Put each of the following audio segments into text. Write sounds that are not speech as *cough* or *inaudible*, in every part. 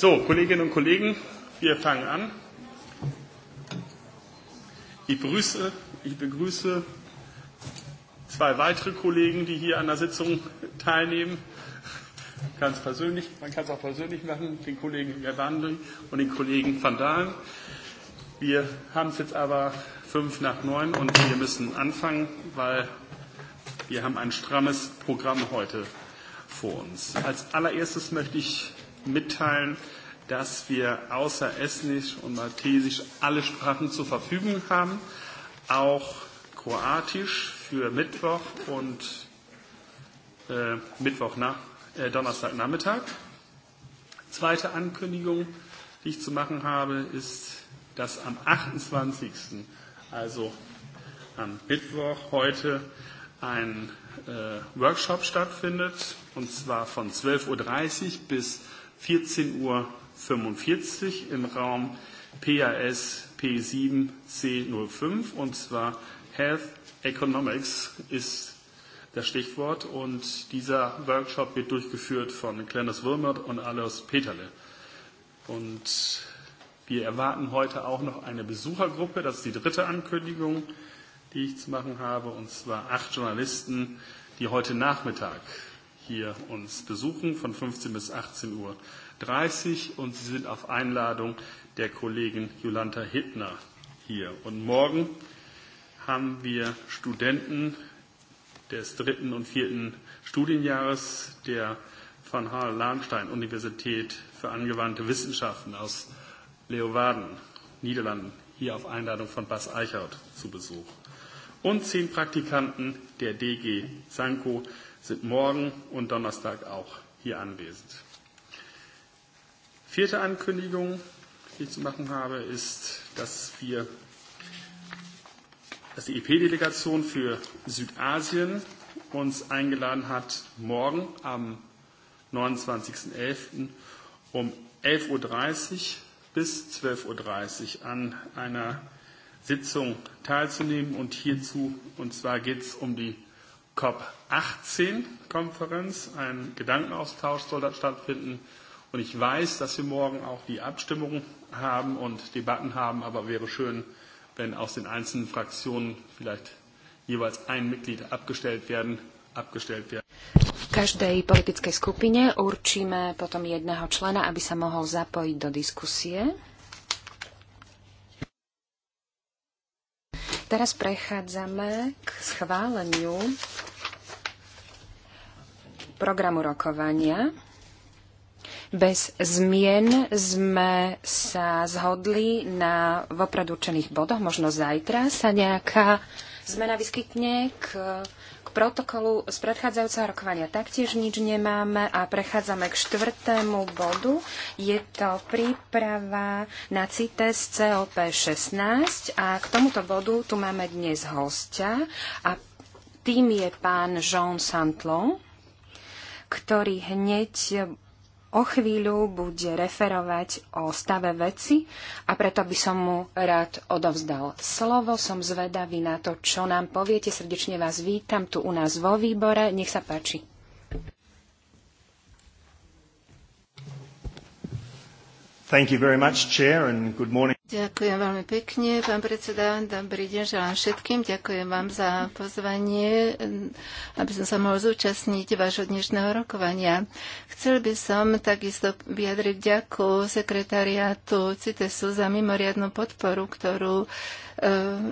So, Kolleginnen und Kollegen, wir fangen an. Ich begrüße, ich begrüße zwei weitere Kollegen, die hier an der Sitzung teilnehmen. Ganz persönlich, man kann es auch persönlich machen, den Kollegen Gerbandi und den Kollegen Van Dalen. Wir haben es jetzt aber fünf nach neun und wir müssen anfangen, weil wir haben ein strammes Programm heute vor uns. Als allererstes möchte ich mitteilen, dass wir außer Estnisch und Maltesisch alle Sprachen zur Verfügung haben, auch Kroatisch für Mittwoch und äh, Mittwoch nach, äh, Donnerstagnachmittag. Zweite Ankündigung, die ich zu machen habe, ist, dass am 28. also am Mittwoch heute ein äh, Workshop stattfindet, und zwar von 12.30 Uhr bis 14.45 Uhr im Raum PAS P7C05 und zwar Health Economics ist das Stichwort und dieser Workshop wird durchgeführt von Glennis Wilmot und Alois Peterle. Und wir erwarten heute auch noch eine Besuchergruppe, das ist die dritte Ankündigung, die ich zu machen habe, und zwar acht Journalisten, die heute Nachmittag hier uns besuchen von 15 bis 18.30 Uhr und Sie sind auf Einladung der Kollegin Jolanta Hittner hier. Und morgen haben wir Studenten des dritten und vierten Studienjahres der Van Harl-Lahnstein-Universität für angewandte Wissenschaften aus Leeuwarden, Niederlanden, hier auf Einladung von Bas Eichert zu Besuch. Und zehn Praktikanten der DG Sanko sind morgen und Donnerstag auch hier anwesend. Vierte Ankündigung, die ich zu machen habe, ist, dass wir, dass die EP-Delegation für Südasien uns eingeladen hat, morgen am 29.11. um 11.30 Uhr bis 12.30 Uhr an einer Sitzung teilzunehmen und hierzu, und zwar geht es um die COP 18-Konferenz. Ein Gedankenaustausch soll dort stattfinden. Und ich weiß, dass wir morgen auch die Abstimmung haben und Debatten haben, aber wäre schön, wenn aus den einzelnen Fraktionen vielleicht jeweils ein Mitglied abgestellt werden, abgestellt werden. V každej politickej skupine určíme potom jedného člena, aby sa mohol zapojiť do diskusie. Teraz prechádzame k schváleniu programu rokovania. Bez zmien sme sa zhodli na vopred určených bodoch. Možno zajtra sa nejaká zmena vyskytne k, k protokolu z predchádzajúceho rokovania. Taktiež nič nemáme a prechádzame k štvrtému bodu. Je to príprava na CITES COP16 a k tomuto bodu tu máme dnes hostia a tým je pán Jean Santlon ktorý hneď o chvíľu bude referovať o stave veci a preto by som mu rád odovzdal slovo. Som zvedavý na to, čo nám poviete. Srdečne vás vítam tu u nás vo výbore. Nech sa páči. Thank you very much, Chair, and good morning. Ďakujem veľmi pekne, pán predseda. Dobrý deň želám všetkým. Ďakujem vám za pozvanie, aby som sa mohol zúčastniť vášho dnešného rokovania. Chcel by som takisto vyjadriť ďaku sekretariátu CITESu za mimoriadnú podporu, ktorú e,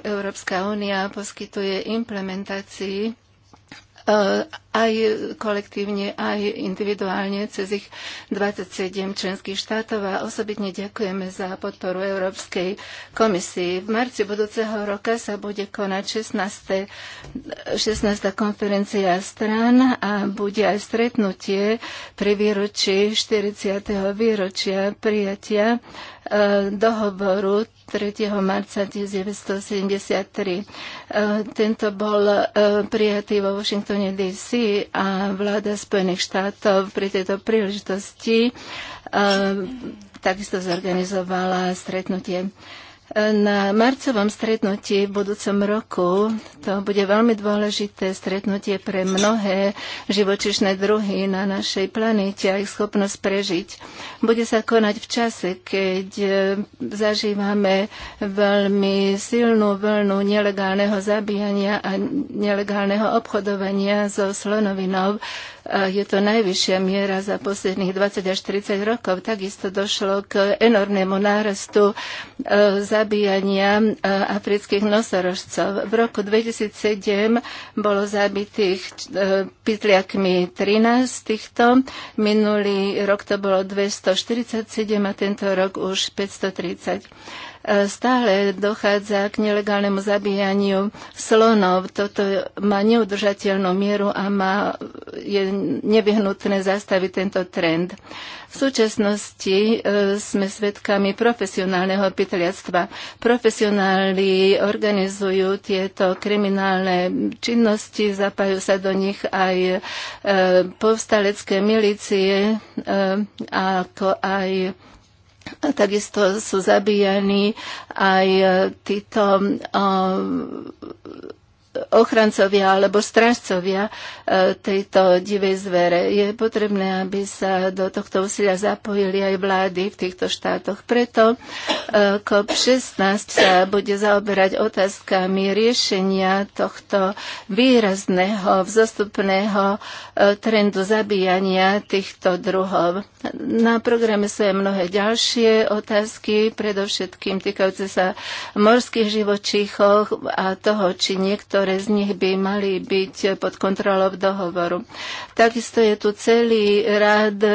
Európska únia poskytuje implementácii e, aj kolektívne, aj individuálne cez ich 27 členských štátov a osobitne ďakujeme za podporu Európskej komisii. V marci budúceho roka sa bude konať 16. 16. konferencia stran a bude aj stretnutie pri výročí 40. výročia prijatia e, dohovoru 3. marca 1973. E, tento bol e, prijatý vo Washingtone DC Unity a vláda Spojených štátov pri tejto príležitosti eh, takisto zorganizovala stretnutie. Na marcovom stretnutí v budúcom roku to bude veľmi dôležité stretnutie pre mnohé živočišné druhy na našej planete a ich schopnosť prežiť. Bude sa konať v čase, keď e, zažívame veľmi silnú vlnu nelegálneho zabíjania a nelegálneho obchodovania so slonovinou je to najvyššia miera za posledných 20 až 30 rokov. Takisto došlo k enormnému nárastu e, zabíjania e, afrických nosorožcov. V roku 2007 bolo zabitých e, pytliakmi 13 týchto. Minulý rok to bolo 247 a tento rok už 530. Stále dochádza k nelegálnemu zabíjaniu slonov. Toto má neudržateľnú mieru a má, je nevyhnutné zastaviť tento trend. V súčasnosti e, sme svedkami profesionálneho pytliactva. Profesionáli organizujú tieto kriminálne činnosti, zapajú sa do nich aj e, povstalecké milície, e, ako aj a takisto sú zabíjani aj e, títo um, ochrancovia alebo strážcovia e, tejto divej zvere. Je potrebné, aby sa do tohto úsilia zapojili aj vlády v týchto štátoch. Preto COP16 e, sa bude zaoberať otázkami riešenia tohto výrazného, vzostupného e, trendu zabíjania týchto druhov. Na programe sú aj mnohé ďalšie otázky, predovšetkým týkajúce sa morských živočíchov a toho, či niektoré Niektoré z nich by mali byť pod kontrolou dohovoru. Takisto je tu celý rád e,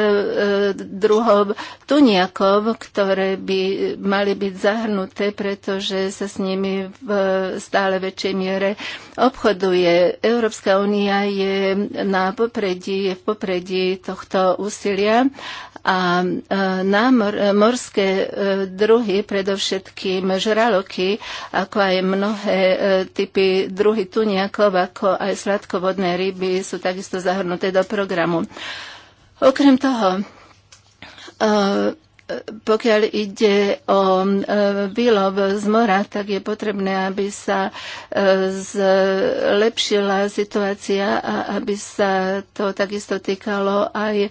druhov tuniakov, ktoré by mali byť zahrnuté, pretože sa s nimi v stále väčšej miere obchoduje. Európska únia je na popredí, je v popredí tohto úsilia a e, mor, morské e, druhy, predovšetkým žraloky, ako aj mnohé typy druhy Druhy tuniakov, ako aj sladkovodné ryby sú takisto zahrnuté do programu. Okrem toho, eh, pokiaľ ide o e, výlov z mora, tak je potrebné, aby sa e, zlepšila situácia a aby sa to takisto týkalo aj e,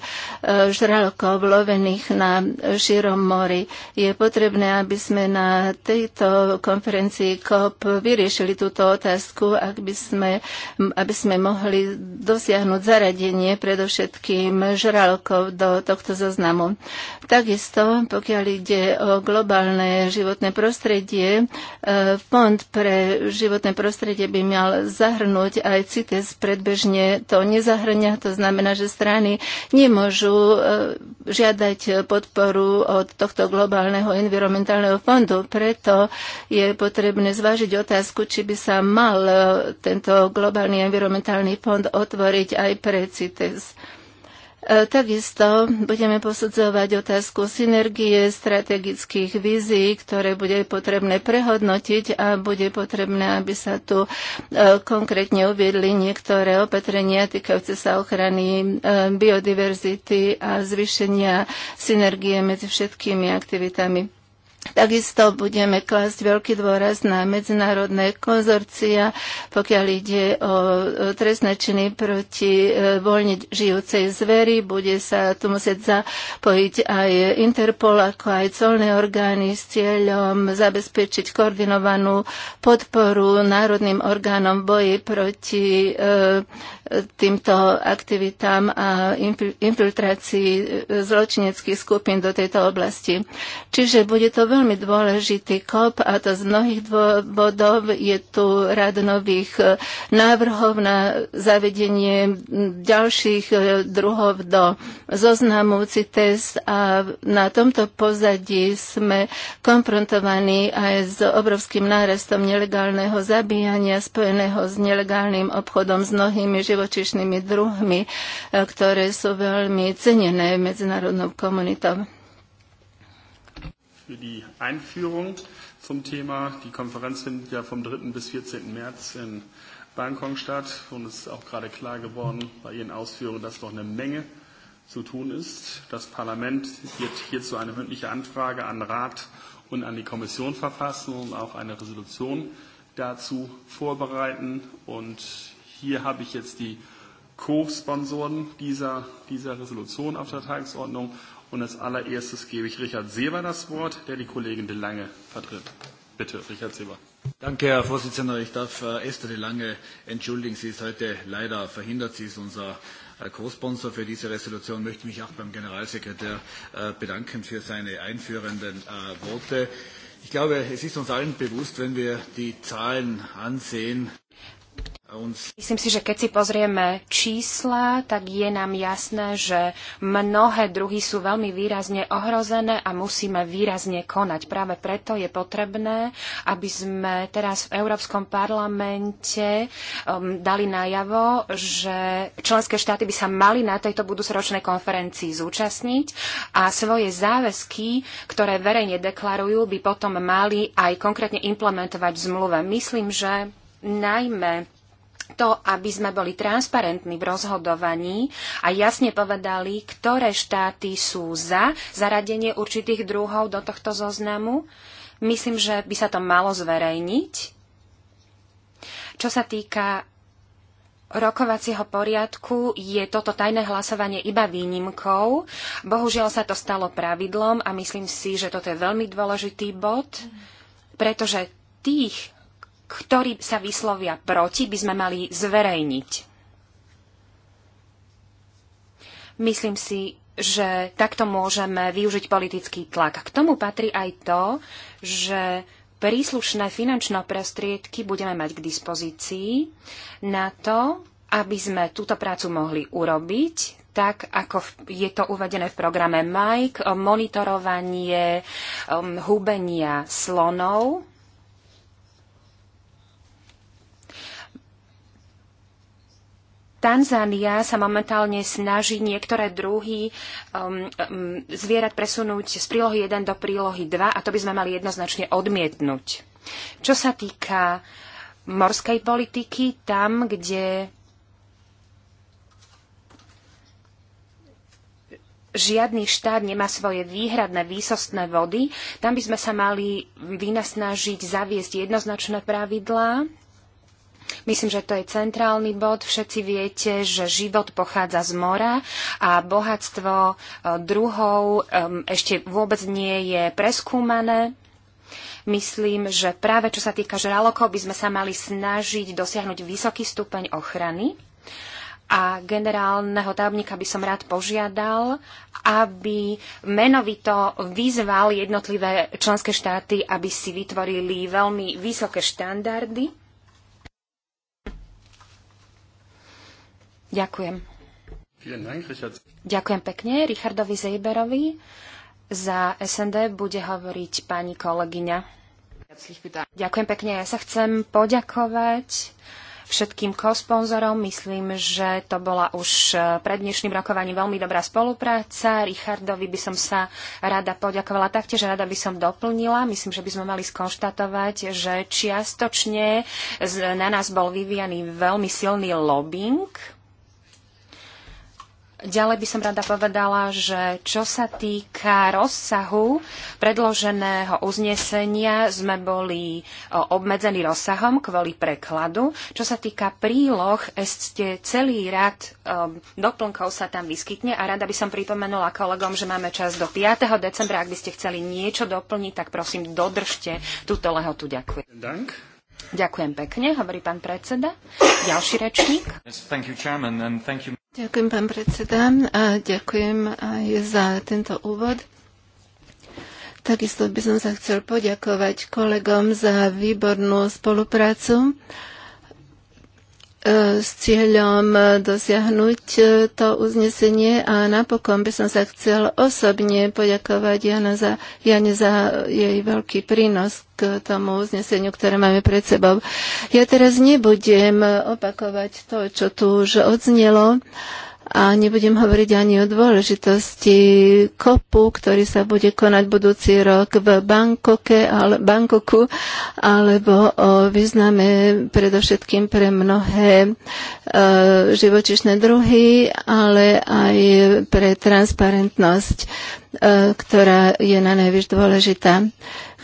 žralokov lovených na širom mori. Je potrebné, aby sme na tejto konferencii COP vyriešili túto otázku, ak by sme, aby sme mohli dosiahnuť zaradenie predovšetkým žralokov do tohto zoznamu. Takisto Takisto, pokiaľ ide o globálne životné prostredie, e, fond pre životné prostredie by mal zahrnúť aj CITES predbežne to nezahrňa. To znamená, že strany nemôžu e, žiadať podporu od tohto globálneho environmentálneho fondu. Preto je potrebné zvážiť otázku, či by sa mal tento globálny environmentálny fond otvoriť aj pre CITES. E, takisto budeme posudzovať otázku synergie strategických vízií, ktoré bude potrebné prehodnotiť a bude potrebné, aby sa tu e, konkrétne uviedli niektoré opatrenia týkajúce sa ochrany e, biodiverzity a zvýšenia synergie medzi všetkými aktivitami. Takisto budeme klásť veľký dôraz na medzinárodné konzorcia, pokiaľ ide o trestné činy proti e, voľne žijúcej zveri. Bude sa tu musieť zapojiť aj Interpol, ako aj colné orgány s cieľom zabezpečiť koordinovanú podporu národným orgánom boji proti e, týmto aktivitám a infiltrácii zločineckých skupín do tejto oblasti. Čiže bude to veľmi dôležitý kop a to z mnohých dôvodov je tu rad nových e, návrhov na zavedenie ďalších e, druhov do zoznamu CITES a na tomto pozadí sme konfrontovaní aj s obrovským nárastom nelegálneho zabíjania spojeného s nelegálnym obchodom s mnohými živočišnými druhmi, e, ktoré sú veľmi cenené medzinárodnou komunitou. Für die Einführung zum Thema, die Konferenz findet ja vom 3. bis 14. März in Bangkok statt und es ist auch gerade klar geworden bei Ihren Ausführungen, dass noch eine Menge zu tun ist. Das Parlament wird hierzu eine mündliche Anfrage an Rat und an die Kommission verfassen und auch eine Resolution dazu vorbereiten. Und Hier habe ich jetzt die Co-Sponsoren dieser, dieser Resolution auf der Tagesordnung. Und als allererstes gebe ich Richard Seber das Wort, der die Kollegin de Lange vertritt. Bitte, Richard Seber. Danke, Herr Vorsitzender. Ich darf äh, Esther de Lange entschuldigen. Sie ist heute leider verhindert. Sie ist unser äh, Co-Sponsor für diese Resolution, möchte mich auch beim Generalsekretär äh, bedanken für seine einführenden Worte. Ich glaube, es ist uns allen bewusst, wenn wir die Zahlen ansehen, Myslím si, že keď si pozrieme čísla, tak je nám jasné, že mnohé druhy sú veľmi výrazne ohrozené a musíme výrazne konať. Práve preto je potrebné, aby sme teraz v Európskom parlamente um, dali najavo, že členské štáty by sa mali na tejto budúcoročnej konferencii zúčastniť a svoje záväzky, ktoré verejne deklarujú, by potom mali aj konkrétne implementovať v zmluve. Myslím, že najmä to, aby sme boli transparentní v rozhodovaní a jasne povedali, ktoré štáty sú za zaradenie určitých druhov do tohto zoznamu. Myslím, že by sa to malo zverejniť. Čo sa týka rokovacieho poriadku je toto tajné hlasovanie iba výnimkou. Bohužiaľ sa to stalo pravidlom a myslím si, že toto je veľmi dôležitý bod, pretože tých ktorí sa vyslovia proti, by sme mali zverejniť. Myslím si, že takto môžeme využiť politický tlak. K tomu patrí aj to, že príslušné finančné prostriedky budeme mať k dispozícii na to, aby sme túto prácu mohli urobiť, tak ako je to uvedené v programe Mike, monitorovanie um, hubenia slonov Tanzánia sa momentálne snaží niektoré druhy um, um, zvierat presunúť z prílohy 1 do prílohy 2 a to by sme mali jednoznačne odmietnúť. Čo sa týka morskej politiky, tam, kde žiadny štát nemá svoje výhradné výsostné vody. Tam by sme sa mali vynasnažiť zaviesť jednoznačné pravidlá Myslím, že to je centrálny bod. Všetci viete, že život pochádza z mora a bohatstvo e, druhov ešte vôbec nie je preskúmané myslím, že práve čo sa týka žralokov, by sme sa mali snažiť dosiahnuť vysoký stupeň ochrany. A generálneho tábnika by som rád požiadal, aby menovito vyzval jednotlivé členské štáty, aby si vytvorili veľmi vysoké štandardy Ďakujem. Ďakujem pekne Richardovi Zejberovi. Za SND bude hovoriť pani kolegyňa. Ďakujem pekne. Ja sa chcem poďakovať všetkým kosponzorom. Myslím, že to bola už e, pred dnešným rokovaním veľmi dobrá spolupráca. Richardovi by som sa rada poďakovala taktiež, rada by som doplnila. Myslím, že by sme mali skonštatovať, že čiastočne na nás bol vyvíjaný veľmi silný lobbying Ďalej by som rada povedala, že čo sa týka rozsahu predloženého uznesenia, sme boli e, obmedzení rozsahom kvôli prekladu. Čo sa týka príloh, ste celý rad e, doplnkov sa tam vyskytne a rada by som pripomenula kolegom, že máme čas do 5. decembra. Ak by ste chceli niečo doplniť, tak prosím, dodržte túto lehotu. Ďakujem. Dank. Ďakujem pekne, hovorí pán predseda. Ďalší rečník. Yes, you, Ďakujem, pán predseda, a ďakujem aj za tento úvod. Takisto by som sa chcel poďakovať kolegom za výbornú spoluprácu E, s cieľom e, dosiahnuť e, to uznesenie a napokon by som sa chcel osobne poďakovať Jana za, Jane za jej veľký prínos k tomu uzneseniu, ktoré máme pred sebou. Ja teraz nebudem opakovať to, čo tu už odznelo. Uh, a nebudem hovoriť ani o dôležitosti kopu, ktorý sa bude konať budúci rok v Bangkoke, ale, Bangkoku, alebo o význame predovšetkým pre mnohé e, živočišné druhy, ale aj pre transparentnosť, e, ktorá je na najvyššie dôležitá.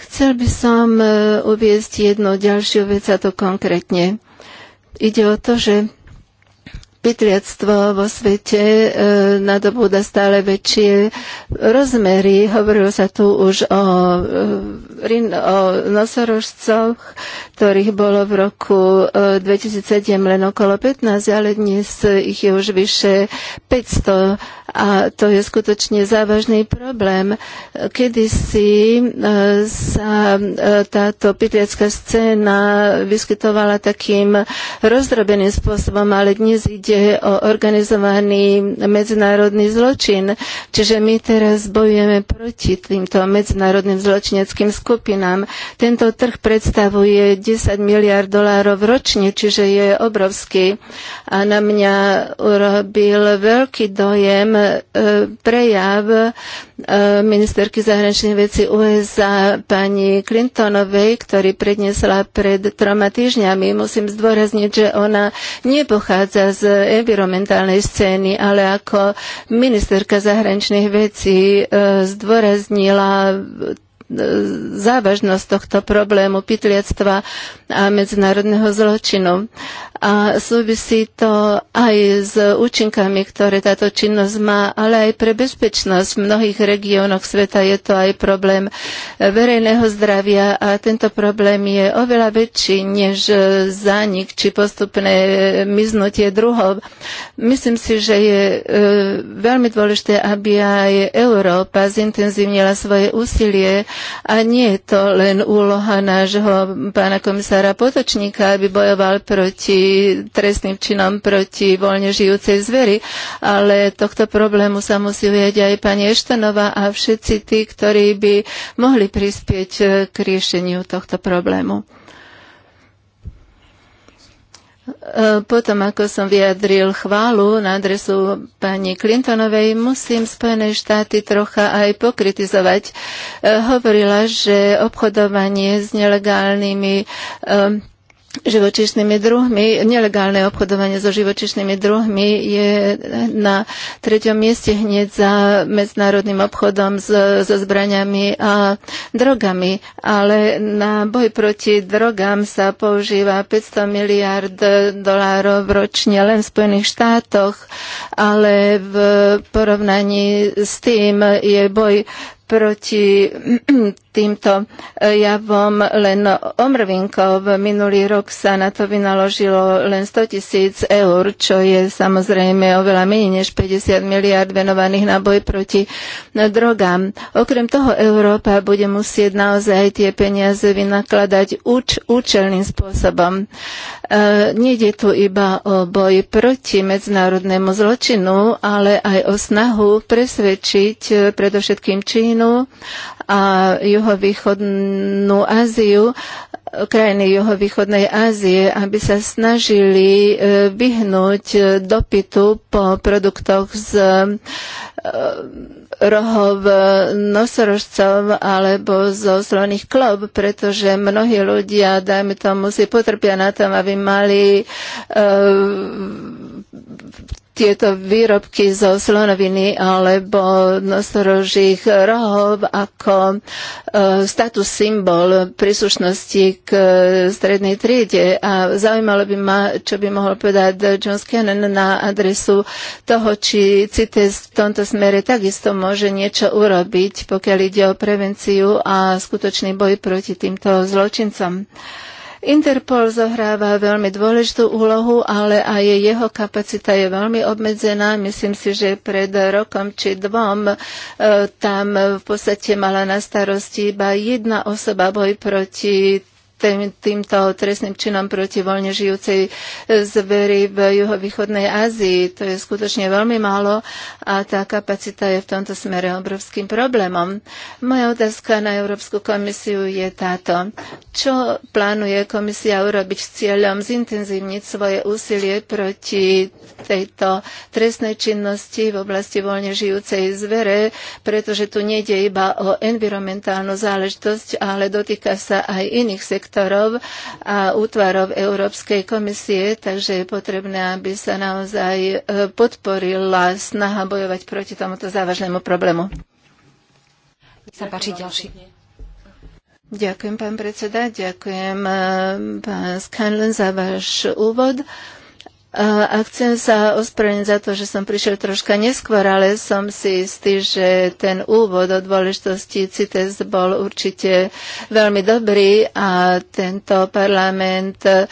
Chcel by som e, uviezť jednu ďalšiu vec, a to konkrétne. Ide o to, že pytliactvo vo svete e, nadobúda stále väčšie rozmery. Hovorilo sa tu už o, e, o nosorožcoch, ktorých bolo v roku e, 2007 len okolo 15, ale dnes ich je už vyše 500 a to je skutočne závažný problém. Kedysi e, sa e, táto pytliacká scéna vyskytovala takým rozdrobeným spôsobom, ale dnes ide o organizovaný medzinárodný zločin. Čiže my teraz bojujeme proti týmto medzinárodným zločineckým skupinám. Tento trh predstavuje 10 miliard dolárov ročne, čiže je obrovský. A na mňa urobil veľký dojem E, prejav e, ministerky zahraničných vecí USA pani Clintonovej, ktorý predniesla pred troma týždňami. Musím zdôrazniť, že ona nepochádza z environmentálnej scény, ale ako ministerka zahraničných vecí e, zdôraznila závažnosť tohto problému pytliactva a medzinárodného zločinu. A súvisí to aj s účinkami, ktoré táto činnosť má, ale aj pre bezpečnosť. V mnohých regiónoch sveta je to aj problém verejného zdravia a tento problém je oveľa väčší než zánik či postupné miznutie druhov. Myslím si, že je e, veľmi dôležité, aby aj Európa zintenzívnila svoje úsilie a nie je to len úloha nášho pána komisára Potočníka, aby bojoval proti trestným činom proti voľne žijúcej zvery, ale tohto problému sa musí ujať aj pani Eštenová a všetci tí, ktorí by mohli prispieť k riešeniu tohto problému. E, potom, ako som vyjadril chválu na adresu pani Clintonovej, musím Spojené štáty trocha aj pokritizovať. E, hovorila, že obchodovanie s nelegálnymi e, živočišnými druhmi. Nelegálne obchodovanie so živočišnými druhmi je na treťom mieste hneď za medzinárodným obchodom so, so zbraniami a drogami, ale na boj proti drogám sa používa 500 miliard dolárov ročne len v Spojených štátoch, ale v porovnaní s tým je boj proti *clears throat* týmto javom len omrvinkov. Minulý rok sa na to vynaložilo len 100 tisíc eur, čo je samozrejme oveľa menej než 50 miliard venovaných na boj proti drogám. Okrem toho Európa bude musieť naozaj tie peniaze vynakladať úč, účelným spôsobom. E, Nede tu iba o boj proti medzinárodnému zločinu, ale aj o snahu presvedčiť e, predovšetkým Čínu, Čínu a juhovýchodnú Áziu, krajiny juhovýchodnej Ázie, aby sa snažili e, vyhnúť dopytu po produktoch z e, rohov nosorožcov alebo zo sloných klob, pretože mnohí ľudia, dajme tomu, si potrpia na tom, aby mali uh, tieto výrobky zo slonoviny alebo nosorožích rohov ako e, status symbol príslušnosti k strednej triede. A zaujímalo by ma, čo by mohol povedať John Scannon na adresu toho, či CITES v tomto smere takisto môže niečo urobiť, pokiaľ ide o prevenciu a skutočný boj proti týmto zločincom. Uh, Interpol zohráva veľmi dôležitú úlohu, ale aj jeho kapacita je veľmi obmedzená. Myslím si, že pred rokom či dvom e, tam v podstate mala na starosti iba jedna osoba boj proti tým, týmto trestným činom proti voľne žijúcej e, zvery v juhovýchodnej Ázii. To je skutočne veľmi málo a tá kapacita je v tomto smere obrovským problémom. Moja otázka na Európsku komisiu je táto. Čo plánuje komisia urobiť s cieľom zintenzívniť svoje úsilie proti tejto trestnej činnosti v oblasti voľne žijúcej zvere, pretože tu nejde iba o environmentálnu záležitosť, ale dotýka sa aj iných sektorov sektorov a útvarov Európskej komisie, takže je potrebné, aby sa naozaj e, podporila snaha bojovať proti tomuto závažnému problému. sa páči ďalší. Ďakujem, pán predseda, ďakujem, e, pán Scanlon, za váš úvod. A chcem sa ospravedlniť za to, že som prišiel troška neskôr, ale som si istý, že ten úvod o dôležitosti CITES bol určite veľmi dobrý a tento parlament, e,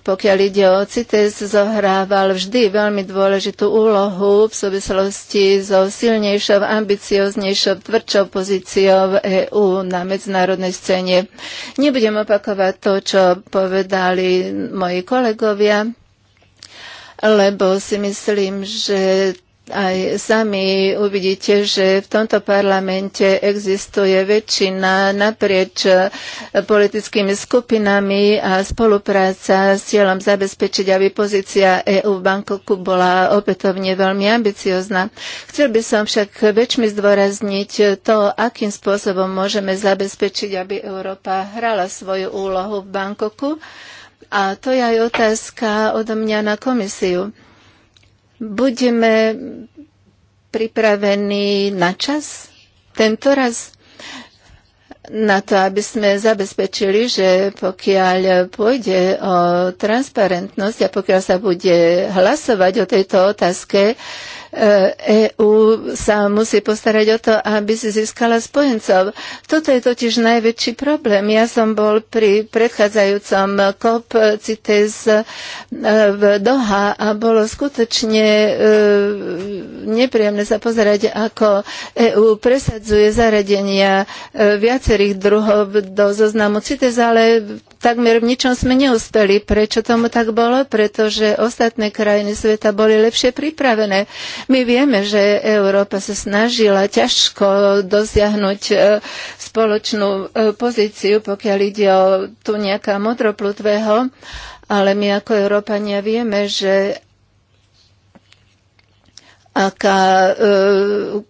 pokiaľ ide o CITES, zohrával vždy veľmi dôležitú úlohu v súvislosti so silnejšou, ambicioznejšou, tvrdšou pozíciou EÚ na medzinárodnej scéne. Nebudem opakovať to, čo povedali moji kolegovia lebo si myslím, že aj sami uvidíte, že v tomto parlamente existuje väčšina naprieč politickými skupinami a spolupráca s cieľom zabezpečiť, aby pozícia EU v Bankoku bola opätovne veľmi ambiciozná. Chcel by som však väčšmi zdôrazniť to, akým spôsobom môžeme zabezpečiť, aby Európa hrala svoju úlohu v Bankoku a to je aj otázka odo mňa na komisiu. Budeme pripravení na čas tento raz? na to, aby sme zabezpečili, že pokiaľ pôjde o transparentnosť a pokiaľ sa bude hlasovať o tejto otázke, EÚ e sa musí postarať o to, aby si získala spojencov. Toto je totiž najväčší problém. Ja som bol pri predchádzajúcom COP CITES e, v Doha a bolo skutočne e, nepríjemné sa pozerať, ako EÚ presadzuje zaradenia viacerých druhov do zoznamu CITES, ale takmer v ničom sme neúspeli. Prečo tomu tak bolo? Pretože ostatné krajiny sveta boli lepšie pripravené. My vieme, že Európa sa snažila ťažko dosiahnuť e, spoločnú e, pozíciu, pokiaľ ide o tu nejaká modroplutvého, ale my ako Európania vieme, že aká e,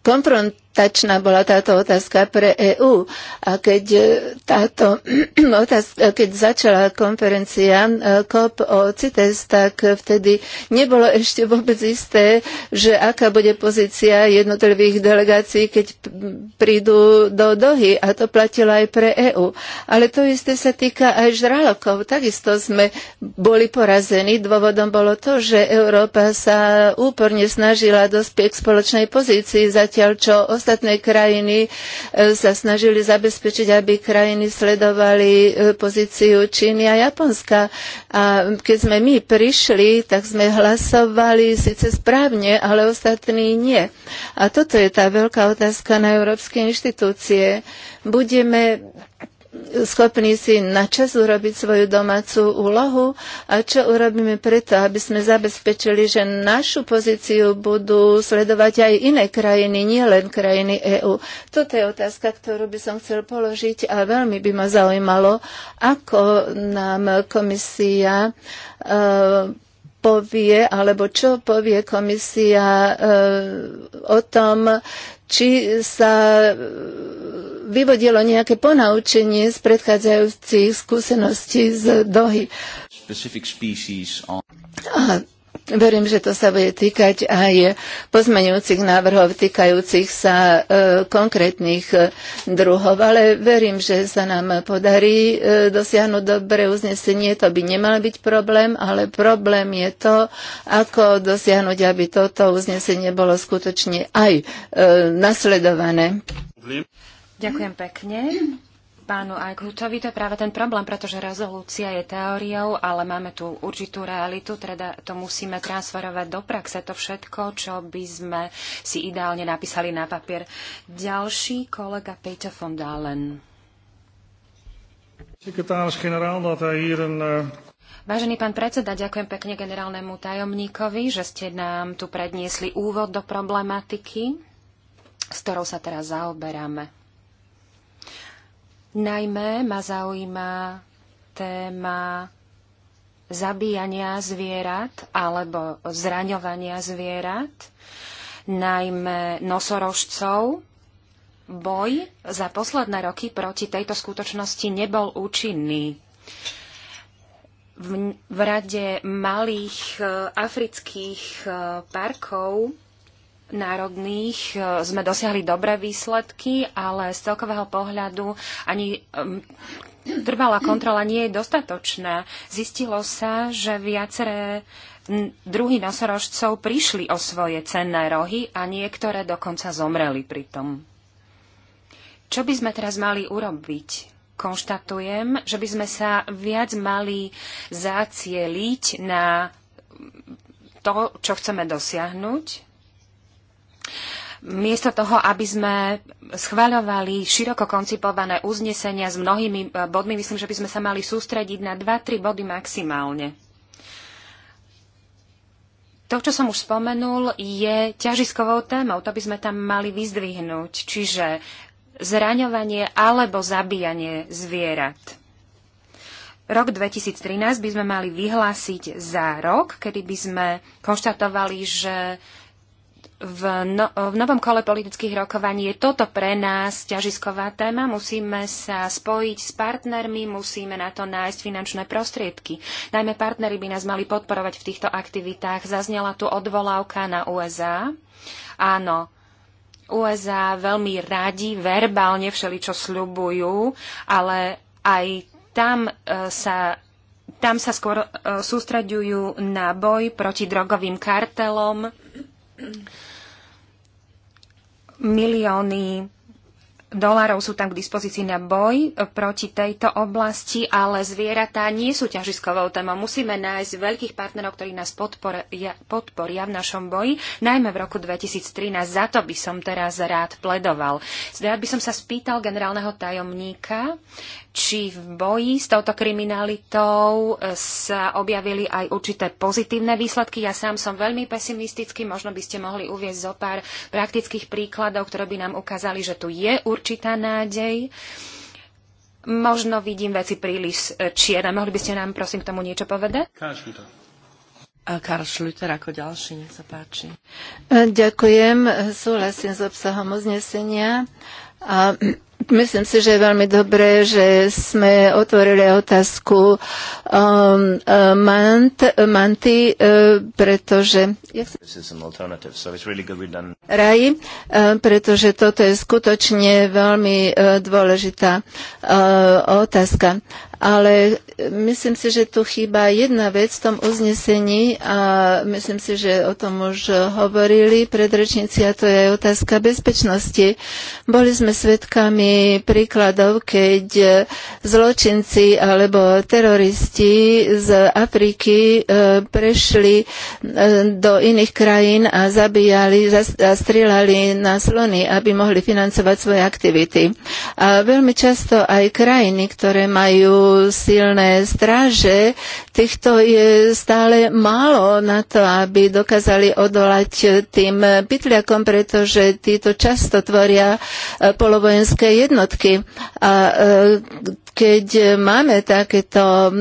konfront tačná bola táto otázka pre EÚ. A keď, e, táto *clears throat* otázka, keď začala konferencia COP e, o CITES, tak vtedy nebolo ešte vôbec isté, že aká bude pozícia jednotlivých delegácií, keď prídu do Dohy. A to platilo aj pre EÚ. Ale to isté sa týka aj žralokov. Takisto sme boli porazení. Dôvodom bolo to, že Európa sa úporne snažila dospieť k spoločnej pozícii, zatiaľ čo ostatné krajiny e, sa snažili zabezpečiť, aby krajiny sledovali e, pozíciu Číny a Japonska. A keď sme my prišli, tak sme hlasovali síce správne, ale ostatní nie. A toto je tá veľká otázka na európske inštitúcie. Budeme schopní si na čas urobiť svoju domácu úlohu a čo urobíme preto, aby sme zabezpečili, že našu pozíciu budú sledovať aj iné krajiny, nielen krajiny EÚ. Toto je otázka, ktorú by som chcel položiť a veľmi by ma zaujímalo, ako nám komisia e, povie, alebo čo povie komisia e, o tom, či sa vyvodilo nejaké ponaučenie z predchádzajúcich skúseností z Dohy. A verím, že to sa bude týkať aj pozmeňujúcich návrhov týkajúcich sa e, konkrétnych e, druhov, ale verím, že sa nám podarí e, dosiahnuť dobré uznesenie. To by nemal byť problém, ale problém je to, ako dosiahnuť, aby toto uznesenie bolo skutočne aj e, nasledované. Ďakujem pekne. Pánu Aghutovi to je práve ten problém, pretože rezolúcia je teóriou, ale máme tu určitú realitu, teda to musíme transferovať do praxe, to všetko, čo by sme si ideálne napísali na papier. Ďalší kolega Peter von Dalen. Eh, Vážený pán predseda, ďakujem pekne generálnemu tajomníkovi, že ste nám tu predniesli úvod do problematiky, s ktorou sa teraz zaoberáme. Najmä ma zaujíma téma zabíjania zvierat alebo zraňovania zvierat, najmä nosorožcov. Boj za posledné roky proti tejto skutočnosti nebol účinný. V, v rade malých eh, afrických eh, parkov národných e, sme dosiahli dobré výsledky, ale z celkového pohľadu ani um, trvalá kontrola nie je dostatočná. Zistilo sa, že viaceré druhy nosorožcov prišli o svoje cenné rohy a niektoré dokonca zomreli pri tom. Čo by sme teraz mali urobiť? Konštatujem, že by sme sa viac mali zacieliť na to, čo chceme dosiahnuť, miesto toho, aby sme schvaľovali široko koncipované uznesenia s mnohými e, bodmi, myslím, že by sme sa mali sústrediť na 2-3 body maximálne. To, čo som už spomenul, je ťažiskovou témou. To by sme tam mali vyzdvihnúť. Čiže zraňovanie alebo zabíjanie zvierat. Rok 2013 by sme mali vyhlásiť za rok, kedy by sme konštatovali, že v, no, v novom kole politických rokovaní je toto pre nás ťažisková téma. Musíme sa spojiť s partnermi, musíme na to nájsť finančné prostriedky. Najmä partnery by nás mali podporovať v týchto aktivitách. Zaznela tu odvolávka na USA. Áno, USA veľmi radi verbálne všeličo sľubujú, ale aj tam e, sa tam sa skôr e, sústreďujú na boj proti drogovým kartelom milióny dolárov sú tam k dispozícii na boj proti tejto oblasti, ale zvieratá nie sú ťažiskovou témou. Musíme nájsť veľkých partnerov, ktorí nás podporia, podporia v našom boji, najmä v roku 2013. Za to by som teraz rád pledoval. Rád by som sa spýtal generálneho tajomníka, či v boji s touto kriminalitou eh, sa objavili aj určité pozitívne výsledky. Ja sám som veľmi pesimistický, možno by ste mohli uvieť zo pár praktických príkladov, ktoré by nám ukázali, že tu je určitá nádej. Možno vidím veci príliš e, čierne. Mohli by ste nám prosím k tomu niečo povedať? Karl Schlüter ako ďalší, nech sa páči. E, ďakujem, súhlasím s obsahom uznesenia. A Myslím si, že je veľmi dobré, že sme otvorili otázku um, uh, mant, manty, uh, pretože... Raj, uh, pretože toto je skutočne veľmi uh, dôležitá uh, otázka. Ale uh, myslím si, že tu chýba jedna vec v tom uznesení a myslím si, že o tom už hovorili predrečníci a to je otázka bezpečnosti. Boli sme svedkami mi príkladov, keď zločinci alebo teroristi z Afriky e, prešli e, do iných krajín a zabíjali a strieľali na slony, aby mohli financovať svoje aktivity. A veľmi často aj krajiny, ktoré majú silné stráže, týchto je stále málo na to, aby dokázali odolať tým pytliakom, pretože títo často tvoria e, polovojenské jednotky. A e, keď máme takéto e,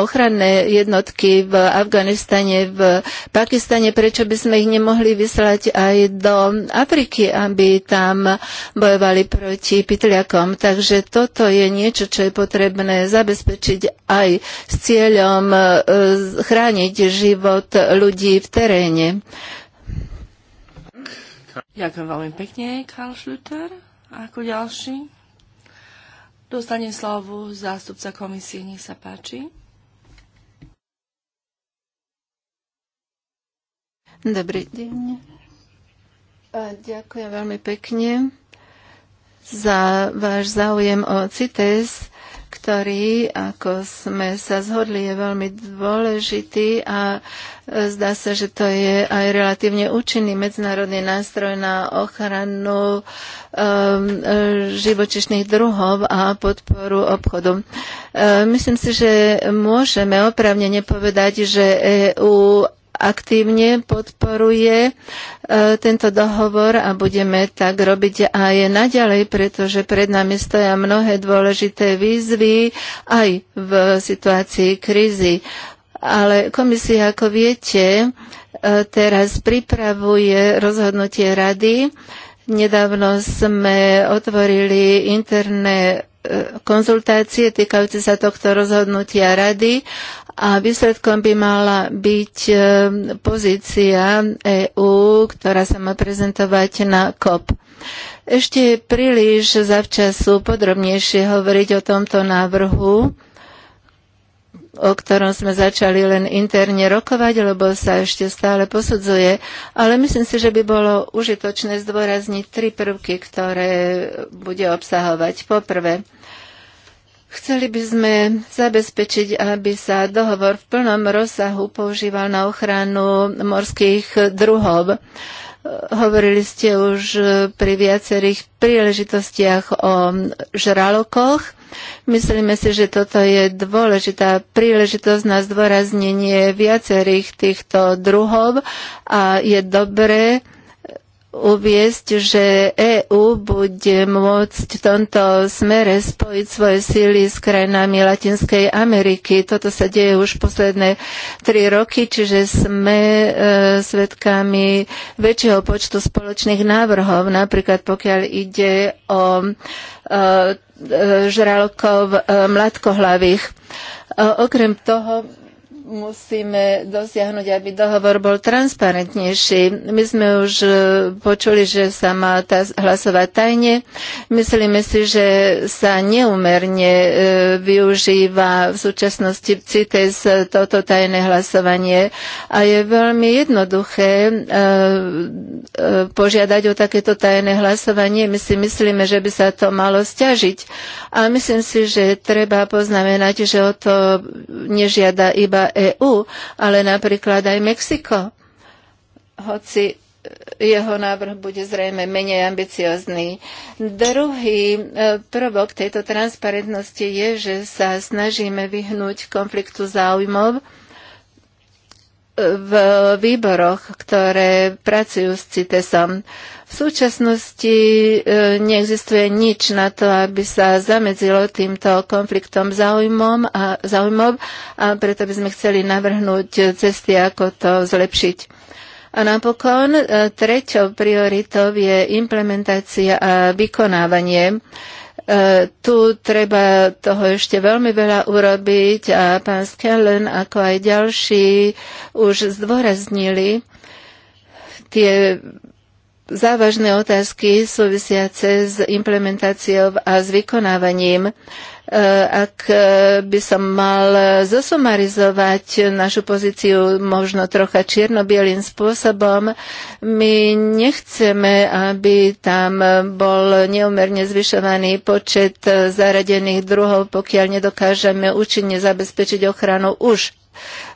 ochranné jednotky v Afganistane, v Pakistane, prečo by sme ich nemohli vyslať aj do Afriky, aby tam bojovali proti pytliakom. Takže toto je niečo, čo je potrebné zabezpečiť aj s cieľom e, chrániť život ľudí v teréne. Ďakujem veľmi pekne, Karl Schlüter. Ako ďalší dostane slovo zástupca komisie. Nech sa páči. Dobrý deň. A ďakujem veľmi pekne za váš záujem o CITES ktorý, ako sme sa zhodli, je veľmi dôležitý a e, zdá sa, že to je aj relatívne účinný medzinárodný nástroj na ochranu um, e, živočišných druhov a podporu obchodu. Um, myslím si, že môžeme opravne povedať, že EU aktívne podporuje e, tento dohovor a budeme tak robiť aj naďalej, pretože pred nami stoja mnohé dôležité výzvy aj v situácii krízy. Ale komisia, ako viete, e, teraz pripravuje rozhodnutie rady, Nedávno sme otvorili interné e, konzultácie týkajúce sa tohto rozhodnutia rady a výsledkom by mala byť e, pozícia EÚ, ktorá sa má prezentovať na COP. Ešte príliš zavčasu podrobnejšie hovoriť o tomto návrhu, o ktorom sme začali len interne rokovať, lebo sa ešte stále posudzuje. Ale myslím si, že by bolo užitočné zdôrazniť tri prvky, ktoré bude obsahovať. Poprvé, Chceli by sme zabezpečiť, aby sa dohovor v plnom rozsahu používal na ochranu morských druhov. Hovorili ste už pri viacerých príležitostiach o žralokoch. Myslíme si, že toto je dôležitá príležitosť na zdôraznenie viacerých týchto druhov a je dobré, uviesť, že EÚ bude môcť v tomto smere spojiť svoje síly s krajinami Latinskej Ameriky. Toto sa deje už posledné tri roky, čiže sme e, svedkami väčšieho počtu spoločných návrhov, napríklad pokiaľ ide o e, e žralkov e, mladkohlavých. E, okrem toho, musíme dosiahnuť, aby dohovor bol transparentnejší. My sme už e, počuli, že sa má tá hlasovať tajne. Myslíme si, že sa neumerne e, využíva v súčasnosti CITES toto tajné hlasovanie a je veľmi jednoduché e, požiadať o takéto tajné hlasovanie. My si myslíme, že by sa to malo stiažiť. A myslím si, že treba poznamenať, že o to nežiada iba EÚ, ale napríklad aj Mexiko. Hoci jeho návrh bude zrejme menej ambiciozný. Druhý e, prvok tejto transparentnosti je, že sa snažíme vyhnúť konfliktu záujmov e, v výboroch, ktoré pracujú s CITESom. V súčasnosti e, neexistuje nič na to, aby sa zamedzilo týmto konfliktom záujmom a, a preto by sme chceli navrhnúť cesty, ako to zlepšiť. A napokon e, treťou prioritou je implementácia a vykonávanie e, tu treba toho ešte veľmi veľa urobiť a pán Skellen ako aj ďalší už zdôraznili tie závažné otázky súvisiace s implementáciou a s vykonávaním. E, ak by som mal zosumarizovať našu pozíciu možno trocha čierno spôsobom, my nechceme, aby tam bol neumerne zvyšovaný počet zaradených druhov, pokiaľ nedokážeme účinne zabezpečiť ochranu už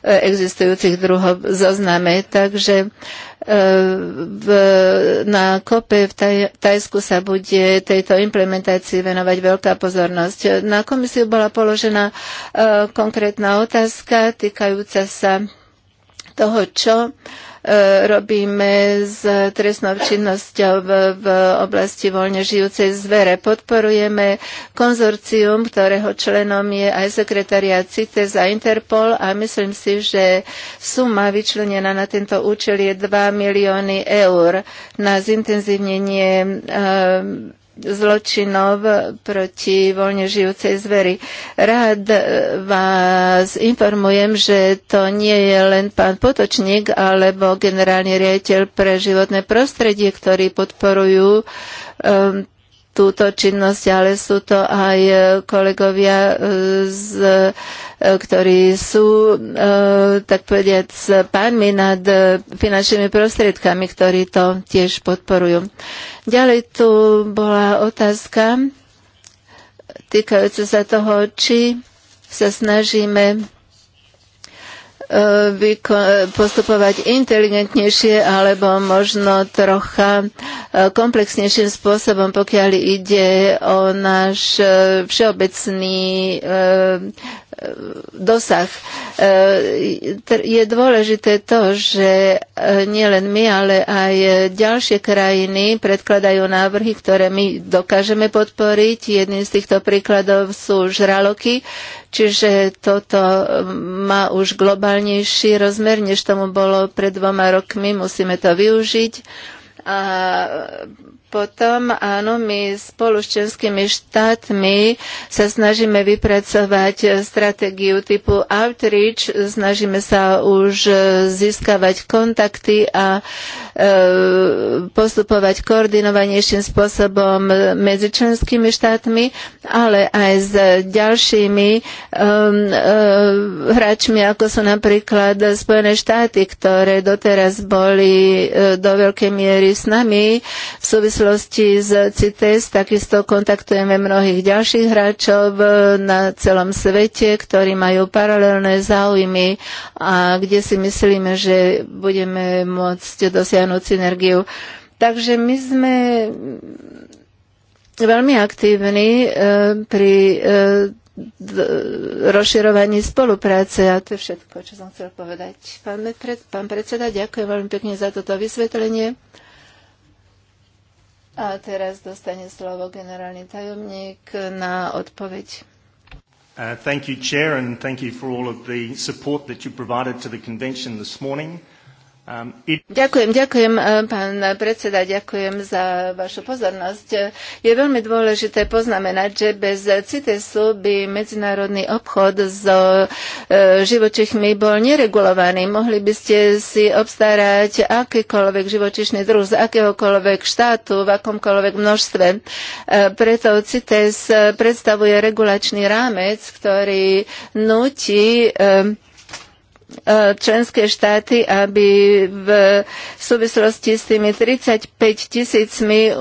Eh, existujúcich druhov zozname. Takže eh, v, na kope v taj, Tajsku sa bude tejto implementácii venovať veľká pozornosť. Na komisiu bola položená eh, konkrétna otázka týkajúca sa toho, čo uh, robíme s trestnou činnosťou v, v oblasti voľne žijúcej zvere. Podporujeme konzorcium, ktorého členom je aj sekretariat CITES a Interpol a myslím si, že suma vyčlenená na tento účel je 2 milióny eur na zintenzívnenie zločinov proti voľne žijúcej zveri. Rád vás informujem, že to nie je len pán Potočník alebo generálny riaditeľ pre životné prostredie, ktorí podporujú um, túto činnosť, ale sú to aj e, kolegovia, e, z, e, ktorí sú, tak povediať, pánmi nad finančnými prostriedkami, ktorí to tiež podporujú. Ďalej tu bola otázka týkajúca sa toho, či sa snažíme postupovať inteligentnejšie alebo možno trocha e, komplexnejším spôsobom, pokiaľ ide o náš e, všeobecný e, dosah. E, je dôležité to, že e, nielen my, ale aj ďalšie krajiny predkladajú návrhy, ktoré my dokážeme podporiť. Jedným z týchto príkladov sú žraloky, čiže toto má už globálnejší rozmer, než tomu bolo pred dvoma rokmi. Musíme to využiť a potom, áno, my spolu s členskými štátmi sa snažíme vypracovať stratégiu typu outreach, snažíme sa už získavať kontakty a e, postupovať koordinovanejším spôsobom medzi členskými štátmi, ale aj s ďalšími e, e, hráčmi, ako sú napríklad Spojené štáty, ktoré doteraz boli e, do veľkej miery s nami v súvislosti súvislosti s CITES takisto kontaktujeme mnohých ďalších hráčov na celom svete, ktorí majú paralelné záujmy a kde si myslíme, že budeme môcť dosiahnuť synergiu. Takže my sme veľmi aktívni e, pri e, rozširovaní spolupráce a to je všetko, čo som chcel povedať. Pán, pred, pán predseda, ďakujem veľmi pekne za toto vysvetlenie. A teraz dostane slovo generálny tajomník na odpoveď. Uh, thank you, Chair, and thank you for all of the support that you provided to the convention this morning. Um, ďakujem, ďakujem, eh, pán predseda, ďakujem za vašu pozornosť. Je veľmi dôležité poznamenať, že bez CITESu by medzinárodný obchod so eh, živočichmi bol neregulovaný. Mohli by ste si obstarať akýkoľvek živočišný druh z akéhokoľvek štátu, v akomkoľvek množstve. Eh, preto CITES predstavuje regulačný rámec, ktorý nutí E, členské štáty, aby v súvislosti s tými 35 tisícmi e,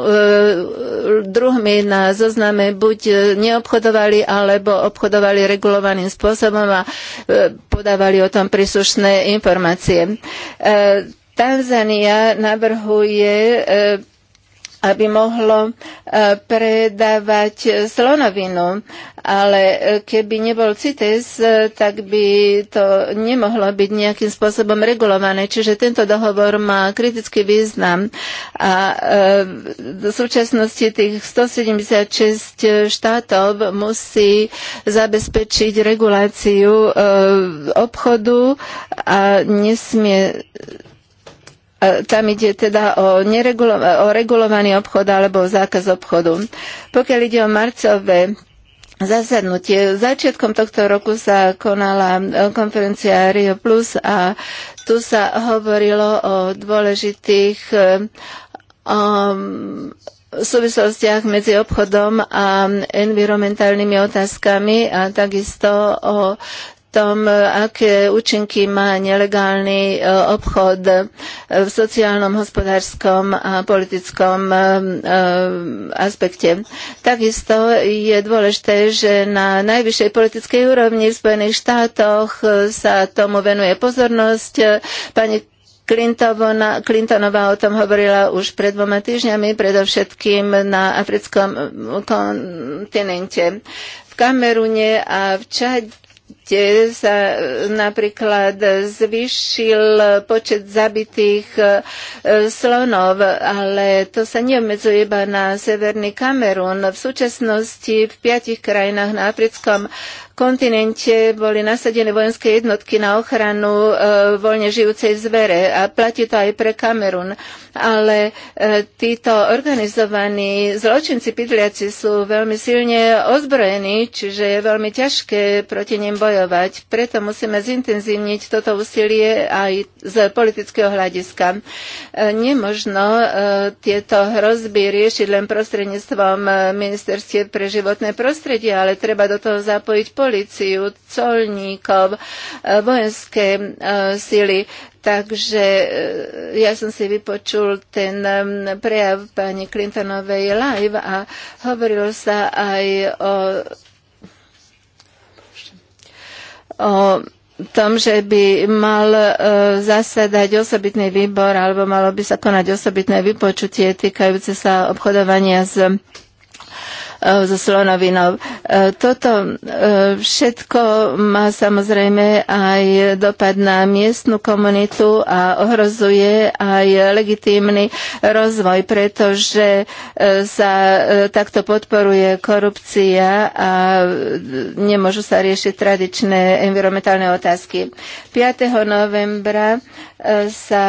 druhmi na zozname buď neobchodovali, alebo obchodovali regulovaným spôsobom a e, podávali o tom príslušné informácie. Tanzania navrhuje aby mohlo e, predávať slonovinu. Ale e, keby nebol CITES, e, tak by to nemohlo byť nejakým spôsobom regulované. Čiže tento dohovor má kritický význam. A v súčasnosti tých 176 štátov musí zabezpečiť reguláciu obchodu a nesmie E, tam ide teda o, o regulovaný obchod alebo o zákaz obchodu. Pokiaľ ide o marcové zasadnutie. Začiatkom tohto roku sa konala e, konferencia Rio Plus a tu sa hovorilo o dôležitých v e, um, súvislostiach medzi obchodom a environmentálnymi otázkami a takisto o tom, aké účinky má nelegálny e, obchod e, v sociálnom, hospodárskom a politickom e, aspekte. Takisto je dôležité, že na najvyššej politickej úrovni v Spojených štátoch sa tomu venuje pozornosť. Pani Clintonová, o tom hovorila už pred dvoma týždňami, predovšetkým na africkom kontinente. V Kamerune a v Čade svete sa e, napríklad zvyšil počet zabitých e, slonov, ale to sa neobmedzuje iba na Severný Kamerún. V súčasnosti v piatich krajinách na africkom kontinente boli nasadené vojenské jednotky na ochranu e, voľne žijúcej zvere a platí to aj pre Kamerun. Ale e, títo organizovaní zločinci pidliaci sú veľmi silne ozbrojení, čiže je veľmi ťažké proti nim bojovať bojovať. Preto musíme zintenzívniť toto úsilie aj z politického hľadiska. E, nemožno e, tieto hrozby riešiť len prostredníctvom e, ministerstiev pre životné prostredie, ale treba do toho zapojiť policiu, colníkov, vojenské sily. Takže ja som si vypočul ten prejav pani Clintonovej live a hovorilo sa aj o o tom, že by mal e, zasedať osobitný výbor alebo malo by sa konať osobitné vypočutie týkajúce sa obchodovania s so eh, slonovinou. Eh, toto eh, všetko má samozrejme aj dopad na miestnu komunitu a ohrozuje aj legitímny rozvoj, pretože sa takto podporuje korupcia a nemôžu sa riešiť tradičné environmentálne otázky. 5. novembra sa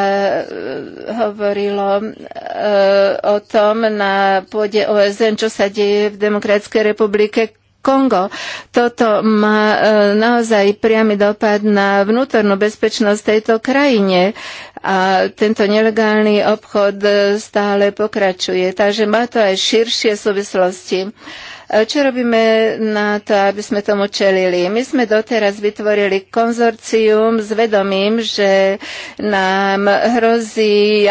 hovorilo o tom na pôde OSN, čo sa deje v Demokratskej republike Kongo. Toto má e, naozaj priamy dopad na vnútornú bezpečnosť tejto krajine a tento nelegálny obchod e, stále pokračuje. Takže má to aj širšie súvislosti. E, čo robíme na to, aby sme tomu čelili? My sme doteraz vytvorili konzorcium s vedomím, že nám hrozí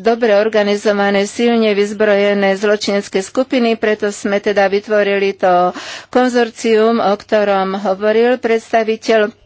dobre organizované, silne vyzbrojené zločinecké skupiny, preto sme teda vytvorili to konzorcium, o ktorom hovoril predstaviteľ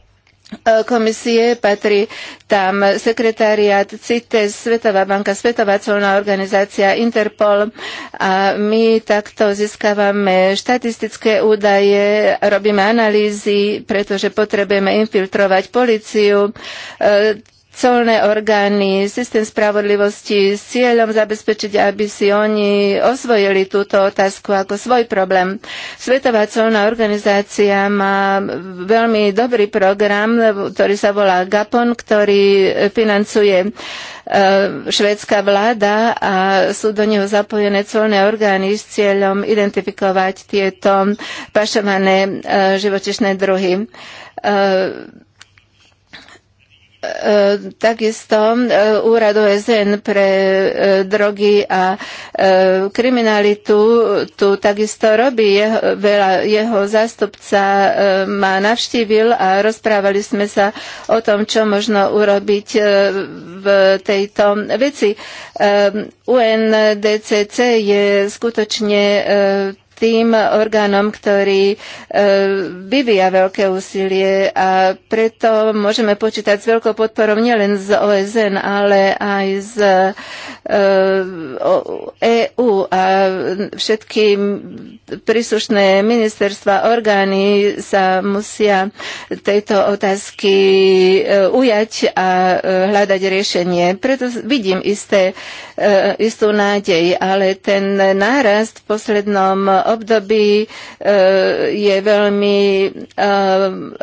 komisie patrí tam sekretariat CITES, Svetová banka, Svetová colná organizácia, Interpol a my takto získavame štatistické údaje, robíme analýzy, pretože potrebujeme infiltrovať policiu, e, colné orgány, systém spravodlivosti s cieľom zabezpečiť, aby si oni osvojili túto otázku ako svoj problém. Svetová colná organizácia má veľmi dobrý program, ktorý sa volá GAPON, ktorý financuje e, švédska vláda a sú do neho zapojené colné orgány s cieľom identifikovať tieto pašované e, živočišné druhy. Uh, E, takisto e, Úrad OSN pre e, drogy a kriminalitu tu takisto robí jeho, veľa. Jeho zástupca ma navštívil a rozprávali sme sa o tom, čo možno urobiť v tejto veci. UNDCC je skutočne tým orgánom, ktorý e, vyvíja veľké úsilie a preto môžeme počítať s veľkou podporou nielen z OSN, ale aj z EU e a všetky príslušné ministerstva, orgány sa musia tejto otázky e, ujať a hľadať riešenie. Preto vidím isté, istú nádej, ale ten nárast v poslednom období e, je veľmi e,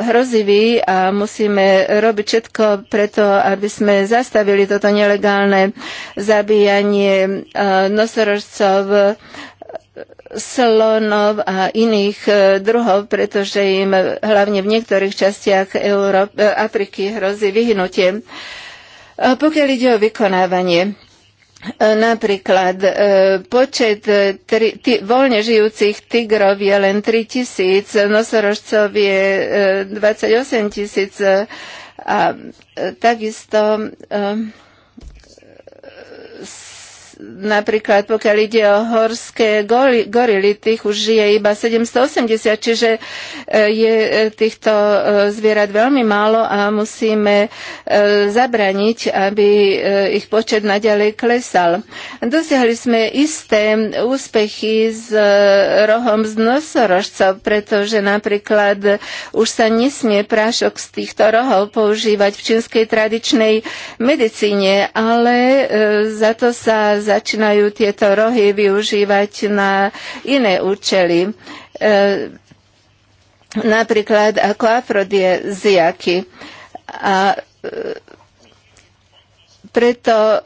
hrozivý a musíme robiť všetko preto, aby sme zastavili toto nelegálne zabíjanie e, nosorožcov slonov a iných druhov, pretože im hlavne v niektorých častiach Európy, Afriky hrozí vyhnutie. Pokiaľ ide o vykonávanie, E, napríklad e, počet e, tri, ty, voľne žijúcich tigrov je len 3 tisíc, nosorožcov je 28 tisíc a takisto napríklad pokiaľ ide o horské gorily, tých už žije iba 780, čiže e, je e, týchto e, zvierat veľmi málo a musíme zabraniť, aby ich počet naďalej klesal. Dosiahli sme isté úspechy s rohom z nosorožcov, pretože napríklad už sa nesmie prášok z týchto rohov používať v čínskej tradičnej medicíne, ale za to sa začínajú tieto rohy využívať na iné účely. E, napríklad ako afrodiaziaky. A e, preto e,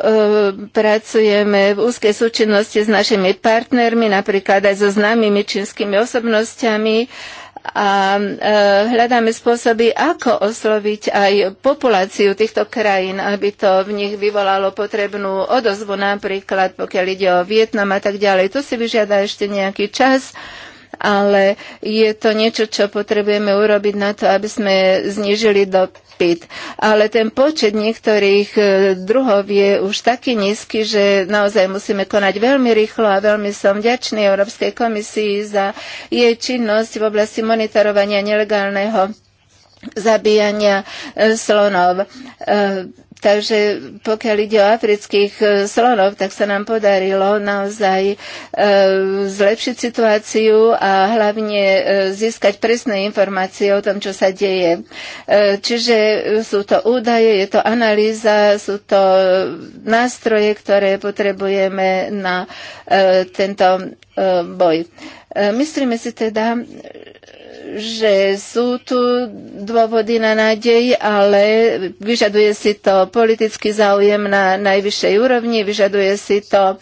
pracujeme v úzkej súčinnosti s našimi partnermi, napríklad aj so známymi čínskymi osobnostiami a e, hľadáme spôsoby, ako osloviť aj populáciu týchto krajín, aby to v nich vyvolalo potrebnú odozvu, napríklad pokiaľ ide o Vietnam a tak ďalej. To si vyžiada ešte nejaký čas ale je to niečo, čo potrebujeme urobiť na to, aby sme znižili Pit. Ale ten počet niektorých e, druhov je už taký nízky, že naozaj musíme konať veľmi rýchlo a veľmi som vďačný Európskej komisii za jej činnosť v oblasti monitorovania nelegálneho zabíjania e, slonov e, Takže pokiaľ ide o afrických e, slonov, tak sa nám podarilo naozaj e, zlepšiť situáciu a hlavne e, získať presné informácie o tom, čo sa deje. Čiže sú to údaje, je to analýza, sú to nástroje, ktoré potrebujeme na tento boj. Myslíme si teda, že sú tu dôvody na nádej, ale vyžaduje si to politický záujem na najvyššej úrovni, vyžaduje si to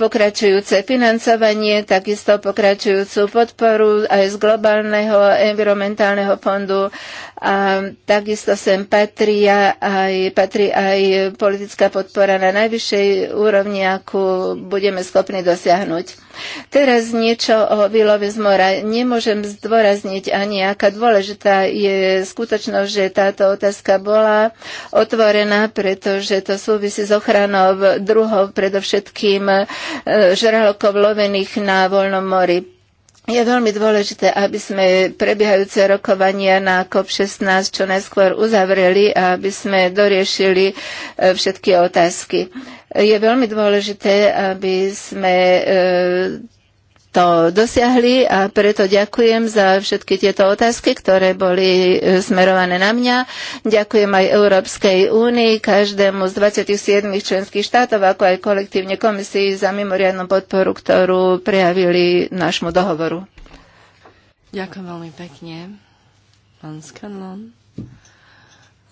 pokračujúce financovanie, takisto pokračujúcu podporu aj z globálneho environmentálneho fondu a takisto sem patrí aj, patrí aj politická podpora na najvyššej úrovni, akú budeme schopní dosiahnuť. Teraz niečo o výlove z mora. Nemôžem zdôrazniť zmeniť ani aká dôležitá je skutočnosť, že táto otázka bola otvorená, pretože to súvisí s ochranou druhov, predovšetkým e, žralokov lovených na voľnom mori. Je veľmi dôležité, aby sme prebiehajúce rokovania na COP16 čo najskôr uzavreli a aby sme doriešili e, všetky otázky. Je veľmi dôležité, aby sme e, to dosiahli a preto ďakujem za všetky tieto otázky, ktoré boli e, smerované na mňa. Ďakujem aj Európskej únii, každému z 27 členských štátov, ako aj kolektívne komisii za mimoriadnú podporu, ktorú prejavili nášmu dohovoru. Ďakujem veľmi pekne, pán Skanlon,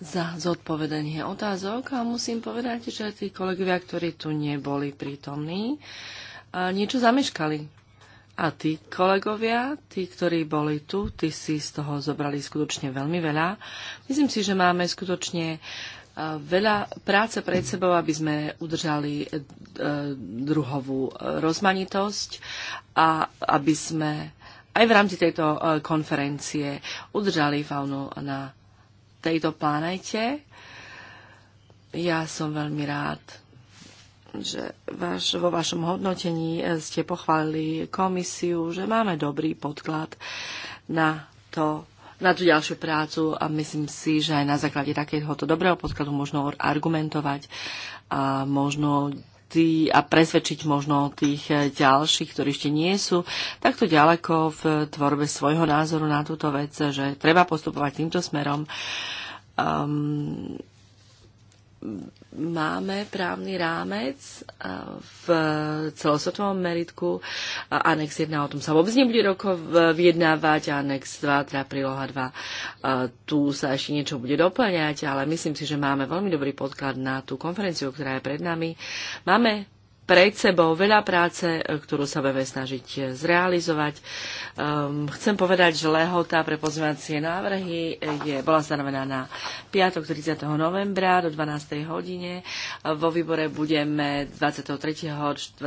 za zodpovedanie otázok a musím povedať, že tí kolegovia, ktorí tu neboli prítomní, niečo zameškali a tí kolegovia, tí, ktorí boli tu, tí si z toho zobrali skutočne veľmi veľa. Myslím si, že máme skutočne e, veľa práce pred sebou, aby sme udržali e, druhovú e, rozmanitosť a aby sme aj v rámci tejto konferencie udržali faunu na tejto planete. Ja som veľmi rád, že vaš, vo vašom hodnotení eh, ste pochválili komisiu, že máme dobrý podklad na to, na tú ďalšiu prácu a myslím si, že aj na základe takéhoto dobrého podkladu možno argumentovať a možno tý, a presvedčiť možno tých eh, ďalších, ktorí ešte nie sú takto ďaleko v tvorbe svojho názoru na túto vec, že treba postupovať týmto smerom. Um, máme právny rámec v celosvetovom meritku. Anex 1 o tom sa vôbec nebude roko vyjednávať, Anex 2, teda príloha 2, tu sa ešte niečo bude doplňať, ale myslím si, že máme veľmi dobrý podklad na tú konferenciu, ktorá je pred nami. Máme pred sebou veľa práce, e, ktorú sa budeme snažiť e, zrealizovať. Um, chcem povedať, že lehota pre pozvacie návrhy e, je, bola stanovená na piatok 30. novembra do 12. hodine. Vo výbore budeme 23. 24.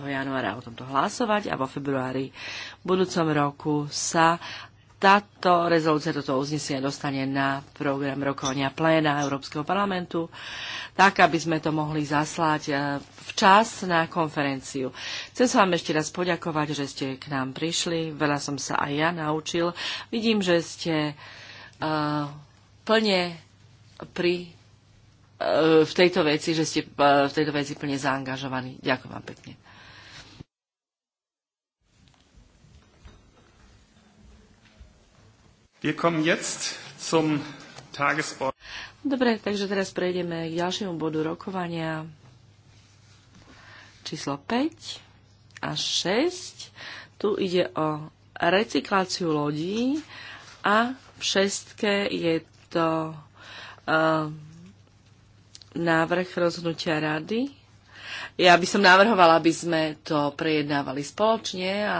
januára o tomto hlasovať a vo februári v budúcom roku sa táto rezolúcia, toto uznesenie dostane na program rokovania pléna Európskeho parlamentu, tak aby sme to mohli zaslať e, včas na konferenciu. Chcem sa vám ešte raz poďakovať, že ste k nám prišli. Veľa som sa aj ja naučil. Vidím, že ste uh, plne pri uh, v tejto veci, že ste uh, v tejto veci plne zaangažovaní. Ďakujem vám pekne. Wir kommen jetzt zum Dobre, takže teraz prejdeme k ďalšiemu bodu rokovania číslo 5 a 6. Tu ide o recykláciu lodí a v šestke je to uh, návrh rozhodnutia rady. Ja by som navrhovala, aby sme to prejednávali spoločne a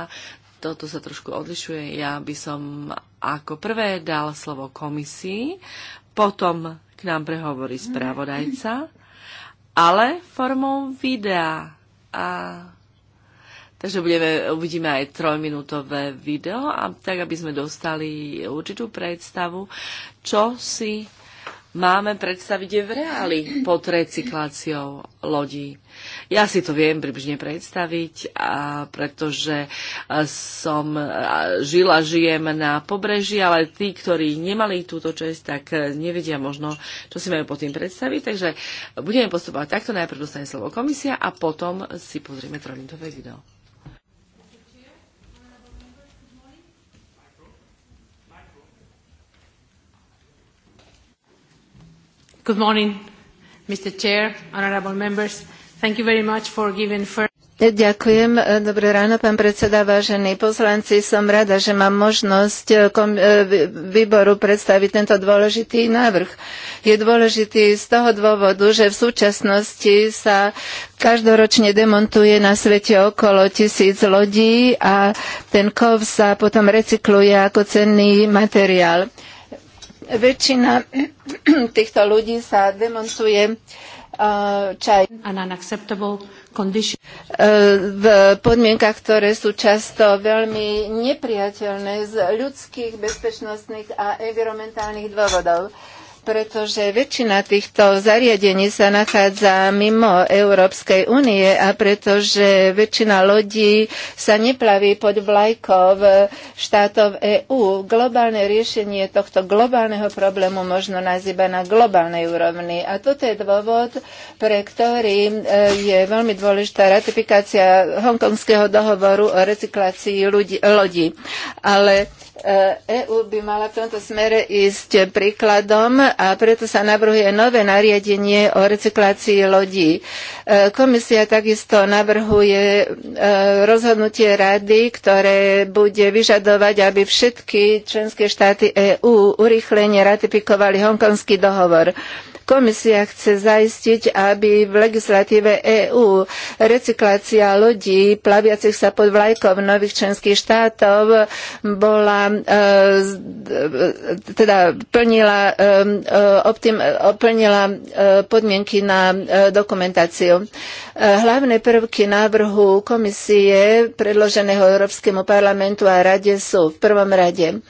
toto sa trošku odlišuje. Ja by som ako prvé dal slovo komisii, potom k nám prehovorí správodajca, ale formou videa. A Takže budeme, uvidíme aj trojminútové video, a tak aby sme dostali určitú predstavu, čo si máme predstaviť v reáli pod recykláciou lodí. Ja si to viem približne predstaviť, a pretože e, som e, žila, žijem na pobreží, ale tí, ktorí nemali túto čest, tak e, nevedia možno, čo si majú pod tým predstaviť. Takže budeme postupovať takto, najprv dostane slovo komisia a potom si pozrieme trojminutové video. Good morning, Mr. Chair, honorable members. Thank you very much for giving first Ďakujem. Dobré ráno, pán predseda, vážení poslanci. Som rada, že mám možnosť eh, eh, výboru predstaviť tento dôležitý návrh. Je dôležitý z toho dôvodu, že v súčasnosti sa každoročne demontuje na svete okolo tisíc lodí a ten kov sa potom recykluje ako cenný materiál. Väčšina *clears throat* týchto ľudí sa demonstruje eh, čaj eh, v podmienkach, ktoré sú často veľmi nepriateľné z ľudských, bezpečnostných a environmentálnych dôvodov pretože väčšina týchto zariadení sa nachádza mimo Európskej únie a pretože väčšina lodí sa neplaví pod vlajkov štátov EÚ. Globálne riešenie tohto globálneho problému možno nájsť iba na globálnej úrovni. A toto je dôvod, pre ktorý e, je veľmi dôležitá ratifikácia Hongkongského dohovoru o recyklácii ľudí, lodí. Ale EÚ e by mala v tomto smere ísť príkladom a preto sa navrhuje nové nariadenie o recyklácii lodí. E, Komisia takisto navrhuje e, rozhodnutie rady, ktoré bude vyžadovať, aby všetky členské štáty EÚ urýchlenie ratifikovali hongkonský dohovor. Komisia chce zaistiť, aby v legislatíve EÚ recyklácia lodí plaviacich sa pod vlajkou nových členských štátov bola e, e, teda plnila, e, optim, plnila podmienky na dokumentáciu. Hlavné prvky návrhu komisie predloženého Európskemu parlamentu a rade sú v prvom rade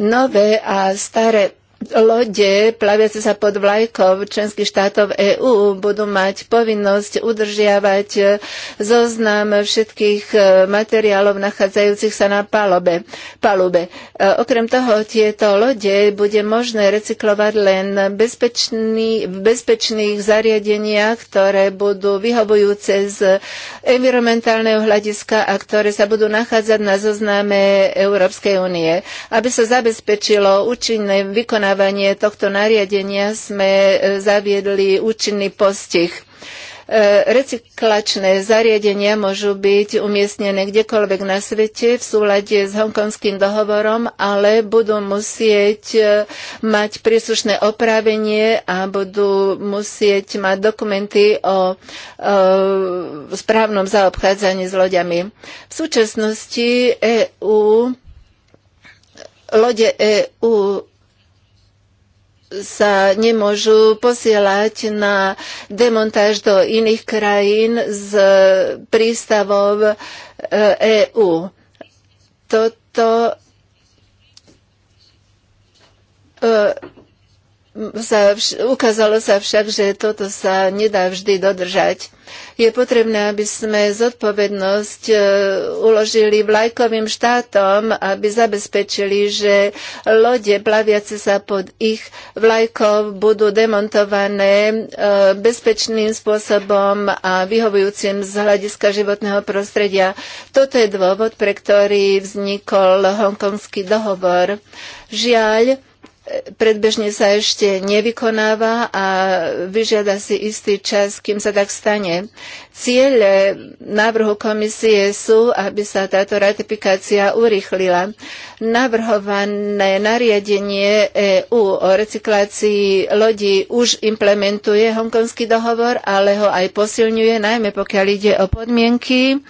nové a staré lode plaviace sa pod vlajkou členských štátov EÚ budú mať povinnosť udržiavať e, zoznam všetkých e, materiálov nachádzajúcich sa na palube. palube. Okrem toho tieto lode bude možné recyklovať len bezpečný, v bezpečných zariadeniach, ktoré budú vyhovujúce z environmentálneho hľadiska a ktoré sa budú nachádzať na zozname Európskej únie. Aby sa zabezpečilo účinné vykonávanie vykonávanie tohto nariadenia sme e, zaviedli účinný postih e, recyklačné zariadenia môžu byť umiestnené kdekoľvek na svete v súlade s hongkonským dohovorom, ale budú musieť e, mať príslušné oprávenie a budú musieť mať dokumenty o, o správnom zaobchádzaní s loďami. V súčasnosti EU lode EU sa nemôžu posielať na demontáž do iných krajín z prístavov EÚ. E Toto e, sa vš- ukázalo sa však, že toto sa nedá vždy dodržať. Je potrebné, aby sme zodpovednosť e, uložili vlajkovým štátom, aby zabezpečili, že lode plaviace sa pod ich vlajkov budú demontované e, bezpečným spôsobom a vyhovujúcim z hľadiska životného prostredia. Toto je dôvod, pre ktorý vznikol Hongkonský dohovor. Žiaľ, predbežne sa ešte nevykonáva a vyžiada si istý čas, kým sa tak stane. Ciele návrhu komisie sú, aby sa táto ratifikácia urychlila. Navrhované nariadenie EU o recyklácii lodí už implementuje hongkonský dohovor, ale ho aj posilňuje, najmä pokiaľ ide o podmienky,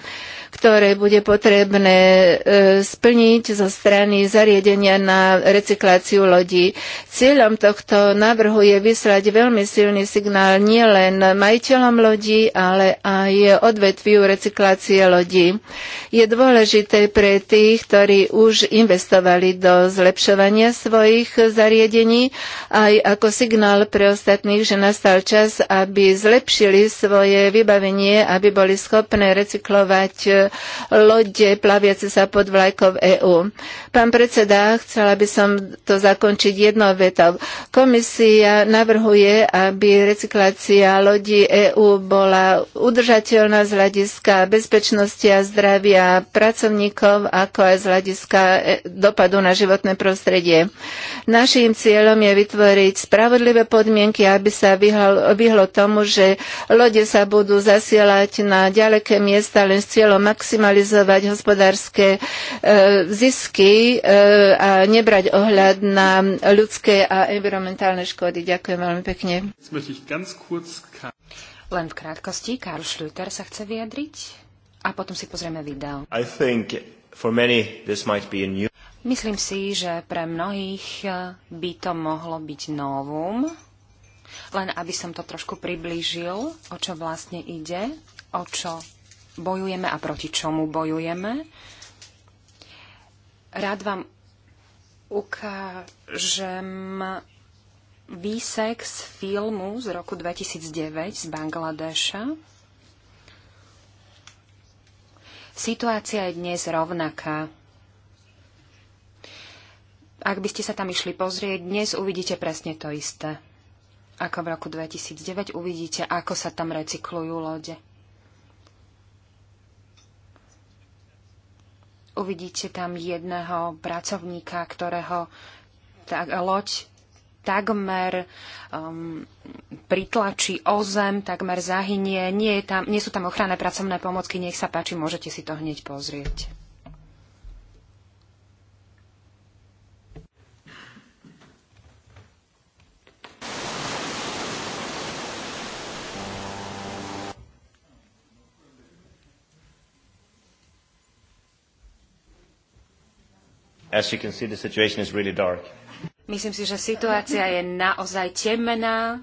ktoré bude potrebné e, splniť zo strany zariadenia na recykláciu lodí. Cieľom tohto návrhu je vyslať veľmi silný signál nielen majiteľom lodí, ale aj odvetviu recyklácie lodí. Je dôležité pre tých, ktorí už investovali do zlepšovania svojich zariadení, aj ako signál pre ostatných, že nastal čas, aby zlepšili svoje vybavenie, aby boli schopné recyklovať lode plaviace sa pod vlajkou EÚ. Pán predseda, chcela by som to zakončiť jednou vetou. Komisia navrhuje, aby recyklácia lodí EÚ bola udržateľná z hľadiska bezpečnosti a zdravia pracovníkov, ako aj z hľadiska e, dopadu na životné prostredie. Naším cieľom je vytvoriť spravodlivé podmienky, aby sa vyhlo, vyhlo tomu, že lode sa budú zasielať na ďaleké miesta len s cieľom maximálne maximalizovať hospodárske e, zisky e, a nebrať ohľad na ľudské a environmentálne škody. Ďakujem veľmi pekne. Len v krátkosti, Karl Schlüter sa chce vyjadriť a potom si pozrieme video. I think for many this might be a new... Myslím si, že pre mnohých e, by to mohlo byť novum. Len aby som to trošku priblížil, o čo vlastne ide, o čo bojujeme a proti čomu bojujeme. Rád vám ukážem výsek z filmu z roku 2009 z Bangladeša. Situácia je dnes rovnaká. Ak by ste sa tam išli pozrieť, dnes uvidíte presne to isté. Ako v roku 2009 uvidíte, ako sa tam recyklujú lode. uvidíte tam jedného pracovníka, ktorého tak, loď takmer um, pritlačí o zem, takmer zahynie. Nie, je tam, nie sú tam ochranné pracovné pomocky, nech sa páči, môžete si to hneď pozrieť. As you can see, the situation is really dark. Myslím si, že situácia je naozaj temná.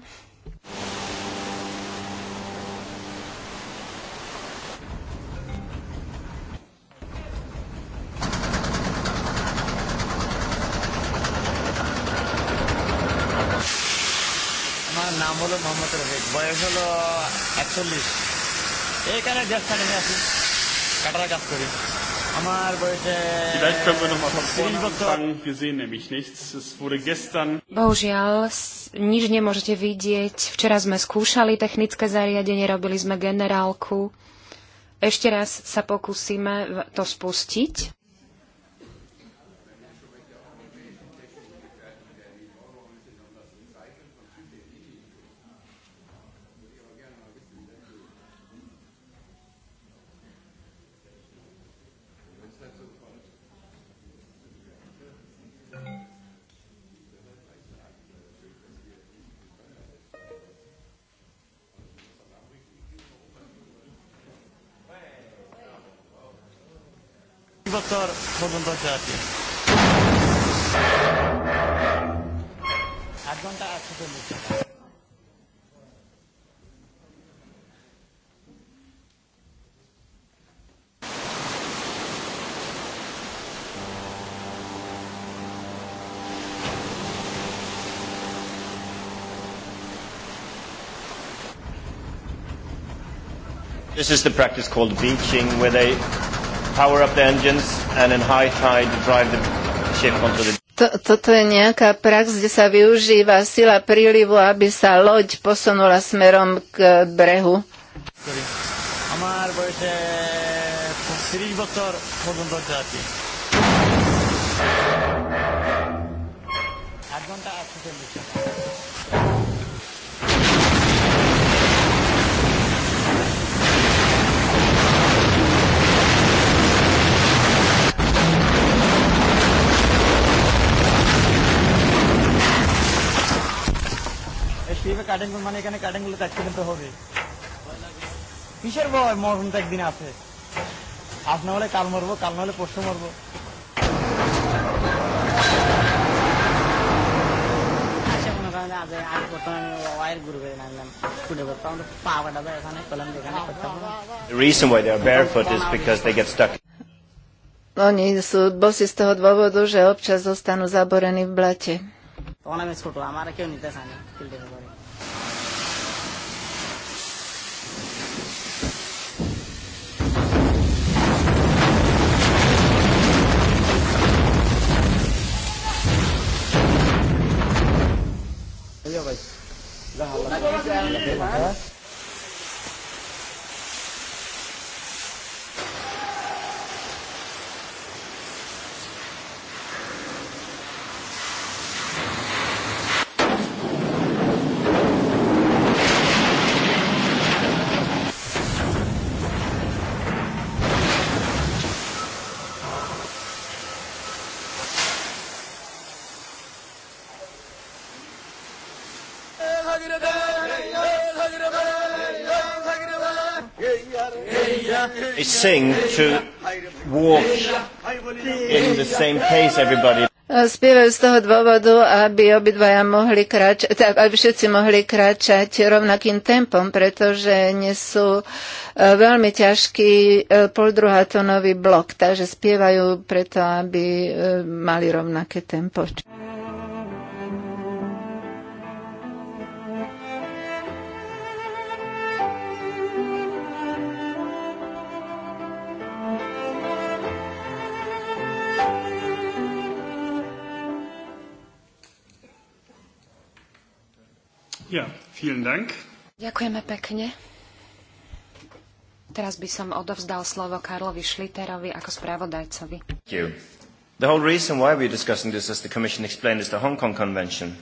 আমার নাম হলো মোহাম্মদ রফিক বয়স হলো একচল্লিশ এখানে আছি কাটারা কাজ করি Bohužiaľ, nič nemôžete vidieť. Včera sme skúšali technické zariadenie, robili sme generálku. Ešte raz sa pokúsime to spustiť. الدكتور Bobon شاكي আট ঘন্টা This is the practice called beaching, where they power up the engines and in high tide drive the ship onto the to, toto je nejaká prax, kde sa využíva sila prílivu, aby sa loď posunula smerom k brehu. Sorry. কিভাবে cutting মানে এখানে কাটিং গুলো কাটতে হবে কিসের ভয় মরণ তো একদিন আছে আজ না হলে কাল মরবো কাল না হলে পরশু মরবো oni sú bosi z toho dôvodu, že občas zostanú zaborení v blate. Ona mi skutla, a mara kev nite sa ne, Río Baix. to walk in the same pace everybody. Spievajú z toho dôvodu, aby obidvaja mohli kráčať, aby všetci mohli kráčať rovnakým tempom, pretože nesú e, veľmi ťažký e, poldruhátonový blok, takže spievajú preto, aby e, mali rovnaké tempo. Ja, vielen Dank. Ďakujeme pekne. Teraz by som odovzdal slovo Karlovi Šliterovi ako spravodajcovi. The whole reason why we're discussing this, as the Commission explained, is the Hong Kong Convention.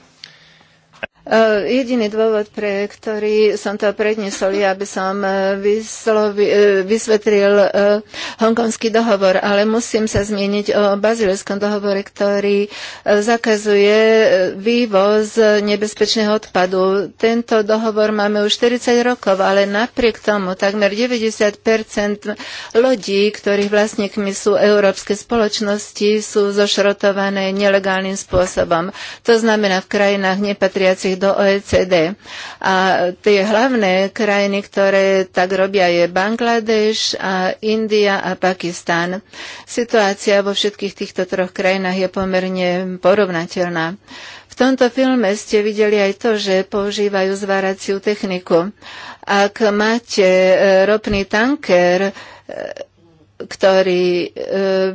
E, jediný dôvod, pre ktorý som to prednesol, je, aby som e, vyslovi, e, hongkonský dohovor, ale musím sa zmieniť o bazilskom dohovore, ktorý zakazuje vývoz nebezpečného odpadu. Tento dohovor máme už 40 rokov, ale napriek tomu takmer 90 lodí, ktorých vlastníkmi sú európske spoločnosti, sú zošrotované nelegálnym spôsobom. To znamená v krajinách nepatriacich do OECD. A tie hlavné krajiny, ktoré tak robia, je Bangladeš a India a Pakistan. Situácia vo všetkých týchto troch krajinách je pomerne porovnateľná. V tomto filme ste videli aj to, že používajú zváraciu techniku. Ak máte e, ropný tanker, e, ktorý e,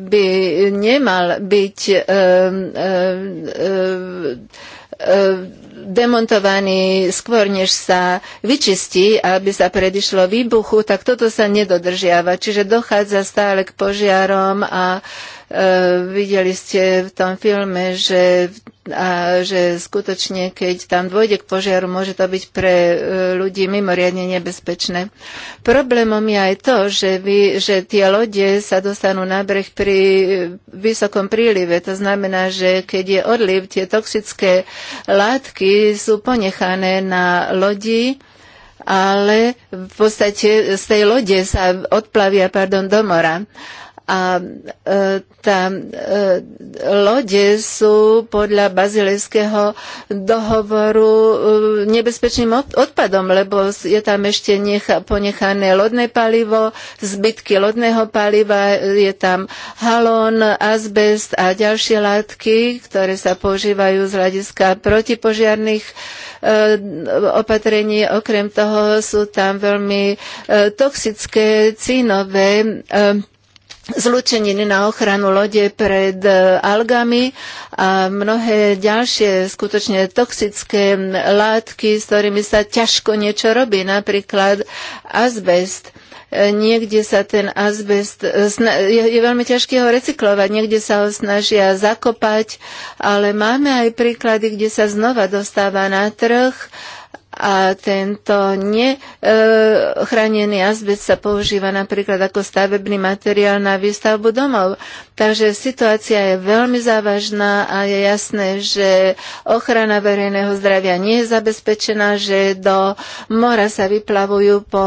by nemal byť E, demontovaný skôr, než sa vyčistí, aby sa predišlo výbuchu, tak toto sa nedodržiava. Čiže dochádza stále k požiarom a e, videli ste v tom filme, že a že skutočne, keď tam dôjde k požiaru, môže to byť pre e, ľudí mimoriadne nebezpečné. Problémom je aj to, že, vy, že tie lode sa dostanú na breh pri e, vysokom prílive. To znamená, že keď je odliv, tie toxické látky sú ponechané na lodi, ale v podstate z tej lode sa odplavia pardon, do mora. A e, tá e, lode sú podľa bazilejského dohovoru e, nebezpečným odpadom, lebo je tam ešte necha, ponechané lodné palivo, zbytky lodného paliva, je tam halón, azbest a ďalšie látky, ktoré sa používajú z hľadiska protipožiarných opatrení. Okrem toho sú tam veľmi toxické cínové zlučeniny na ochranu lode pred e, algami a mnohé ďalšie skutočne toxické látky, s ktorými sa ťažko niečo robí, napríklad azbest e, niekde sa ten azbest, e, je, je veľmi ťažké ho recyklovať, niekde sa ho snažia zakopať, ale máme aj príklady, kde sa znova dostáva na trh a tento nechránený azbest sa používa napríklad ako stavebný materiál na výstavbu domov. Takže situácia je veľmi závažná a je jasné, že ochrana verejného zdravia nie je zabezpečená, že do mora sa vyplavujú po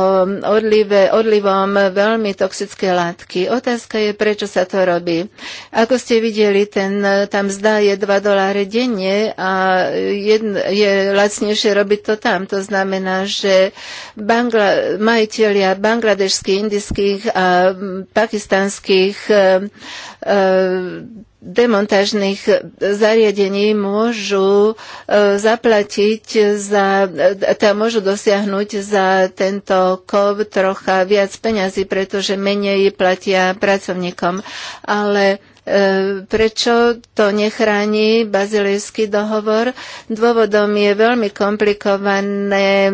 odlive, odlivom veľmi toxické látky. Otázka je, prečo sa to robí. Ako ste videli, ten, tam zdá je 2 doláre denne a jedn, je lacnejšie robiť to tam program. To znamená, že Bangla, majiteľia bangladežských, indických a pakistanských e, e, demontážnych zariadení môžu e, zaplatiť za, e, teda môžu dosiahnuť za tento kov trocha viac peňazí, pretože menej platia pracovníkom. Ale Prečo to nechráni bazilejský dohovor? Dôvodom je veľmi komplikované e,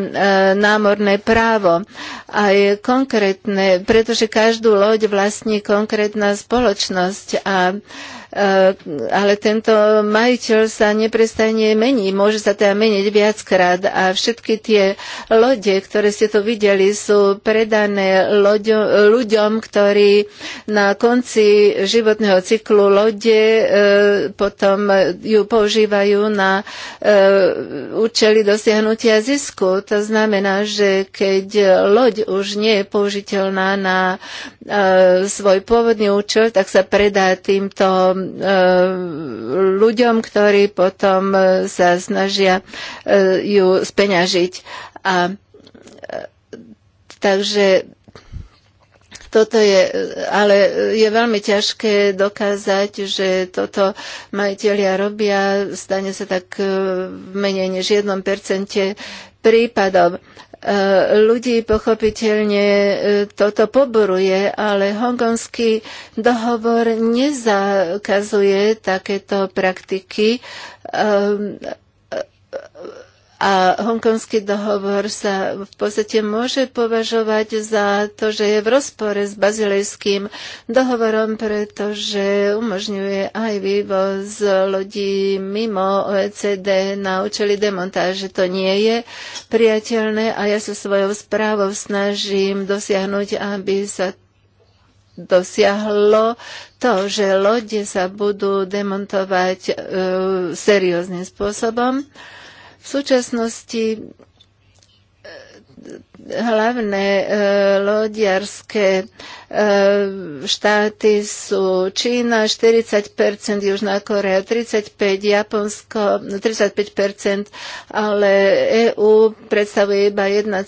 námorné právo. Aj konkrétne, pretože každú loď vlastní konkrétna spoločnosť a Eh, ale tento majiteľ sa neprestane mení. Môže sa teda meniť viackrát a všetky tie lode, ktoré ste tu videli, sú predané loďo, ľuďom, ktorí na konci životného cyklu lode eh, potom ju používajú na eh, účely dosiahnutia zisku. To znamená, že keď loď už nie je použiteľná na svoj pôvodný účel, tak sa predá týmto Eh, ľuďom, ktorí potom eh, sa snažia eh, ju speňažiť. A takže toto je, ale je veľmi ťažké dokázať, že toto majiteľia robia, stane sa tak menej než jednom percente prípadov. Eh, ľudí pochopiteľne eh, toto poboruje, ale hongkonský dohovor nezakazuje takéto praktiky ehm, a hongkonský dohovor sa v podstate môže považovať za to, že je v rozpore s bazilejským dohovorom, pretože umožňuje aj vývoz lodí mimo OECD na účely demontáže. To nie je priateľné a ja sa svojou správou snažím dosiahnuť, aby sa dosiahlo to, že lode sa budú demontovať e, serióznym spôsobom. E, v súčasnosti e, hlavné e, lodiarské e, štáty sú Čína, 40%, Južná Korea, 35%, Japonsko, 35%, ale EU predstavuje iba 1,5%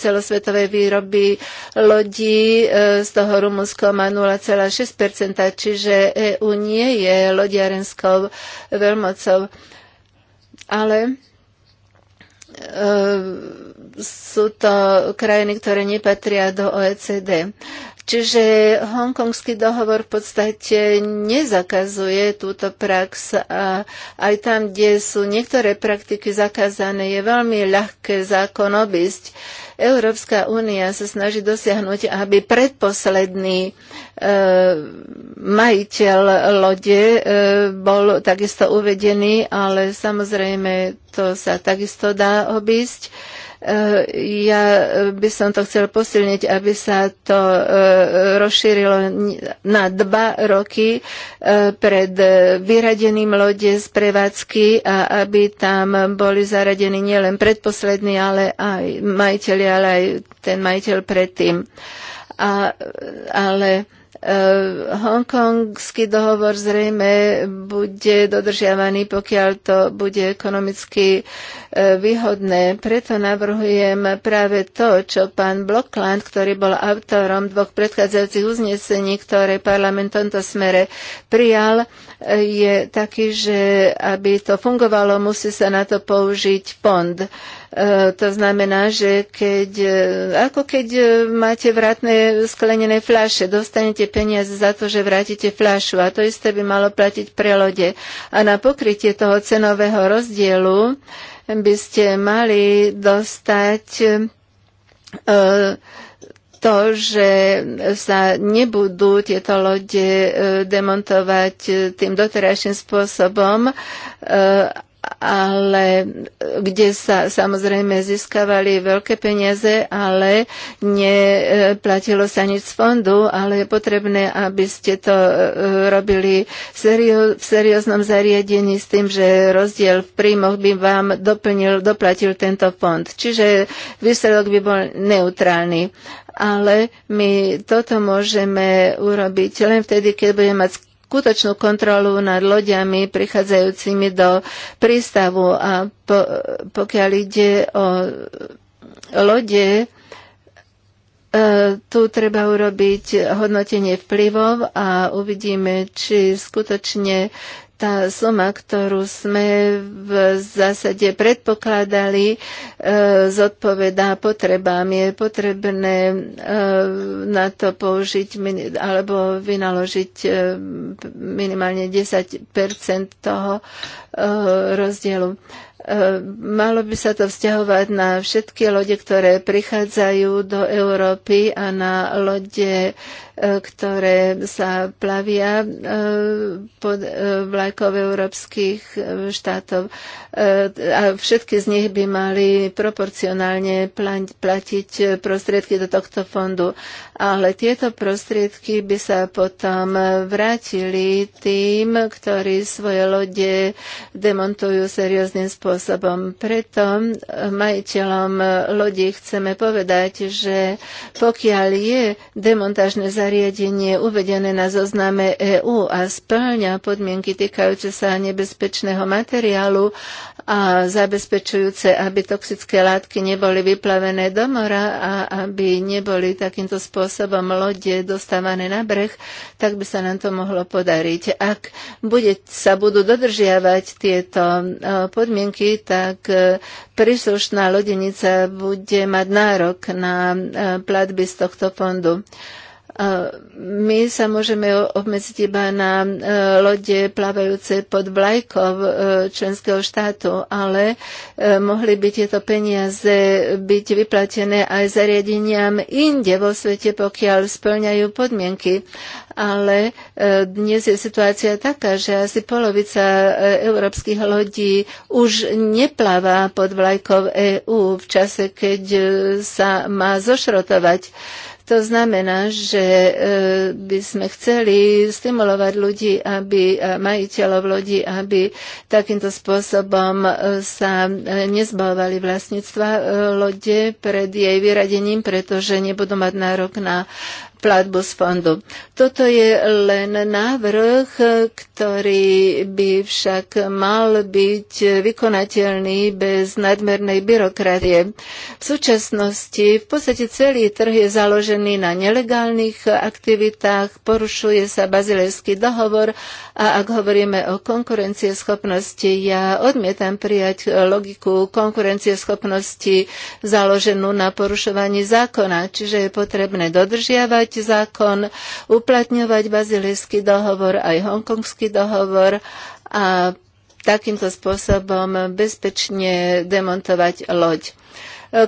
celosvetovej výroby lodí, e, z toho Rumunsko má 0,6%, čiže EU nie je lodiarenskou veľmocou ale e, sú to krajiny, ktoré nepatria do OECD. Čiže hongkongský dohovor v podstate nezakazuje túto prax a aj tam, kde sú niektoré praktiky zakázané, je veľmi ľahké zákon obísť. Európska únia sa snaží dosiahnuť, aby predposledný E, majiteľ lode e, bol takisto uvedený, ale samozrejme to sa takisto dá obísť. E, ja by som to chcel posilniť, aby sa to rozšírilo na dva roky pred vyradeným lode z prevádzky a aby tam boli zaradení nielen predposlední, ale aj majiteľi, ale aj ten majiteľ predtým. A, ale Eh, hongkongský dohovor zrejme bude dodržiavaný, pokiaľ to bude ekonomicky eh, výhodné. Preto navrhujem práve to, čo pán Blokland, ktorý bol autorom dvoch predchádzajúcich uznesení, ktoré parlament v tomto smere prijal, je taký, že aby to fungovalo, musí sa na to použiť fond. E, to znamená, že keď, e, ako keď e, máte vratné sklenené fľaše, dostanete peniaze za to, že vrátite fľašu a to isté by malo platiť pre lode. A na pokrytie toho cenového rozdielu by ste mali dostať uh, to, že sa nebudú tieto lode e, demontovať e, tým doterajším spôsobom, e, ale e, kde sa samozrejme získavali veľké peniaze, ale neplatilo sa nič z fondu, ale je potrebné, aby ste to e, robili v serióznom zariadení s tým, že rozdiel v príjmoch by vám doplnil, doplatil tento fond. Čiže výsledok by bol neutrálny ale my toto môžeme urobiť len vtedy, keď budeme mať skutočnú kontrolu nad loďami prichádzajúcimi do prístavu a po, pokiaľ ide o lode, e, tu treba urobiť hodnotenie vplyvov a uvidíme, či skutočne tá suma, ktorú sme v zásade predpokladali, e, zodpovedá potrebám. Je potrebné e, na to použiť alebo vynaložiť e, minimálne 10 toho rozdielu. Malo by sa to vzťahovať na všetky lode, ktoré prichádzajú do Európy a na lode ktoré sa plavia e, pod e, vlajkov európskych e, štátov. A všetky z nich by mali proporcionálne platiť prostriedky do tohto fondu. Ale tieto prostriedky by sa potom vrátili tým, ktorí svoje lode demontujú serióznym spôsobom. Preto majiteľom lodí chceme povedať, že pokiaľ je demontážne zariadenie, zariadenie uvedené na zozname EÚ a splňa podmienky týkajúce sa nebezpečného materiálu a zabezpečujúce, aby toxické látky neboli vyplavené do mora a aby neboli takýmto spôsobom lode dostávané na breh, tak by sa nám to mohlo podariť. Ak bude, sa budú dodržiavať tieto e, podmienky, tak e, príslušná lodenica bude mať nárok na e, platby z tohto fondu. My sa môžeme obmedziť iba na e, lode plávajúce pod vlajkov e, členského štátu, ale e, mohli by tieto peniaze byť vyplatené aj zariadeniam inde vo svete, pokiaľ splňajú podmienky. Ale dnes je situácia taká, že asi polovica európskych lodí už nepláva pod vlajkov EÚ v čase, keď sa má zošrotovať. To znamená, že e, by sme chceli stimulovať ľudí, aby, e, majiteľov ľudí, aby takýmto spôsobom e, sa nezbavovali vlastníctva lode pred jej vyradením, pretože nebudú mať nárok na platbu z fondu. Toto je len návrh, ktorý by však mal byť vykonateľný bez nadmernej byrokratie. V súčasnosti v podstate celý trh je založený na nelegálnych aktivitách, porušuje sa bazilejský dohovor a ak hovoríme o konkurencieschopnosti, ja odmietam prijať logiku konkurencieschopnosti založenú na porušovaní zákona, čiže je potrebné dodržiavať proti zákon uplatňovať bazilijský dohovor aj hongkongský dohovor a takýmto spôsobom bezpečne demontovať loď.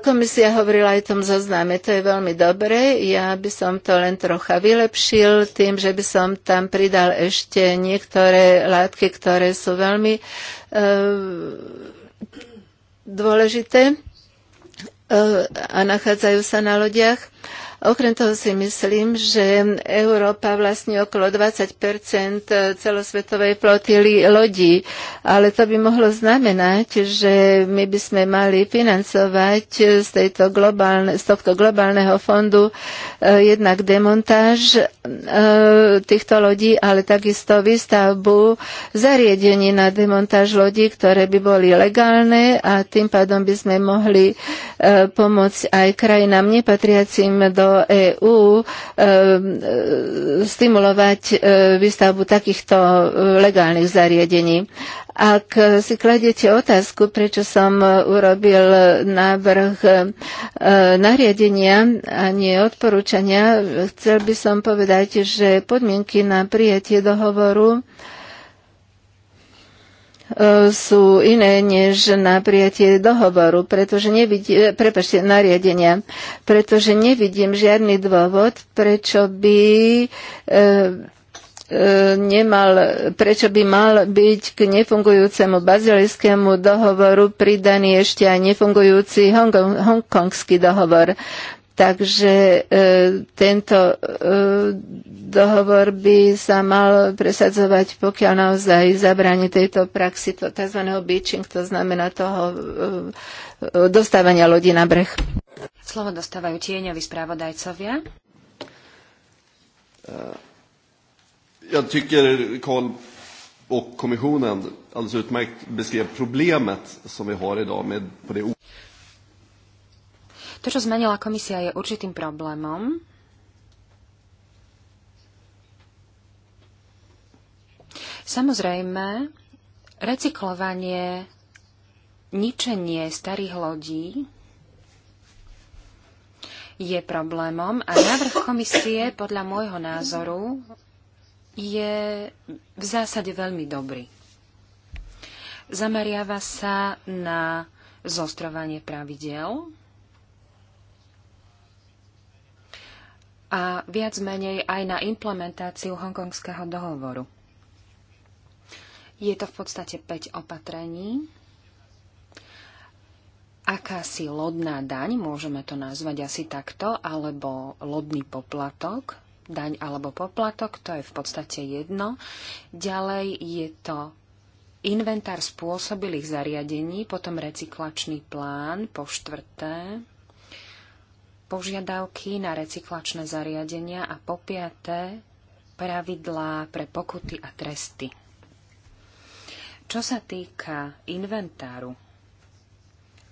Komisia hovorila aj o tom zozname, to je veľmi dobré. Ja by som to len trocha vylepšil tým, že by som tam pridal ešte niektoré látky, ktoré sú veľmi e, dôležité e, a nachádzajú sa na lodiach. E, Okrem toho si myslím, že Európa vlastní okolo 20 celosvetovej flotily lodí, ale to by mohlo znamenať, že my by sme mali financovať z, tejto globálne, z tohto globálneho fondu eh, jednak demontáž eh, týchto lodí, ale takisto výstavbu zariadení na demontáž lodí, ktoré by boli legálne a tým pádom by sme mohli eh, pomôcť aj krajinám nepatriacim do EÚ e ehm, e, stimulovať e, výstavbu takýchto legálnych zariadení. Ak si kladete otázku, prečo som urobil návrh nariadenia a nie odporúčania, chcel by som povedať, že podmienky na prijatie dohovoru sú iné než na prijatie dohovoru, pretože nevidím, e, prepačte, nariadenia, pretože nevidím žiadny dôvod, prečo by e, e, nemal, prečo by mal byť k nefungujúcemu bazilijskému dohovoru pridaný ešte aj nefungujúci hongkongský dohovor. Takže e, tento e, dohovor by sa mal presadzovať, pokiaľ naozaj zabráni tejto praxi to tzv. beaching, to znamená toho e, dostávania lodi na breh. Slovo dostávajú tieňoví správodajcovia. Eh, ja tycker Karl och kommissionen alldeles utmärkt beskrev problemet som vi har idag med, på det to, čo zmenila komisia, je určitým problémom. Samozrejme, recyklovanie, ničenie starých lodí je problémom a návrh komisie podľa môjho názoru je v zásade veľmi dobrý. Zameriava sa na zostrovanie pravidel a viac menej aj na implementáciu hongkongského dohovoru. Je to v podstate 5 opatrení. Akási lodná daň, môžeme to nazvať asi takto, alebo lodný poplatok, daň alebo poplatok, to je v podstate jedno. Ďalej je to inventár spôsobilých zariadení, potom recyklačný plán, po štvrté, požiadavky na recyklačné zariadenia a po piaté pravidlá pre pokuty a tresty. Čo sa týka inventáru,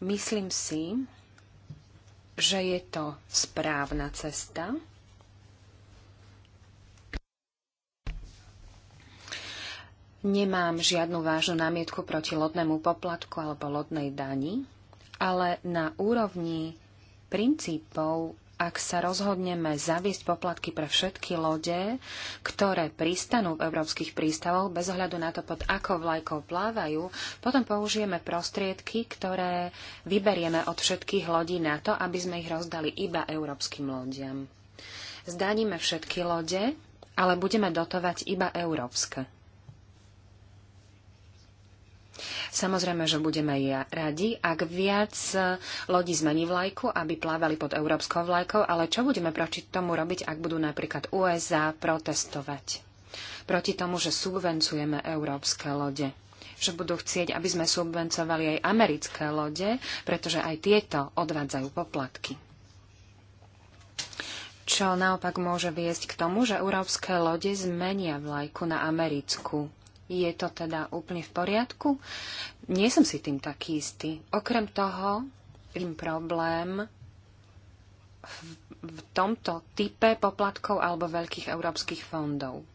myslím si, že je to správna cesta. Nemám žiadnu vážnu námietku proti lodnému poplatku alebo lodnej dani, ale na úrovni princípov, ak sa rozhodneme zaviesť poplatky pre všetky lode, ktoré pristanú v európskych prístavoch, bez ohľadu na to, pod akou vlajkou plávajú, potom použijeme prostriedky, ktoré vyberieme od všetkých lodí na to, aby sme ich rozdali iba európskym lodiam. Zdaníme všetky lode, ale budeme dotovať iba európske. Samozrejme, že budeme radi, ak viac eh, lodí zmení vlajku, aby plávali pod európskou vlajkou, ale čo budeme proti tomu robiť, ak budú napríklad USA protestovať? Proti tomu, že subvencujeme európske lode že budú chcieť, aby sme subvencovali aj americké lode, pretože aj tieto odvádzajú poplatky čo naopak môže viesť k tomu, že európske lode zmenia vlajku na americkú. Je to teda úplne v poriadku? Nie som si tým taký istý. Okrem toho, tým problém v, v tomto type poplatkov alebo veľkých európskych fondov.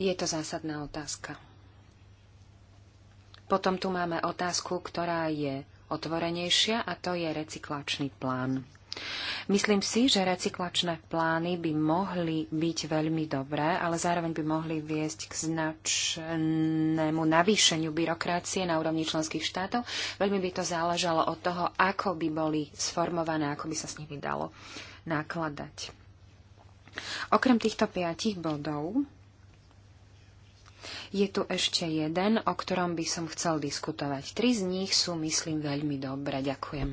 Je to zásadná otázka. Potom tu máme otázku, ktorá je otvorenejšia a to je recyklačný plán. Myslím si, že recyklačné plány by mohli byť veľmi dobré, ale zároveň by mohli viesť k značnému navýšeniu byrokracie na úrovni členských štátov. Veľmi by to záležalo od toho, ako by boli sformované, ako by sa s nimi dalo nakladať. Okrem týchto piatich bodov je tu ešte jeden, o ktorom by som chcel diskutovať. Tri z nich sú, myslím, veľmi dobre. Ďakujem.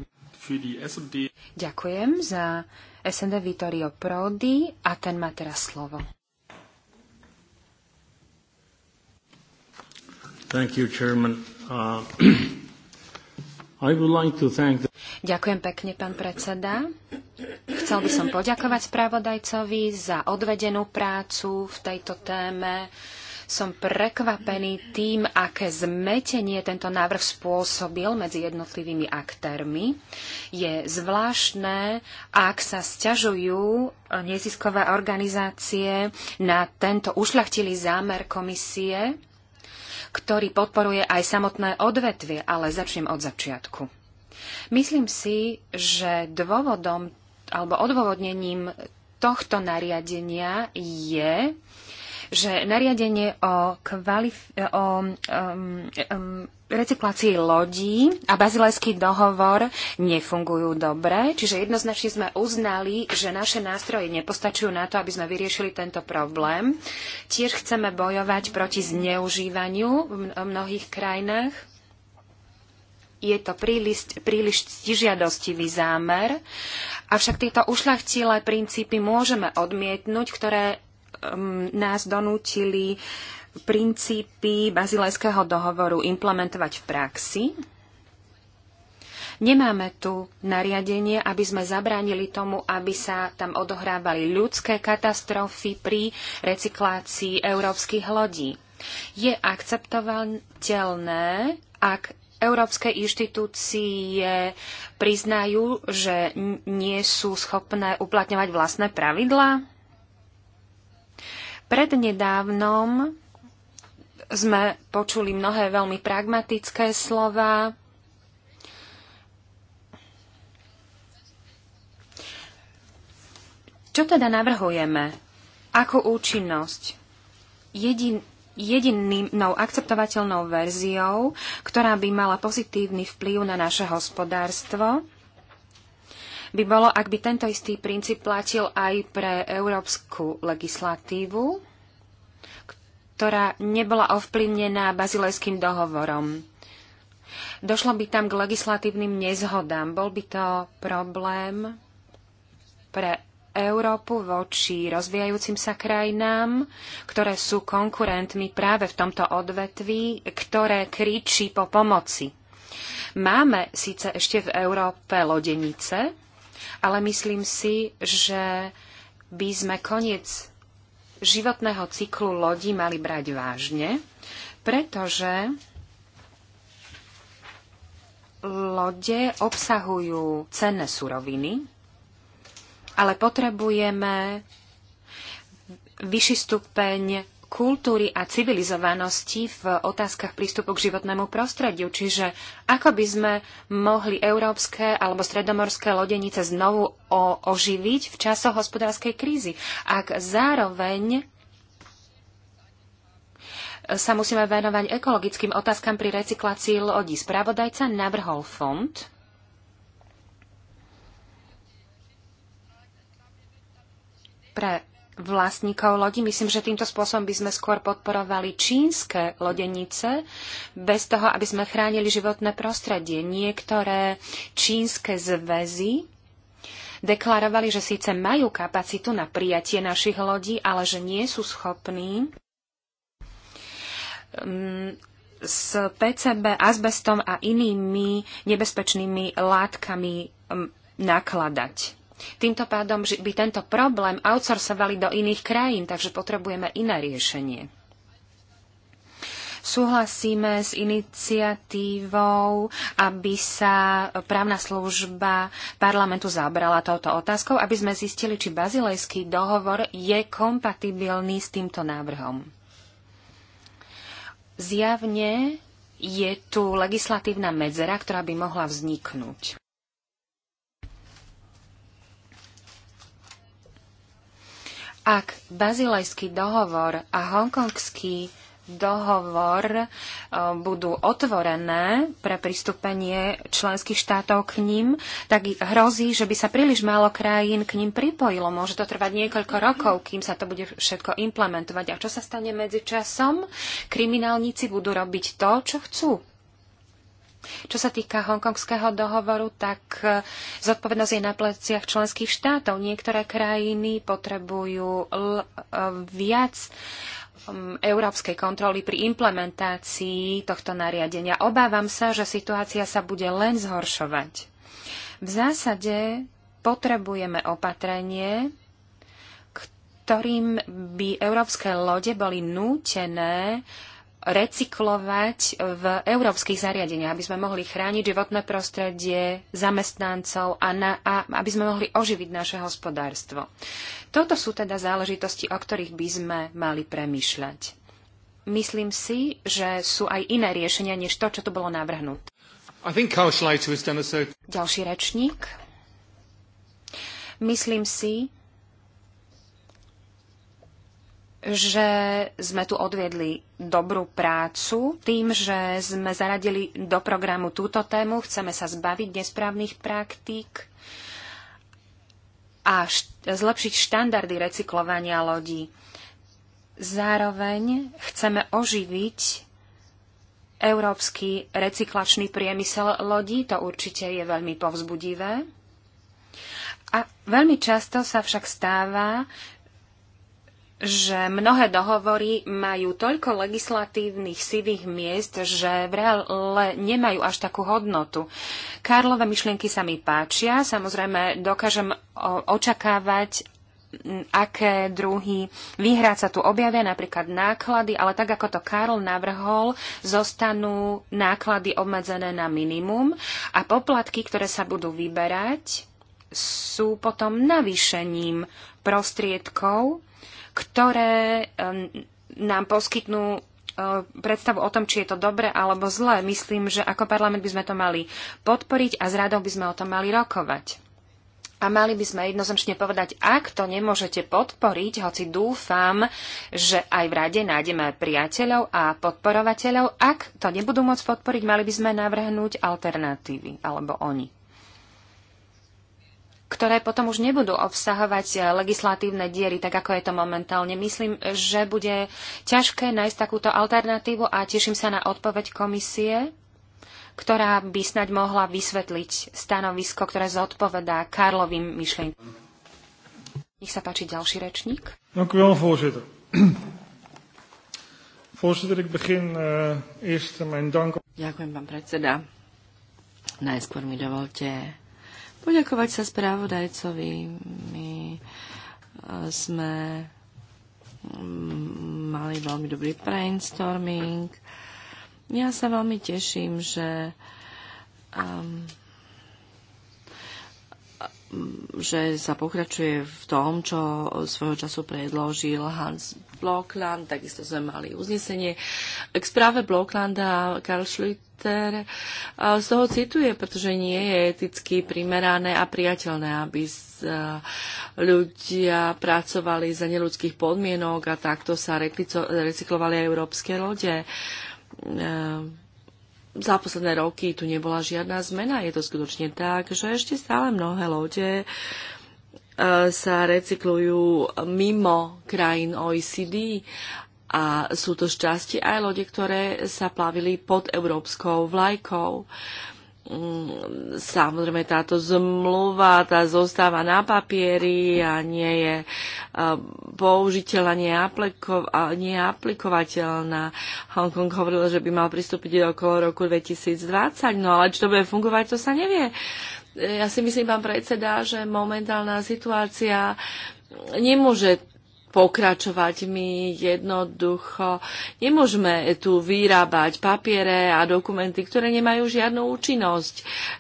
Ďakujem za SND Vittorio Prodi a ten má teraz slovo. Thank you, Chairman. Uh, *clears throat* I would like to thank the... Ďakujem pekne, pán predseda. Chcel by som poďakovať spravodajcovi za odvedenú prácu v tejto téme. Uh, som prekvapený tým, aké zmetenie tento návrh spôsobil medzi jednotlivými aktérmi. Je zvláštne, ak sa sťažujú neziskové organizácie na tento ušľachtilý zámer komisie, ktorý podporuje aj samotné odvetvie, ale začnem od začiatku. Myslím si, že dôvodom alebo odôvodnením tohto nariadenia je že nariadenie o, kvalif- e, o um, um, recyklácii lodí a bazilejský dohovor nefungujú dobre, čiže jednoznačne sme uznali, že naše nástroje nepostačujú na to, aby sme vyriešili tento problém. Tiež chceme bojovať proti zneužívaniu v mnohých krajinách. Je to príliš, príliš stižiadostivý zámer, avšak tieto ušľachtilé princípy môžeme odmietnúť, ktoré Um, nás donútili princípy bazilejského dohovoru implementovať v praxi. Nemáme tu nariadenie, aby sme zabránili tomu, aby sa tam odohrávali ľudské katastrofy pri recyklácii európskych lodí. Je akceptovateľné, ak európske inštitúcie priznajú, že nie sú schopné uplatňovať vlastné pravidlá? Prednedávnom sme počuli mnohé veľmi pragmatické slova. Čo teda navrhujeme? Ako účinnosť? Jedin, jedinou akceptovateľnou verziou, ktorá by mala pozitívny vplyv na naše hospodárstvo, by bolo, ak by tento istý princíp platil aj pre európsku legislatívu, ktorá nebola ovplyvnená bazilejským dohovorom. Došlo by tam k legislatívnym nezhodám. Bol by to problém pre Európu voči rozvíjajúcim sa krajinám, ktoré sú konkurentmi práve v tomto odvetví, ktoré kričí po pomoci. Máme síce ešte v Európe lodenice, ale myslím si, že by sme koniec životného cyklu lodi mali brať vážne, pretože lode obsahujú cenné suroviny, ale potrebujeme vyšší stupeň kultúry a civilizovanosti v otázkach prístupu k životnému prostrediu. Čiže ako by sme mohli európske alebo stredomorské lodenice znovu oživiť v časoch hospodárskej krízy, ak zároveň sa musíme venovať ekologickým otázkam pri recyklácii lodí. Spravodajca navrhol fond, pre vlastníkov lodí. Myslím, že týmto spôsobom by sme skôr podporovali čínske lodenice, bez toho, aby sme chránili životné prostredie. Niektoré čínske zväzy deklarovali, že síce majú kapacitu na prijatie našich lodí, ale že nie sú schopní mm, s PCB, azbestom a inými nebezpečnými látkami mm, nakladať. Týmto pádom by tento problém outsourcovali do iných krajín, takže potrebujeme iné riešenie. Súhlasíme s iniciatívou, aby sa právna služba parlamentu zabrala touto otázkou, aby sme zistili, či bazilejský dohovor je kompatibilný s týmto návrhom. Zjavne je tu legislatívna medzera, ktorá by mohla vzniknúť. Ak bazilejský dohovor a hongkongský dohovor e, budú otvorené pre pristúpenie členských štátov k ním, tak hrozí, že by sa príliš málo krajín k ním pripojilo. Môže to trvať niekoľko rokov, kým sa to bude všetko implementovať. A čo sa stane medzi časom? Kriminálníci budú robiť to, čo chcú. Čo sa týka hongkongského dohovoru, tak e, zodpovednosť je na pleciach členských štátov. Niektoré krajiny potrebujú e, viac európskej kontroly pri implementácii tohto nariadenia. Obávam sa, že situácia sa bude len zhoršovať. V zásade potrebujeme opatrenie, ktorým by európske lode boli nútené recyklovať v európskych zariadeniach, aby sme mohli chrániť životné prostredie zamestnancov a, na, a aby sme mohli oživiť naše hospodárstvo. Toto sú teda záležitosti, o ktorých by sme mali premýšľať. Myslím si, že sú aj iné riešenia, než to, čo tu bolo navrhnuté. Ďalší rečník. Myslím si, že sme tu odviedli dobrú prácu tým, že sme zaradili do programu túto tému. Chceme sa zbaviť nesprávnych praktík a zlepšiť štandardy recyklovania lodí. Zároveň chceme oživiť európsky recyklačný priemysel lodí. To určite je veľmi povzbudivé. A veľmi často sa však stáva, že mnohé dohovory majú toľko legislatívnych sivých miest, že v reále nemajú až takú hodnotu. Karlové myšlienky sa mi páčia. Samozrejme, dokážem očakávať aké druhy výhrad sa tu objavia, napríklad náklady, ale tak ako to Karl navrhol, zostanú náklady obmedzené na minimum a poplatky, ktoré sa budú vyberať, sú potom navýšením prostriedkov ktoré nám poskytnú e, predstavu o tom, či je to dobre alebo zlé. Myslím, že ako parlament by sme to mali podporiť a s radou by sme o tom mali rokovať. A mali by sme jednoznačne povedať, ak to nemôžete podporiť, hoci dúfam, že aj v rade nájdeme priateľov a podporovateľov, ak to nebudú môcť podporiť, mali by sme navrhnúť alternatívy, alebo oni ktoré potom už nebudú obsahovať eh, legislatívne diery, tak ako je to momentálne. Myslím, že bude ťažké nájsť takúto alternatívu a teším sa na odpoveď komisie, ktorá by snaď mohla vysvetliť stanovisko, ktoré zodpovedá Karlovým myšlienkom. Nech sa páči ďalší rečník. Ďakujem, voorzitter. *clears throat* Voorzitter, ik begin uh, eerst mijn dank. Ďakujem, pán predseda. Najskôr mi dovolte poďakovať sa správodajcovi. My eh, sme mm, mali veľmi dobrý brainstorming. Ja sa veľmi teším, že um, že sa pokračuje v tom, čo svojho času predložil Hans Blokland, takisto sme mali uznesenie. K správe Bloklanda Karl Schlitt Peter z toho cituje, pretože nie je eticky primerané a priateľné, aby ľudia pracovali za neludských podmienok a takto sa recyklovali aj európske lode. Za posledné roky tu nebola žiadna zmena. Je to skutočne tak, že ešte stále mnohé lode sa recyklujú mimo krajín OECD a sú to šťastie aj lode, ktoré sa plavili pod európskou vlajkou. Mm, samozrejme, táto zmluva tá zostáva na papieri a nie je e, použiteľná, nie je, apliko- nie je aplikovateľná. Hongkong hovoril, že by mal pristúpiť okolo roku 2020, no ale či to bude fungovať, to sa nevie. E, ja si myslím, pán predseda, že momentálna situácia nemôže pokračovať. My jednoducho nemôžeme tu vyrábať papiere a dokumenty, ktoré nemajú žiadnu účinnosť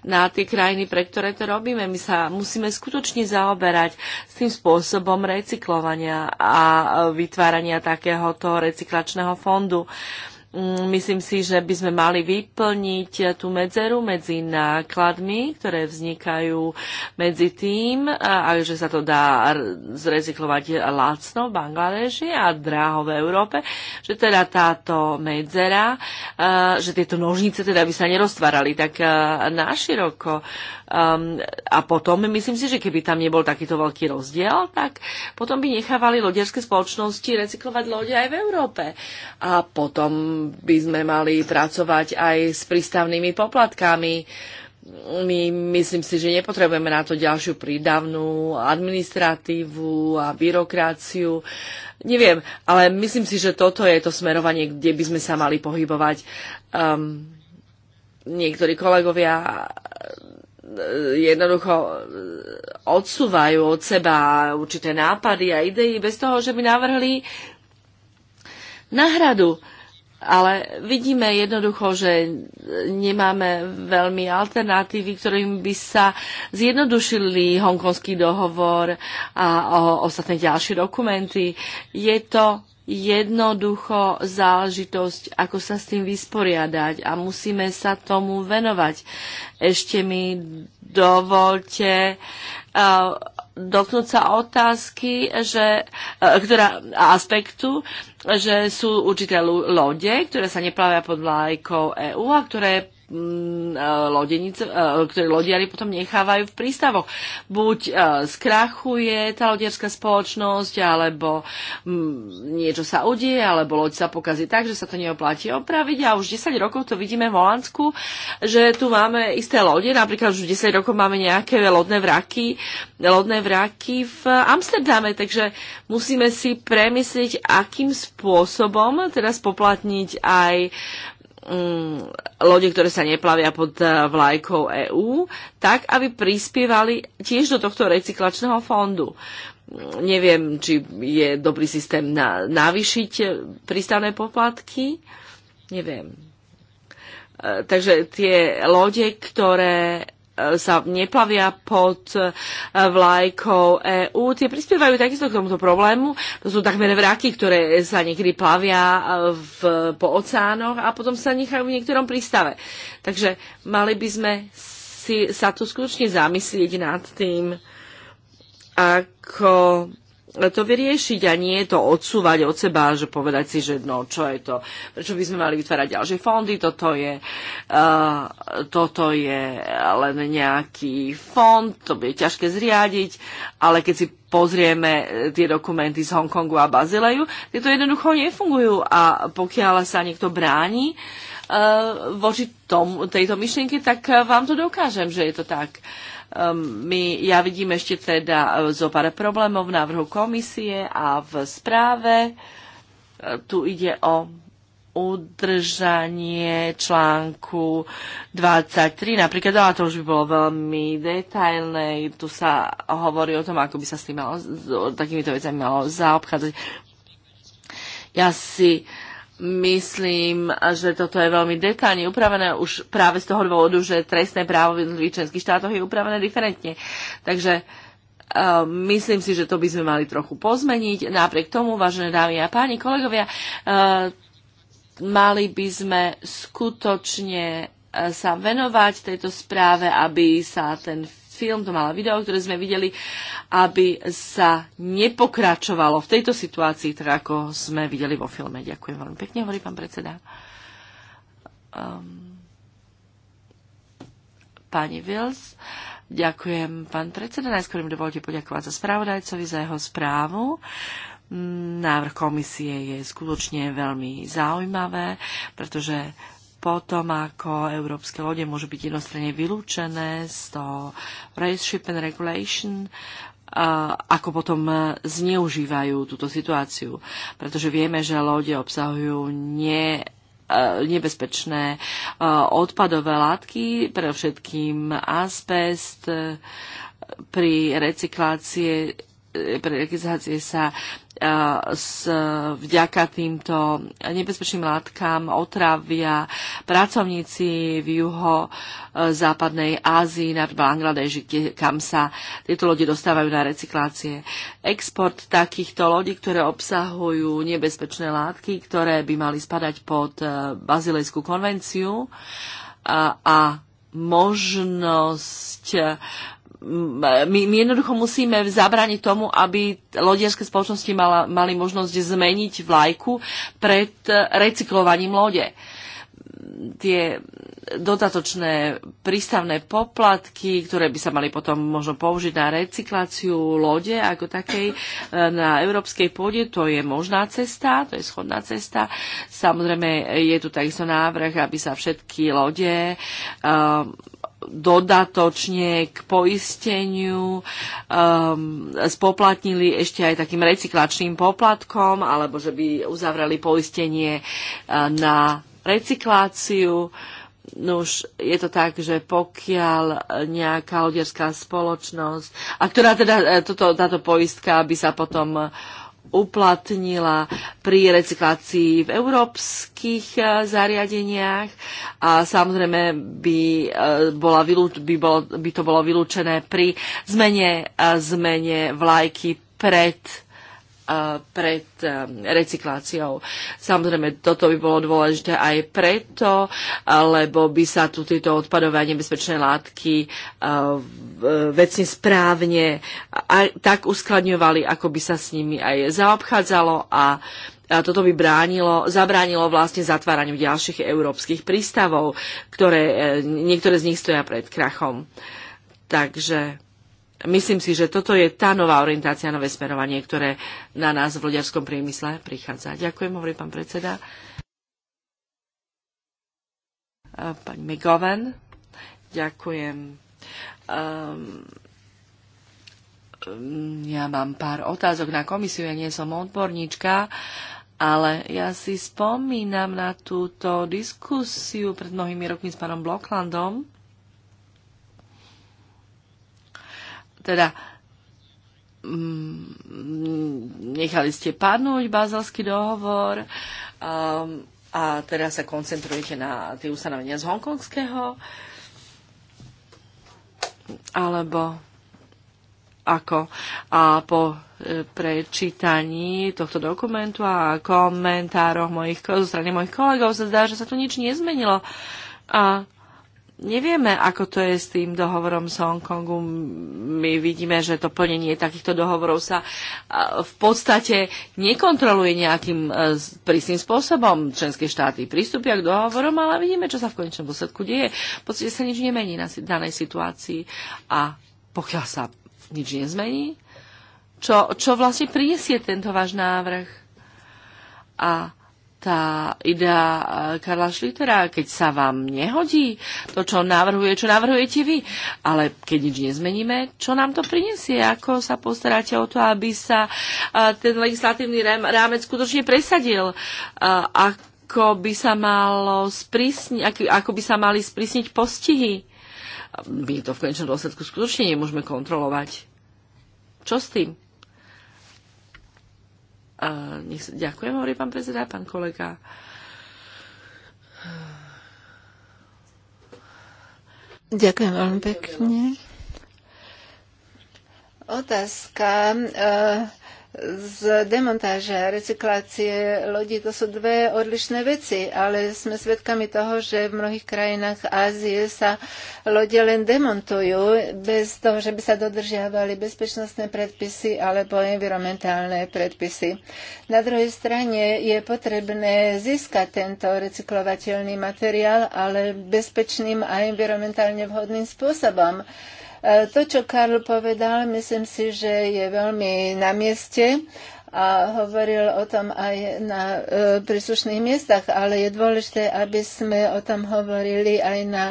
na tie krajiny, pre ktoré to robíme. My sa musíme skutočne zaoberať s tým spôsobom recyklovania a vytvárania takéhoto recyklačného fondu. Uh, Mm, myslím si, že by sme mali vyplniť tú medzeru medzi nákladmi, ktoré vznikajú medzi tým, a že sa to dá zrecyklovať lacno v Bangladeši a dráho v Európe, že teda táto medzera, že tieto nožnice teda by sa neroztvárali tak naširoko. Um, a potom myslím si, že keby tam nebol takýto veľký rozdiel, tak potom by nechávali loďarské spoločnosti recyklovať lode aj v Európe. A potom by sme mali pracovať aj s prístavnými poplatkami. My myslím si, že nepotrebujeme na to ďalšiu prídavnú administratívu a byrokraciu. Neviem, ale myslím si, že toto je to smerovanie, kde by sme sa mali pohybovať. Um, niektorí kolegovia eh, jednoducho eh, odsúvajú od seba určité nápady a idei bez toho, že by navrhli náhradu. Ale vidíme jednoducho, že nemáme veľmi alternatívy, ktorým by sa zjednodušili hongkonský dohovor a ostatné ďalšie dokumenty. Je to jednoducho záležitosť, ako sa s tým vysporiadať a musíme sa tomu venovať. Ešte mi dovolte uh, dotknúť sa otázky, že, e, ktorá, aspektu, že sú určité lode, ktoré sa neplavia pod vlajkou EÚ a ktoré Mm, e, lodenice, ktoré lodiari potom nechávajú v prístavoch. Buď e, skrachuje tá lodiarská spoločnosť, alebo mm, niečo sa udie, alebo loď sa pokazí tak, že sa to neoplatí opraviť. A už 10 rokov to vidíme v Holandsku, že tu máme isté lode, napríklad už 10 rokov máme nejaké lodné vraky, lodné vraky v Amsterdame, takže musíme si premyslieť, akým spôsobom teraz spoplatniť aj Mm, lode, ktoré sa neplavia pod eh, vlajkou EÚ, tak aby prispievali tiež do tohto recyklačného fondu. Mm, neviem, či je dobrý systém na, navýšiť eh, prístavné poplatky. Neviem. Eh, takže tie lode, ktoré sa neplavia pod e, vlajkou EÚ. Tie prispievajú takisto k tomuto problému. To sú takmer vraky, ktoré sa niekedy plavia e, v, po oceánoch a potom sa nechajú v niektorom prístave. Takže mali by sme si sa tu skutočne zamyslieť nad tým, ako to vyriešiť a nie to odsúvať od seba, že povedať si, že no, čo je to, prečo by sme mali vytvárať ďalšie fondy, toto je, uh, toto je len nejaký fond, to bude ťažké zriadiť, ale keď si pozrieme e, tie dokumenty z Hongkongu a Bazileju, to jednoducho nefungujú a pokiaľ sa niekto bráni uh, voči tom, tejto myšlienke, tak e, vám to dokážem, že je to tak. Uh, Ehm, my, ja vidím ešte teda e, zo pár problémov v návrhu komisie a v správe. E, tu ide o udržanie článku 23. Napríklad, ale to už by bolo veľmi detailné. Tu sa hovorí o tom, ako by sa s tým malo, s takýmito vecami malo zaobchádzať. Ja si uh, Myslím, že toto je veľmi detálne upravené už práve z toho dôvodu, že trestné právo v jednotlivých členských štátoch je upravené diferentne. Takže e, myslím si, že to by sme mali trochu pozmeniť. Napriek tomu, vážené dámy a páni kolegovia, e, mali by sme skutočne e, sa venovať tejto správe, aby sa ten film, to malé video, ktoré sme videli, aby sa nepokračovalo v tejto situácii, tak teda ako sme videli vo filme. Ďakujem veľmi pekne, hovorí pán predseda. Um, pani Wills. Ďakujem, pán predseda. Najskôr mi dovolte poďakovať za spravodajcovi, za jeho správu. Hm, návrh komisie je skutočne veľmi zaujímavé, pretože potom ako európske lode môžu byť jednostranne vylúčené z toho Race Ship and Regulation, ako potom zneužívajú túto situáciu. Pretože vieme, že lode obsahujú nie e, nebezpečné e, odpadové látky, predovšetkým azbest. Pri recyklácie e, pri recyklácie sa s, vďaka týmto nebezpečným látkam otravia pracovníci v juho e, západnej Ázii, na Bangladeži, kam sa tieto lode dostávajú na recyklácie. Export takýchto lodí, ktoré obsahujú nebezpečné látky, ktoré by mali spadať pod e, Bazilejskú konvenciu a, a možnosť my, my jednoducho musíme zabrániť tomu, aby lodierské spoločnosti mala, mali možnosť zmeniť vlajku pred recyklovaním lode. Tie dodatočné prístavné poplatky, ktoré by sa mali potom možno použiť na recykláciu lode ako takej e, na európskej pôde, to je možná cesta, to je schodná cesta. Samozrejme je tu takisto návrh, aby sa všetky lode um, dodatočne k poisteniu um, spoplatnili ešte aj takým recyklačným poplatkom, alebo že by uzavreli poistenie uh, na recykláciu. No už je to tak, že pokiaľ nejaká loďarská spoločnosť, a ktorá teda e, toto, táto poistka by sa potom uh, uplatnila pri recyklácii v európskych eh, zariadeniach a samozrejme by, eh, bola, by, bolo, by to bolo vylúčené pri zmene, eh, zmene vlajky pred pred e, recykláciou. Samozrejme, toto by bolo dôležité aj preto, lebo by sa tu tieto odpadové a nebezpečné látky e, e, vecne správne tak uskladňovali, ako by sa s nimi aj zaobchádzalo a a toto by bránilo, zabránilo vlastne zatváraniu ďalších európskych prístavov, ktoré niektoré z nich stoja pred krachom. Takže myslím si, že toto je tá nová orientácia, nové smerovanie, ktoré na nás v loďarskom priemysle prichádza. Ďakujem, hovorí pán predseda. Pani McGovern, ďakujem. Um, ja mám pár otázok na komisiu, ja nie som odborníčka, ale ja si spomínam na túto diskusiu pred mnohými rokmi s pánom Bloklandom, Teda mm, nechali ste padnúť bazalský dohovor um, a teraz sa koncentrujete na tie ustanovenia z hongkongského alebo ako a po e, prečítaní tohto dokumentu a komentároch mojich, zo strany mojich kolegov sa zdá, že sa tu nič nezmenilo. A nevieme, ako to je s tým dohovorom z Hongkongu. My vidíme, že to plnenie takýchto dohovorov sa v podstate nekontroluje nejakým e, prísnym spôsobom. Členské štáty pristúpia k dohovorom, ale vidíme, čo sa v konečnom dôsledku deje. V podstate sa nič nemení na danej situácii a pokiaľ sa nič nezmení, čo, čo vlastne prinesie tento váš návrh? A tá idea eh, Karla Šlitera, keď sa vám nehodí to, čo navrhuje, čo navrhujete vy. Ale keď nič nezmeníme, čo nám to prinesie? Ako sa postaráte o to, aby sa eh, ten legislatívny rámec skutočne presadil? Eh, ako by sa, malo sprísni, ako by sa mali sprísniť postihy? My to v konečnom dôsledku skutočne nemôžeme kontrolovať. Čo s tým? nech sa, ďakujem, hovorí pán pán kolega. Ďakujem veľmi pekne. Otázka. Uh, z demontáže a recyklácie lodí, to sú dve odlišné veci, ale sme svedkami toho, že v mnohých krajinách Ázie sa lode len demontujú bez toho, že by sa dodržiavali bezpečnostné predpisy alebo environmentálne predpisy. Na druhej strane je potrebné získať tento recyklovateľný materiál, ale bezpečným a environmentálne vhodným spôsobom. E, to, čo Karl povedal, myslím si, že je veľmi na mieste a hovoril o tom aj na e, príslušných miestach, ale je dôležité, aby sme o tom hovorili aj na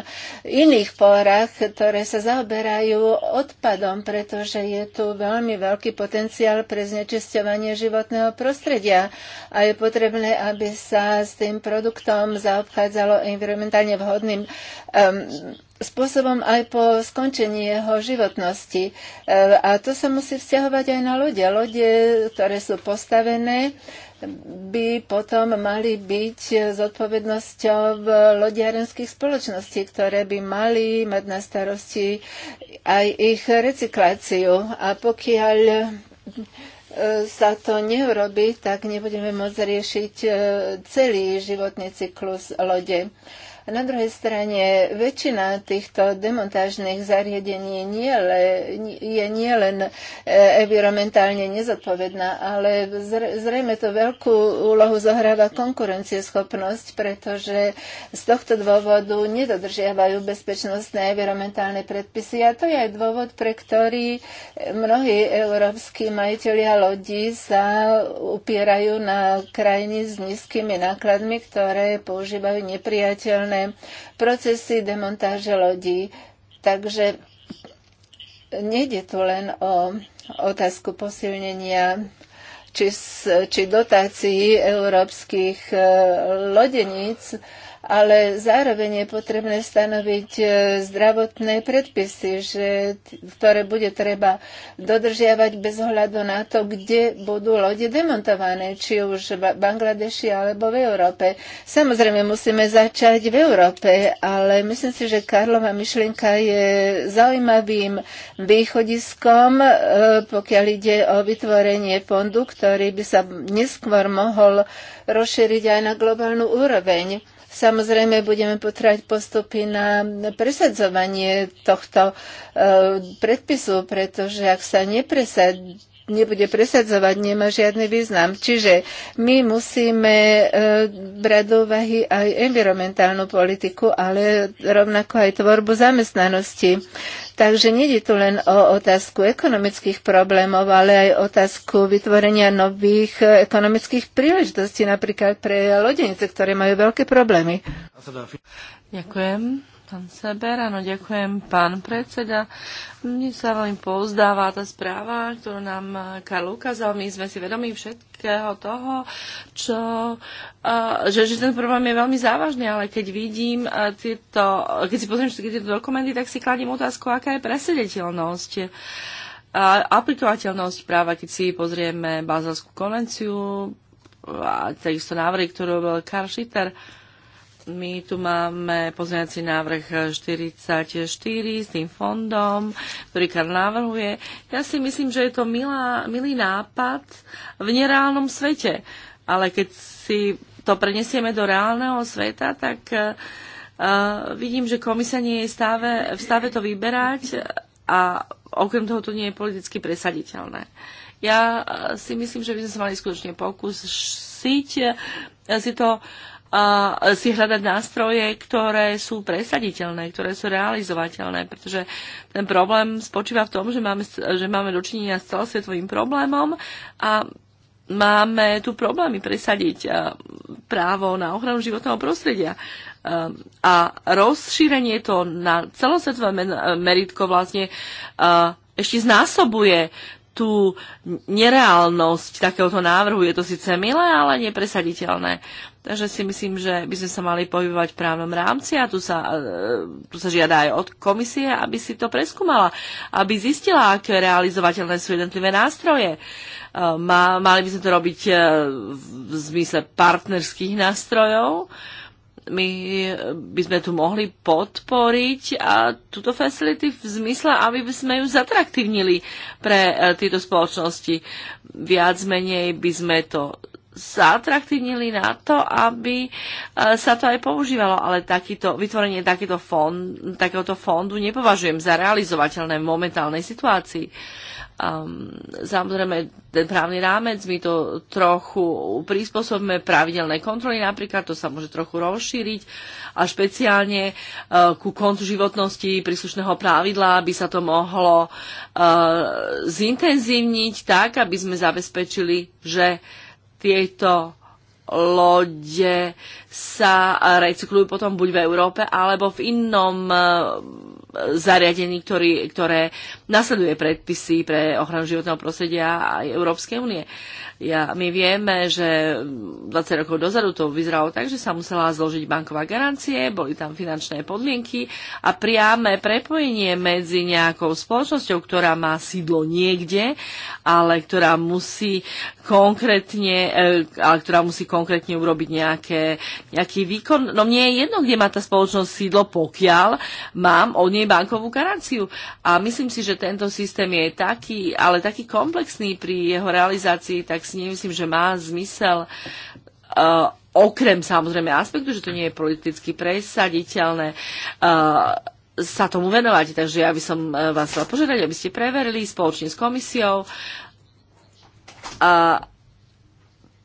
iných porách, ktoré sa zaoberajú odpadom, pretože je tu veľmi veľký potenciál pre znečisťovanie životného prostredia a je potrebné, aby sa s tým produktom zaobchádzalo environmentálne vhodným spôsobom aj po skončení jeho životnosti. E, a to sa musí vzťahovať aj na lode. Lode, ktoré sú postavené, by potom mali byť zodpovednosťou lodiarenských spoločností, ktoré by mali mať na starosti aj ich recykláciu. A pokiaľ e, sa to neurobi, tak nebudeme môcť riešiť e, celý životný cyklus lode. Na druhej strane, väčšina týchto demontážnych zariadení nie le, je nielen e, environmentálne nezodpovedná, ale zrejme to veľkú úlohu zohráva konkurencieschopnosť, pretože z tohto dôvodu nedodržiavajú bezpečnostné environmentálne predpisy a to je aj dôvod, pre ktorý e, mnohí európsky majiteľia lodí sa upierajú na krajiny s nízkymi nákladmi, ktoré používajú nepriateľné rôzne procesy demontáže lodí. Takže nejde tu len o otázku posilnenia či, či dotácií európskych eh, lodeníc, ale zároveň je potrebné stanoviť e, zdravotné predpisy, že, ktoré bude treba dodržiavať bez ohľadu na to, kde budú lode demontované, či už v Bangladeši alebo v Európe. Samozrejme musíme začať v Európe, ale myslím si, že Karlova myšlienka je zaujímavým východiskom, e, pokiaľ ide o vytvorenie fondu, ktorý by sa neskôr mohol rozšíriť aj na globálnu úroveň. Samozrejme, budeme potrať postupy na presadzovanie tohto eh, predpisu, pretože ak sa nepresadí, nebude presadzovať, nemá žiadny význam. Čiže my musíme eh, brať do úvahy aj environmentálnu politiku, ale rovnako aj tvorbu zamestnanosti. Takže nejde tu len o otázku ekonomických problémov, ale aj otázku vytvorenia nových e, ekonomických príležitostí, napríklad pre lodenice, ktoré majú veľké problémy. Ďakujem. Pán Seber, áno, ďakujem, pán predseda. Mne sa veľmi pouzdáva tá správa, ktorú nám e, Karl ukázal. My sme si vedomí všetkého toho, čo, e, že, že ten problém je veľmi závažný, ale keď vidím e, tieto, keď si pozriem všetky tieto dokumenty, tak si kladím otázku, aká je presediteľnosť aplikovateľnosť práva, keď si pozrieme Bazelskú konvenciu a takisto návrhy, ktorú robil Karl Schitter, my tu máme pozmeňací návrh 44 s tým fondom, ktorý Karl navrhuje. Ja si myslím, že je to milá, milý nápad v nereálnom svete, ale keď si to prenesieme do reálneho sveta, tak uh, vidím, že komisia nie je stave, v stave to vyberať a okrem toho to nie je politicky presaditeľné. Ja eh, si myslím, že by sme sa mali skutočne pokúsiť si to uh, a si hľadať nástroje, ktoré sú presaditeľné, ktoré sú realizovateľné, pretože ten problém spočíva v tom, že máme, že máme dočinenia s celosvetovým problémom a máme tu problémy presadiť právo na ochranu životného prostredia. Ehm, a rozšírenie to na celosvetové meritko vlastne ešte znásobuje tú nereálnosť takéhoto návrhu. Je to síce milé, ale nepresaditeľné. Takže si myslím, že by sme sa mali pohybovať v právnom rámci a tu sa, e, tu sa žiada aj od komisie, aby si to preskúmala, aby zistila, aké realizovateľné sú jednotlivé nástroje. E, mali by sme to robiť e, v zmysle partnerských nástrojov. My by sme tu mohli podporiť a túto facility v zmysle, aby sme ju zatraktívnili pre tieto spoločnosti. Viac menej by sme to zatraktívnili na to, aby e, sa to aj používalo, ale takýto, vytvorenie takýto fond, takéhoto fondu nepovažujem za realizovateľné v momentálnej situácii. Um, samozrejme, ten právny rámec, my to trochu prispôsobíme pravidelné kontroly napríklad, to sa môže trochu rozšíriť a špeciálne uh, ku koncu životnosti príslušného pravidla by sa to mohlo uh, zintenzívniť tak, aby sme zabezpečili, že uh, tieto lode sa recyklujú potom buď v Európe alebo v inom eh, zariadení, ktorý, ktoré nasleduje predpisy pre ochranu životného prostredia aj Európskej únie. Ja, my vieme, že 20 rokov dozadu to vyzeralo tak, že sa musela zložiť banková garancie, boli tam finančné podmienky a priame prepojenie medzi nejakou spoločnosťou, ktorá má sídlo niekde, ale ktorá musí konkrétne, e, ale ktorá musí konkrétne urobiť nejaké, nejaký výkon. No mne je jedno, kde má tá spoločnosť sídlo, pokiaľ mám od nie bankovú garanciu. A myslím si, že tento systém je taký, ale taký komplexný pri jeho realizácii, tak si nemyslím, že má zmysel uh, okrem samozrejme aspektu, že to nie je politicky presaditeľné, uh, sa tomu venovať. Takže ja by som eh, vás chcela požiadať, aby ste preverili spoločne s komisiou a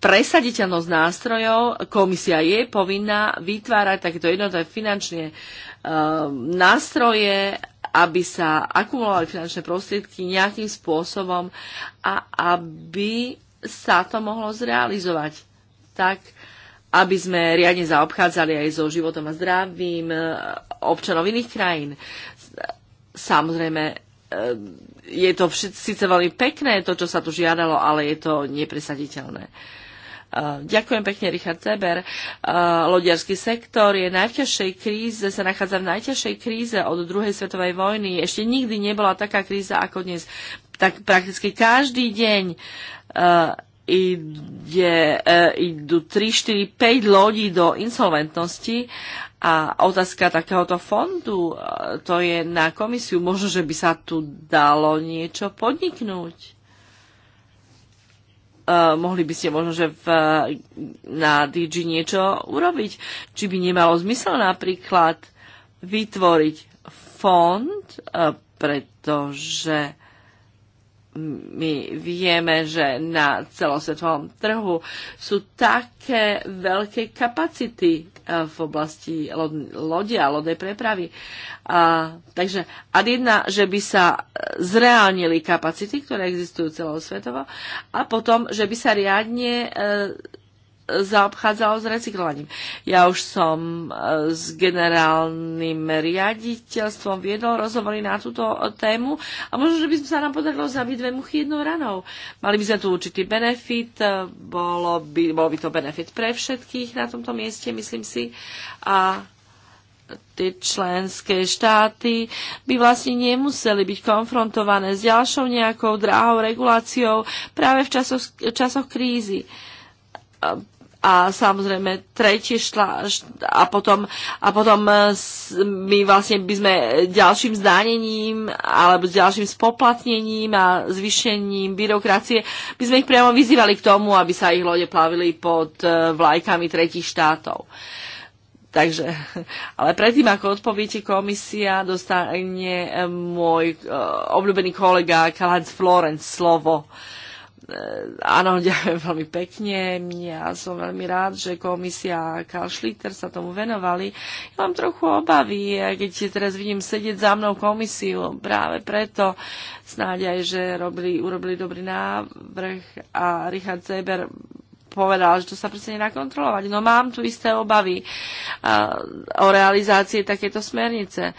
presaditeľnosť nástrojov. Komisia je povinná vytvárať takéto jednotné finančné Ehm, nástroje, aby sa akumulovali finančné prostriedky nejakým spôsobom a aby sa to mohlo zrealizovať tak, aby sme riadne zaobchádzali aj so životom a zdravím e, občanov iných krajín. Samozrejme, e, je to síce veľmi pekné, to, čo sa tu žiadalo, ale je to nepresaditeľné. Uh, Eh, ďakujem pekne, Richard Zeber. Eh, Lodiarský sektor je najťažšej kríze, sa nachádza v najťažšej kríze od druhej svetovej vojny. Ešte nikdy nebola taká kríza ako dnes. Tak prakticky každý deň eh, ide, idú 3, 4, 5 lodí do insolventnosti a otázka takéhoto fondu, to je na komisiu. Možno, že by sa tu dalo niečo podniknúť. Uh, mohli by ste možno, že v, na DG niečo urobiť. Či by nemalo zmysel napríklad vytvoriť fond, uh, pretože my vieme, že na celosvetovom trhu sú také veľké kapacity eh, v oblasti lode a lodej prepravy. A, takže ad jedna, že by sa eh, zreálnili kapacity, ktoré existujú celosvetovo, a potom, že by sa riadne e, zaobchádzalo s recyklovaním. Ja už som e, s generálnym riaditeľstvom viedol rozhovory na túto tému a možno, že by sa nám podarilo zabiť dve muchy jednou ranou. Mali by sme tu určitý benefit, e, bolo by, bolo by to benefit pre všetkých na tomto mieste, myslím si. A tie členské štáty by vlastne nemuseli byť konfrontované s ďalšou nejakou drahou reguláciou práve v časoch, časoch krízy a samozrejme tretie štla, št, a potom, a potom e, my vlastne by sme ďalším zdanením alebo ďalším spoplatnením a zvýšením byrokracie by sme ich priamo vyzývali k tomu, aby sa ich lode plavili pod e, vlajkami tretich štátov. Takže, *laughs* ale predtým, ako odpoviete, komisia dostane e, môj obľúbený kolega Kalhans Florence slovo. Uh, áno, *laughs* ďakujem veľmi pekne. Ja som veľmi rád, že komisia a Karl Schlitter sa tomu venovali. Ja mám trochu obavy, keď teraz vidím sedieť za mnou komisiu. Práve preto snáď aj, že robili, urobili dobrý návrh a Richard Zeber povedal, že to sa presne nedá kontrolovať. No mám tu isté obavy uh, o realizácii takéto smernice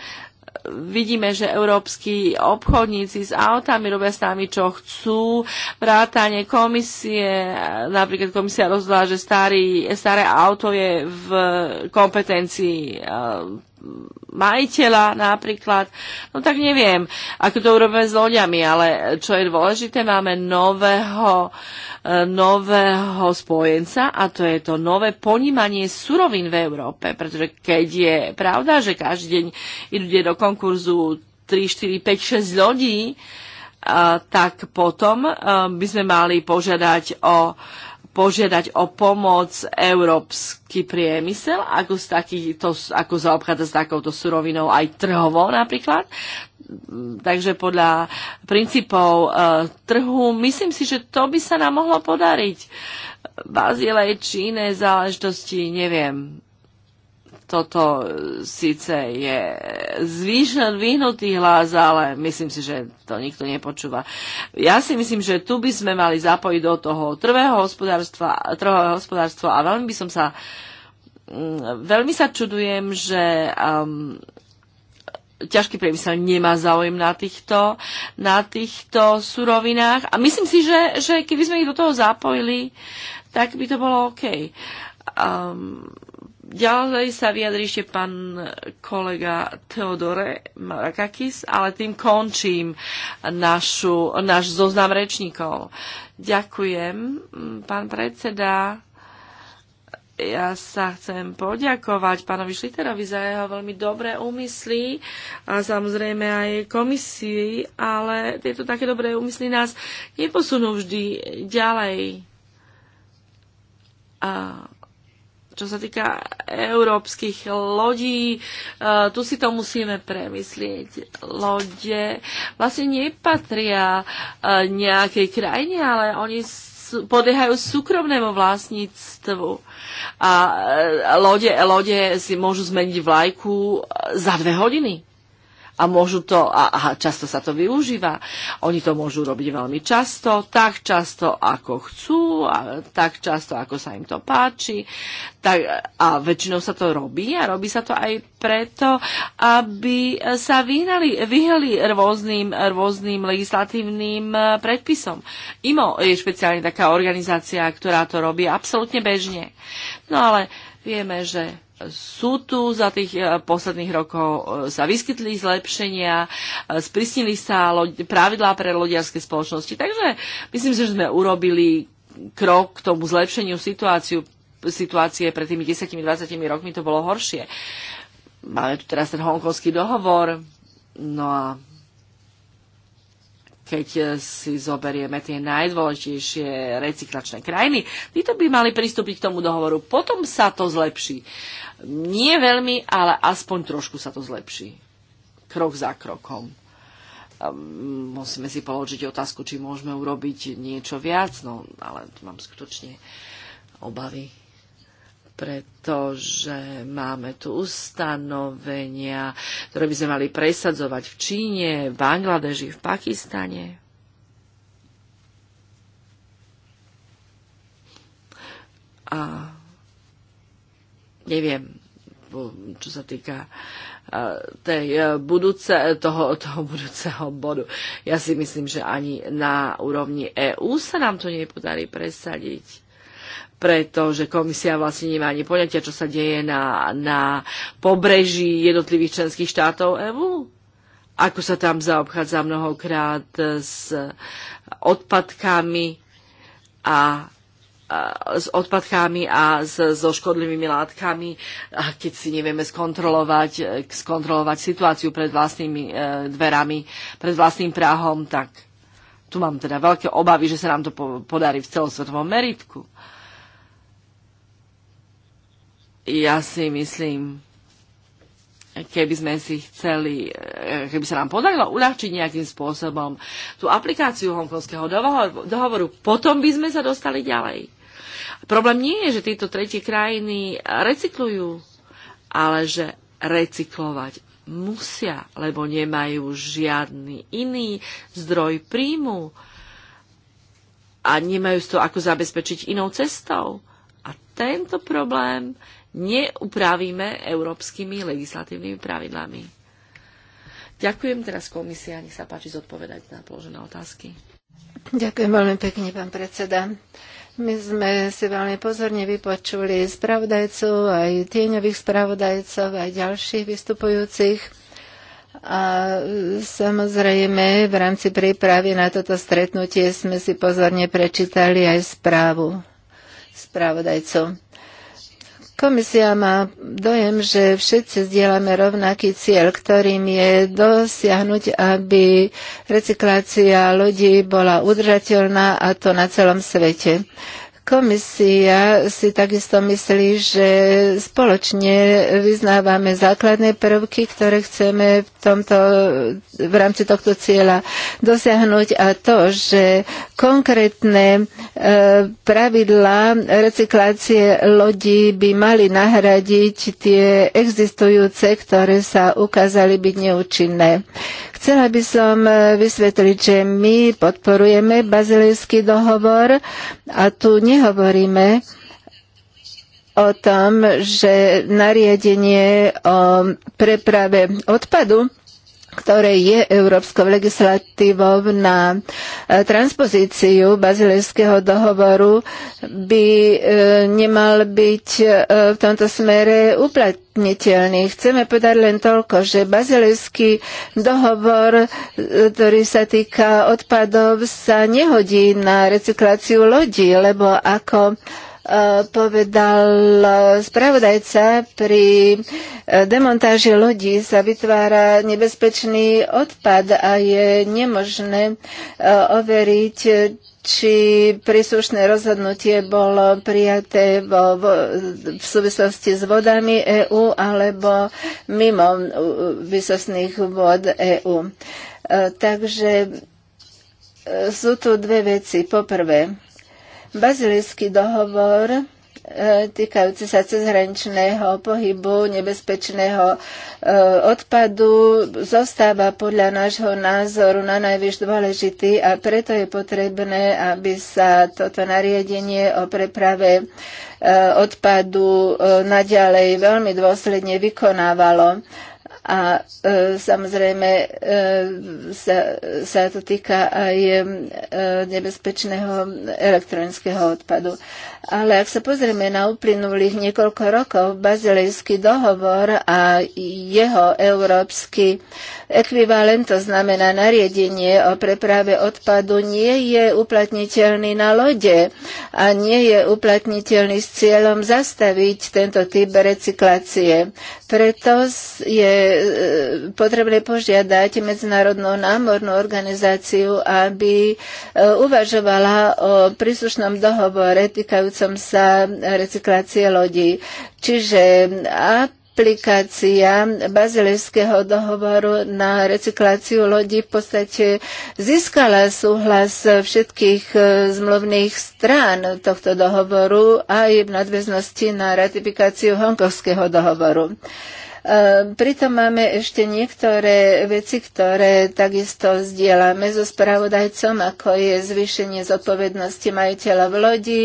vidíme, že európsky obchodníci s autami robia s nami, čo chcú. Vrátanie komisie, napríklad komisia rozhodla, že starý, staré auto je v kompetencii eh, majiteľa napríklad. No tak neviem, ako to urobíme s loďami, ale čo je dôležité, máme nového, e, nového spojenca a to je to nové ponímanie surovín v Európe, pretože keď je pravda, že každý deň ide do konkurzu 3, 4, 5, 6 lodí, tak potom e, by sme mali požiadať o požiadať o pomoc európsky priemysel, ako, z to, ako zaobchádza s takouto surovinou aj trhovo napríklad. Takže podľa princípov e, trhu myslím si, že to by sa nám mohlo podariť. Bazile či iné záležitosti, neviem. Toto e, síce je zvýšen, vyhnutý hlas, ale myslím si, že to nikto nepočúva. Ja si myslím, že tu by sme mali zapojiť do toho trvého hospodárstva, trvého hospodárstva a veľmi by som sa mm, veľmi sa čudujem, že um, ťažký priemysel nemá záujem na týchto, na týchto surovinách. A myslím si, že, že keby sme ich do toho zapojili, tak by to bolo OK. Um, Ďalej sa vyjadrí ešte pán kolega Teodore Marakakis, ale tým končím našu, náš zoznam rečníkov. Ďakujem, pán predseda. Ja sa chcem poďakovať pánovi Šliterovi za jeho veľmi dobré úmysly a samozrejme aj komisii, ale tieto také dobré úmysly nás neposunú vždy ďalej. A čo sa týka európskych lodí, e, tu si to musíme premyslieť. Lode vlastne nepatria e, nejakej krajine, ale oni podliehajú súkromnému vlastníctvu. A e, lode, lode si môžu zmeniť vlajku za dve hodiny a môžu to, a, a často sa to využíva, oni to môžu robiť veľmi často, tak často ako chcú, a tak často ako sa im to páči, tak, a väčšinou sa to robí a robí sa to aj preto, aby sa vyhnali, vyhli rôznym, rôznym legislatívnym e, predpisom. IMO je špeciálne taká organizácia, ktorá to robí absolútne bežne. No ale vieme, že sú tu za tých e, posledných rokov, e, sa vyskytli zlepšenia, e, sprísnili sa pravidlá pre lodiarske spoločnosti. Takže myslím si, že sme urobili krok k tomu zlepšeniu situáciu, situácie pred tými 10-20 rokmi to bolo horšie. Máme tu teraz ten hongkonský dohovor, no a keď eh, si zoberieme tie najdôležitejšie recyklačné krajiny, títo by mali pristúpiť k tomu dohovoru. Potom sa to zlepší. Nie veľmi, ale aspoň trošku sa to zlepší. Krok za krokom. Ehm, musíme si položiť otázku, či môžeme urobiť niečo viac, no ale mám skutočne obavy pretože máme tu ustanovenia, ktoré by sme mali presadzovať v Číne, v Bangladeži, v Pakistane. A neviem, čo sa týka tej e, budúce, toho, toho budúceho bodu. Ja si myslím, že ani na úrovni EÚ sa nám to nepodarí presadiť pretože komisia vlastne nemá ani poňatia, čo sa deje na, na pobreží jednotlivých členských štátov EÚ. Ako sa tam zaobchádza mnohokrát s odpadkami a, a s odpadkami a s, so škodlivými látkami, a keď si nevieme skontrolovať, skontrolovať situáciu pred vlastnými e, dverami, pred vlastným práhom, tak tu mám teda veľké obavy, že sa nám to po, podarí v celosvetovom meritku. E, ja si myslím, keby sme si chceli, eh, keby sa nám podarilo uľahčiť nejakým spôsobom tú aplikáciu hongkonského dohovoru, potom by sme sa dostali ďalej. Problém nie je, že tieto tretie krajiny recyklujú, ale že recyklovať musia, lebo nemajú žiadny iný zdroj príjmu a nemajú z toho, ako zabezpečiť inou cestou. A tento problém neupravíme európskymi legislatívnymi pravidlami. Ďakujem teraz komisia, nech sa páči zodpovedať na položené otázky. Ďakujem veľmi pekne, pán predseda. My sme si veľmi pozorne vypočuli spravodajcov, aj tieňových spravodajcov, aj ďalších vystupujúcich. A samozrejme, v rámci prípravy na toto stretnutie sme si pozorne prečítali aj správu spravodajcov. Komisia má dojem, že všetci zdieľame rovnaký cieľ, ktorým je dosiahnuť, aby recyklácia lodí bola udržateľná a to na celom svete. Komisia si takisto myslí, že spoločne vyznávame základné prvky, ktoré chceme v, tomto, v rámci tohto cieľa dosiahnuť a to, že konkrétne e, pravidlá recyklácie lodí by mali nahradiť tie existujúce, ktoré sa ukázali byť neúčinné. Chcela by som e, vysvetliť, že my podporujeme bazilejský dohovor a tu nie nehovoríme o tom, že nariadenie o preprave odpadu ktoré je európskou legislatívou na e, transpozíciu bazilejského dohovoru, by e, nemal byť e, v tomto smere uplatniteľný. Chceme povedať len toľko, že bazilejský dohovor, ktorý sa týka odpadov, sa nehodí na recykláciu lodí, lebo ako Eh, povedal eh, spravodajca, pri eh, demontáži lodí sa vytvára nebezpečný odpad a je nemožné overiť či príslušné rozhodnutie bolo prijaté vo, vo, v súvislosti s vodami EÚ alebo mimo vysosných vod EÚ. Takže sú tu dve veci. Poprvé, Bazilijský dohovor e, týkajúci sa cezhraničného pohybu nebezpečného e, odpadu zostáva podľa nášho názoru na najvyššie dôležitý a preto je potrebné, aby sa toto nariadenie o preprave e, odpadu naďalej veľmi dôsledne vykonávalo. A e, samozrejme e, sa, sa to týka aj e, nebezpečného elektronického odpadu. E, ale ak sa pozrieme na uplynulých niekoľko rokov, bazilejský dohovor a jeho európsky ekvivalent, to znamená nariadenie o preprave odpadu, nie je uplatniteľný na lode a nie je uplatniteľný s cieľom zastaviť tento typ recyklácie. Preto je e, potrebné požiadať Medzinárodnú námornú organizáciu, aby e, uvažovala o príslušnom dohovore týkajúcom týkajúcom sa recyklácie lodí. Čiže aplikácia bazilevského dohovoru na recykláciu lodí v podstate získala súhlas všetkých e, zmluvných strán tohto dohovoru aj v nadväznosti na ratifikáciu Honkovského dohovoru. E, pritom máme ešte niektoré veci, ktoré takisto zdieľame so spravodajcom, ako je zvýšenie zodpovednosti majiteľa v lodi,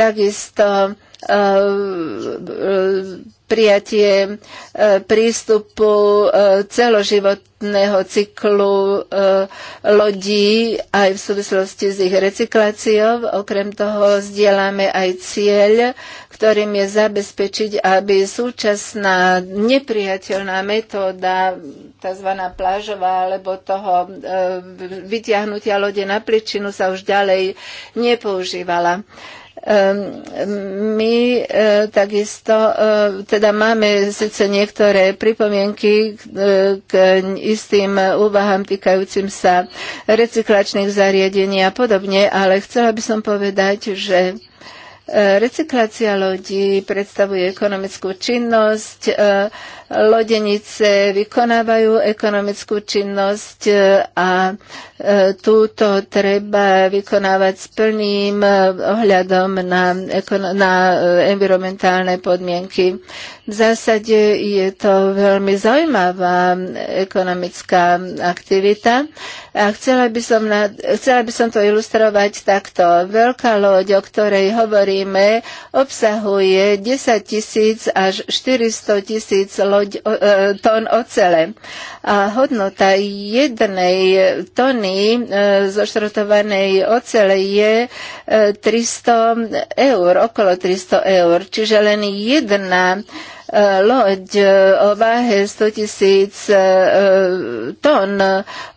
Takisto e, e, prijatie e, prístupu celoživotného cyklu lodí aj v súvislosti s ich recykláciou. Okrem toho zdieľame aj cieľ, ktorým je zabezpečiť, aby súčasná nepriateľná metóda tzv. plážová alebo toho vytiahnutia lode na pličinu sa už ďalej nepoužívala. Ehm, my e, takisto e, teda máme síce niektoré pripomienky e, k istým úvahám týkajúcim sa recyklačných zariadení a podobne, ale chcela by som povedať, že Recyklácia lodí predstavuje ekonomickú činnosť, e, lodenice vykonávajú ekonomickú činnosť e, a e, túto treba vykonávať s plným ohľadom na, na environmentálne podmienky. V zásade je to veľmi zaujímavá ekonomická aktivita a chcela by som, na, chcela by som to ilustrovať takto. Veľká loď, o ktorej hovorí Ríme obsahuje 10 tisíc až 400 tisíc loď, e, tón ocele. A hodnota jednej tony e, zošrotovanej ocele je 300 e, eur, okolo 300 eur. Čiže len jedna loď o váhe 100 tisíc e, e, tón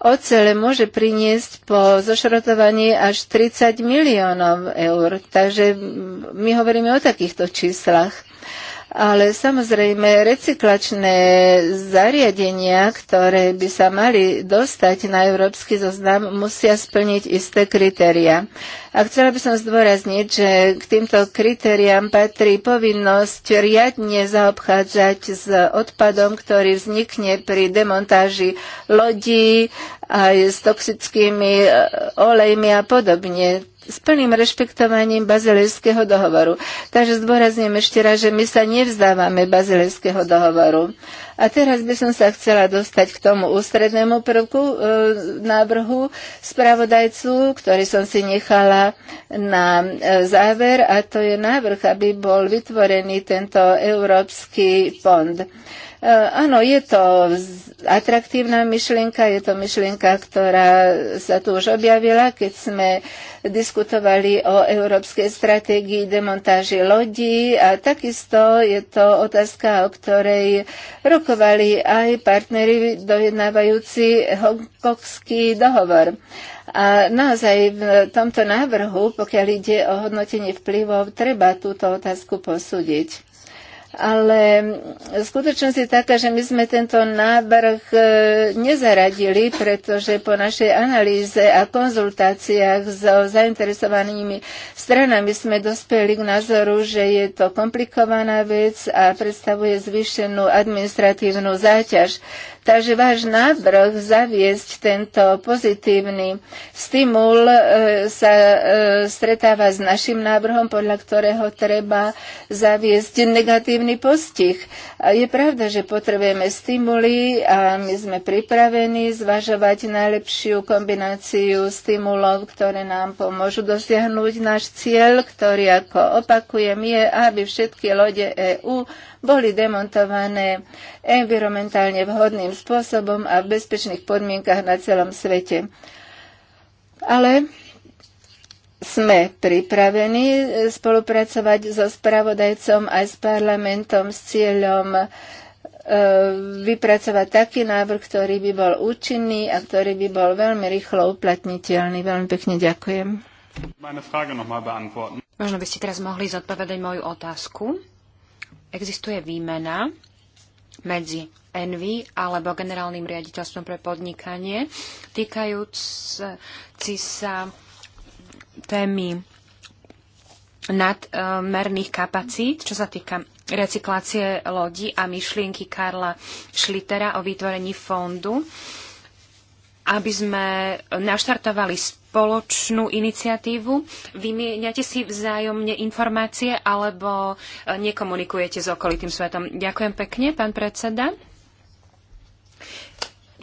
ocele môže priniesť po zošrotovaní až 30 miliónov eur. Takže my hovoríme o takýchto číslach ale samozrejme recyklačné zariadenia, ktoré by sa mali dostať na európsky zoznam, musia splniť isté kritéria. A chcela by som zdôrazniť, že k týmto kritériám patrí povinnosť riadne zaobchádzať s odpadom, ktorý vznikne pri demontáži lodí, aj s toxickými e, olejmi a podobne s plným rešpektovaním bazilejského dohovoru. Takže zdôrazním ešte raz, že my sa nevzdávame bazilejského dohovoru. A teraz by som sa chcela dostať k tomu ústrednému prvku e, návrhu spravodajcu, ktorý som si nechala na e, záver, a to je návrh, aby bol vytvorený tento Európsky fond. E, Eh, áno, je to atraktívna myšlienka, je to myšlienka, ktorá sa tu už objavila, keď sme diskutovali o európskej stratégii demontáži lodí a takisto je to otázka, o ktorej rokovali aj partnery dojednávajúci hongkongský dohovor. A naozaj v tomto návrhu, pokiaľ ide o hodnotenie vplyvov, treba túto otázku posúdiť ale skutočnosť je taká, že my sme tento návrh e, nezaradili, pretože po našej analýze a konzultáciách so zainteresovanými stranami sme dospeli k názoru, že je to komplikovaná vec a predstavuje zvýšenú administratívnu záťaž. Takže váš návrh zaviesť tento pozitívny stimul e, sa e, stretáva s našim návrhom, podľa ktorého treba zaviesť negatívny postih. Je pravda, že potrebujeme stimuly a my sme pripravení zvažovať najlepšiu kombináciu stimulov, ktoré nám pomôžu dosiahnuť náš cieľ, ktorý, ako opakujem, je, aby všetky lode EÚ boli demontované environmentálne vhodným spôsobom a v bezpečných podmienkach na celom svete. Ale sme pripravení spolupracovať so spravodajcom aj s parlamentom s cieľom e, vypracovať taký návrh, ktorý by bol účinný a ktorý by bol veľmi rýchlo uplatniteľný. Veľmi pekne ďakujem. Možno by ste teraz mohli zodpovedať moju otázku existuje výmena medzi Envy alebo generálnym riaditeľstvom pre podnikanie týkajúci sa témy nadmerných e, kapacít, čo sa týka recyklácie lodí a myšlienky Karla Schlittera o vytvorení fondu, aby sme naštartovali spoločnú iniciatívu? Vymieňate si vzájomne informácie alebo e, nekomunikujete s okolitým svetom? Ďakujem pekne, pán predseda.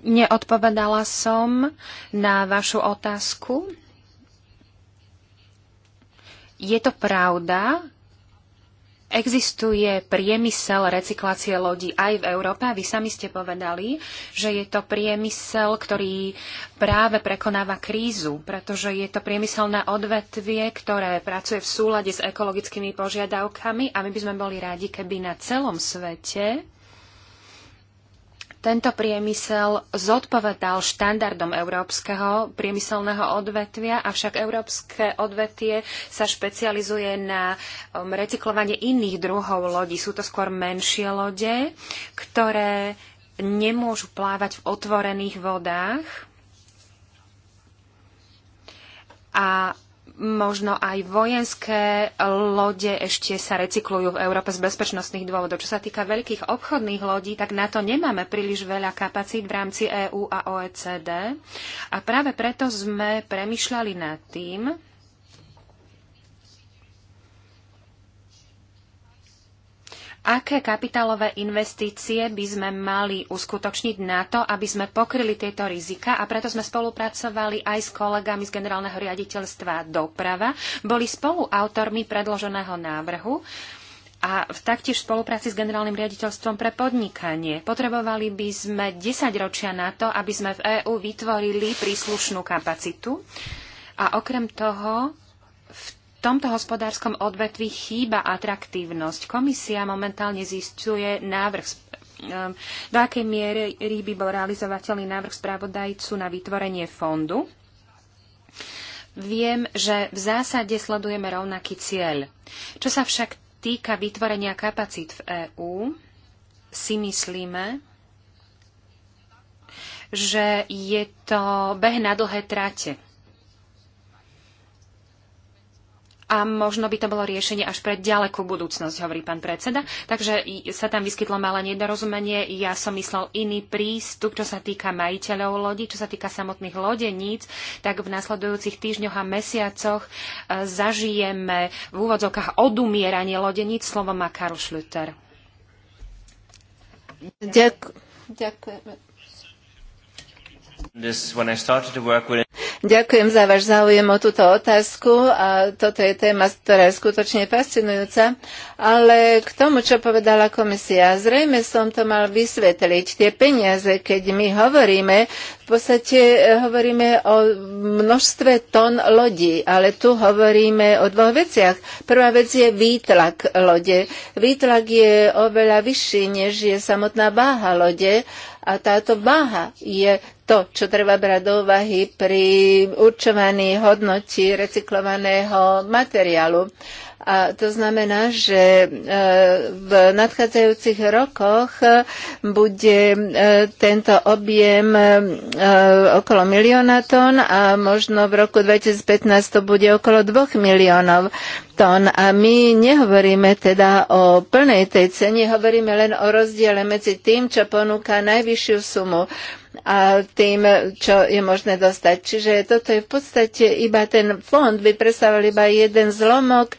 Neodpovedala som na vašu otázku. Je to pravda, Existuje priemysel recyklácie lodí aj v Európe. Vy sami ste povedali, že je to priemysel, ktorý práve prekonáva krízu, pretože je to priemyselné odvetvie, ktoré pracuje v súlade s ekologickými požiadavkami a my by sme boli rádi, keby na celom svete tento priemysel zodpovedal štandardom európskeho priemyselného odvetvia, avšak európske odvetie sa špecializuje na um, recyklovanie iných druhov lodí. Sú to skôr menšie lode, ktoré nemôžu plávať v otvorených vodách a možno aj vojenské lode ešte sa recyklujú v Európe z bezpečnostných dôvodov. Čo sa týka veľkých obchodných lodí, tak na to nemáme príliš veľa kapacít v rámci EÚ a OECD. A práve preto sme premyšľali nad tým, aké kapitálové investície by sme mali uskutočniť na to, aby sme pokryli tieto rizika a preto sme spolupracovali aj s kolegami z Generálneho riaditeľstva doprava. Boli spoluautormi predloženého návrhu a v taktiež v spolupráci s generálnym riaditeľstvom pre podnikanie. Potrebovali by sme 10 ročia na to, aby sme v EÚ vytvorili príslušnú kapacitu. A okrem toho, v tomto hospodárskom odvetvi chýba atraktívnosť. Komisia momentálne zistuje návrh um, do akej miery by bol realizovateľný návrh správodajcu na vytvorenie fondu. Viem, že v zásade sledujeme rovnaký cieľ. Čo sa však týka vytvorenia kapacít v EÚ, si myslíme, že je to beh na dlhé trate. a možno by to bolo riešenie až pre ďalekú budúcnosť, hovorí pán predseda. Takže sa tam vyskytlo malé nedorozumenie. Ja som myslel iný prístup, čo sa týka majiteľov lodi, čo sa týka samotných lodeníc, tak v nasledujúcich týždňoch a mesiacoch e, zažijeme v úvodzovkách odumieranie lodeníc, slovo má Karl Schlüter. Ďakujem. Ďakujem. This, when I started to work with Ďakujem za váš záujem o túto otázku a toto je téma, ktorá je skutočne fascinujúca. Ale k tomu, čo povedala komisia, zrejme som to mal vysvetliť. Tie peniaze, keď my hovoríme, v podstate eh, hovoríme o množstve tón lodí, ale tu hovoríme o dvoch veciach. Prvá vec je výtlak lode. Výtlak je oveľa vyšší, než je samotná váha lode a táto váha je to, čo treba brať do úvahy pri určovaní hodnoti recyklovaného materiálu. A to znamená, že e, v nadchádzajúcich rokoch e, bude e, tento objem okolo milióna tón a možno v roku 2015 to bude okolo dvoch miliónov tón. A my nehovoríme teda o plnej tej cene, hovoríme len o rozdiele medzi tým, čo ponúka najvyššiu sumu a tým, čo je možné dostať. Čiže toto je v podstate iba ten fond by predstavoval iba jeden zlomok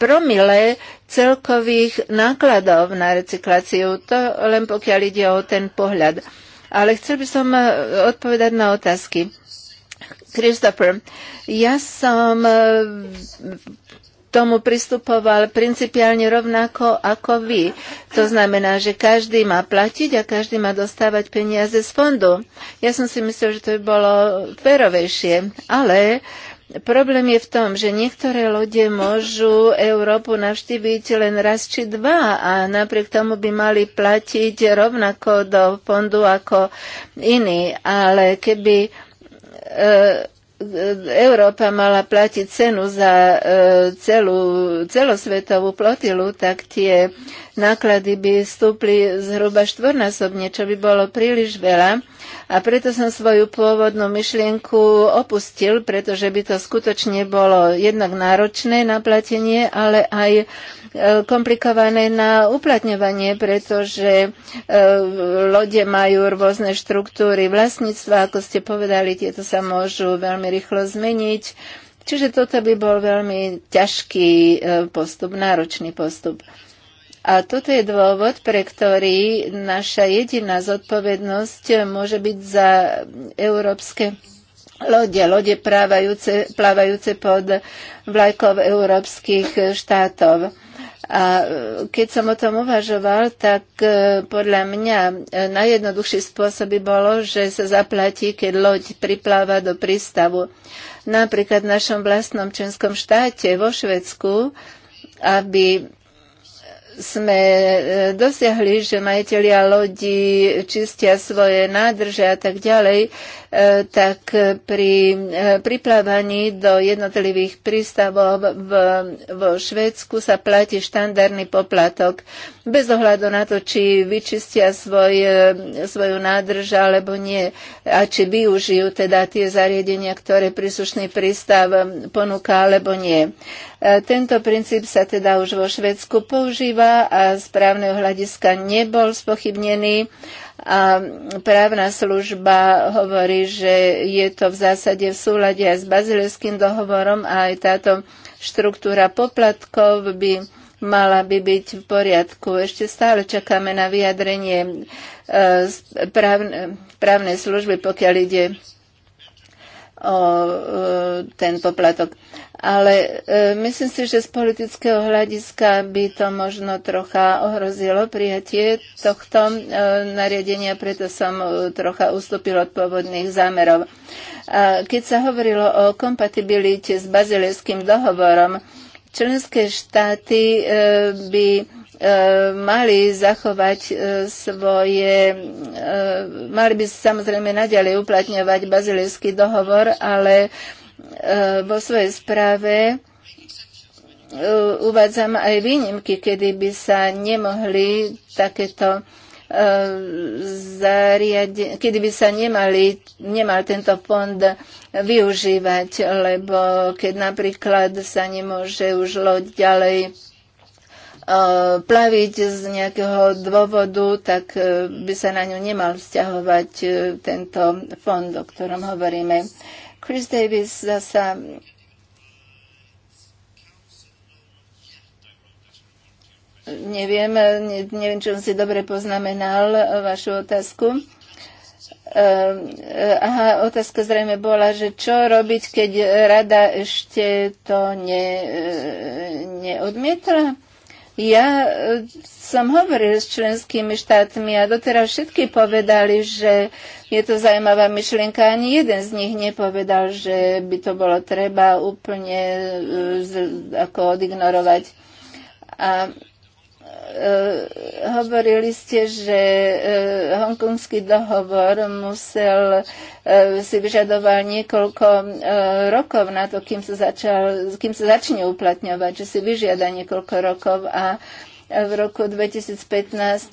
promile celkových nákladov na recykláciu. To len pokiaľ ide o ten pohľad. Ale chcel by som e, odpovedať na otázky. Christopher, ja som e, tomu pristupoval principiálne rovnako ako vy. To znamená, že každý má platiť a každý má dostávať peniaze z fondu. Ja som si myslel, že to by bolo férovejšie, ale Problém je v tom, že niektoré lode môžu Európu navštíviť len raz či dva a napriek tomu by mali platiť rovnako do fondu ako iní. Ale keby e, Európa mala platiť cenu za e, celú, celosvetovú plotilu, tak tie náklady by stúpli zhruba štvornásobne, čo by bolo príliš veľa. A preto som svoju pôvodnú myšlienku opustil, pretože by to skutočne bolo jednak náročné na platenie, ale aj Eh, komplikované na uplatňovanie, pretože eh, lode majú rôzne štruktúry vlastníctva, ako ste povedali, tieto sa môžu veľmi rýchlo zmeniť. Čiže toto by bol veľmi ťažký eh, postup, náročný postup. A toto je dôvod, pre ktorý naša jediná zodpovednosť môže byť za európske lode, lode plávajúce, plávajúce pod vlajkov európskych štátov. A e, keď som o tom uvažoval, tak e, podľa mňa e, najjednoduchší spôsob by bolo, že sa zaplatí, keď loď pripláva do prístavu. Napríklad v našom vlastnom členskom štáte vo Švedsku, aby sme dosiahli, že majiteľia lodi čistia svoje nádrže a tak ďalej, tak pri eh, priplávaní do jednotlivých prístavov v, vo Švedsku sa platí štandardný poplatok. Bez ohľadu na to, či vyčistia svoj, eh, svoju nádrž alebo nie a či využijú teda tie zariadenia, ktoré príslušný prístav ponúka alebo nie. Eh, tento princíp sa teda už vo Švedsku používa a z právneho hľadiska nebol spochybnený a právna služba hovorí, že je to v zásade v súlade aj s bazileským dohovorom a aj táto štruktúra poplatkov by mala by byť v poriadku. Ešte stále čakáme na vyjadrenie e, právnej služby, pokiaľ ide o ten poplatok. Ale e, myslím si, že z politického hľadiska by to možno trocha ohrozilo prijatie tohto e, nariadenia, preto som e, trocha ustúpil od pôvodných zámerov. A keď sa hovorilo o kompatibilite s bazilejským dohovorom, členské štáty by Eh, mali zachovať eh, svoje, eh, mali by samozrejme naďalej uplatňovať bazilijský dohovor, ale vo svojej správe uvádzam aj výnimky, kedy by sa nemohli takéto zariade, kedy by sa nemali, nemal tento fond využívať, lebo keď napríklad sa nemôže už loď ďalej E, plaviť z nejakého dôvodu, tak e, by sa na ňu nemal vzťahovať e, tento fond, o ktorom hovoríme. Chris Davis zasa Neviem, neviem, čo si dobre poznamenal vašu otázku. Aha, otázka zrejme bola, že čo robiť, keď rada ešte to ne, neodmietla? Ja e, som hovoril s členskými štátmi a doteraz všetky povedali, že je to zaujímavá myšlienka. Ani jeden z nich nepovedal, že by to bolo treba úplne e, ako odignorovať. A E, hovorili ste, že e, hongkongský dohovor musel e, si vyžadoval niekoľko rokov na to, kým sa, začal, kým sa začne uplatňovať, že si vyžiada niekoľko rokov a v roku 2015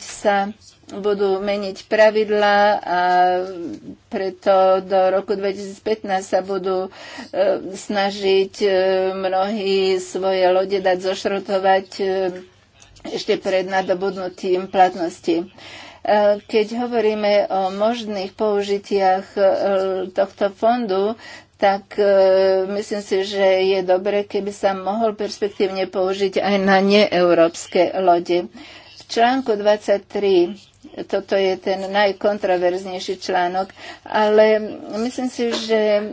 sa budú meniť pravidlá a preto do roku 2015 sa budú e, snažiť e, mnohí svoje lode dať zošrotovať e, ešte pred nadobudnutím platnosti. E, keď hovoríme o možných použitiach e, tohto fondu, tak e, myslím si, že je dobre, keby sa mohol perspektívne použiť aj na neeurópske lode. V článku 23 toto je ten najkontroverznejší článok. Ale myslím si, že e,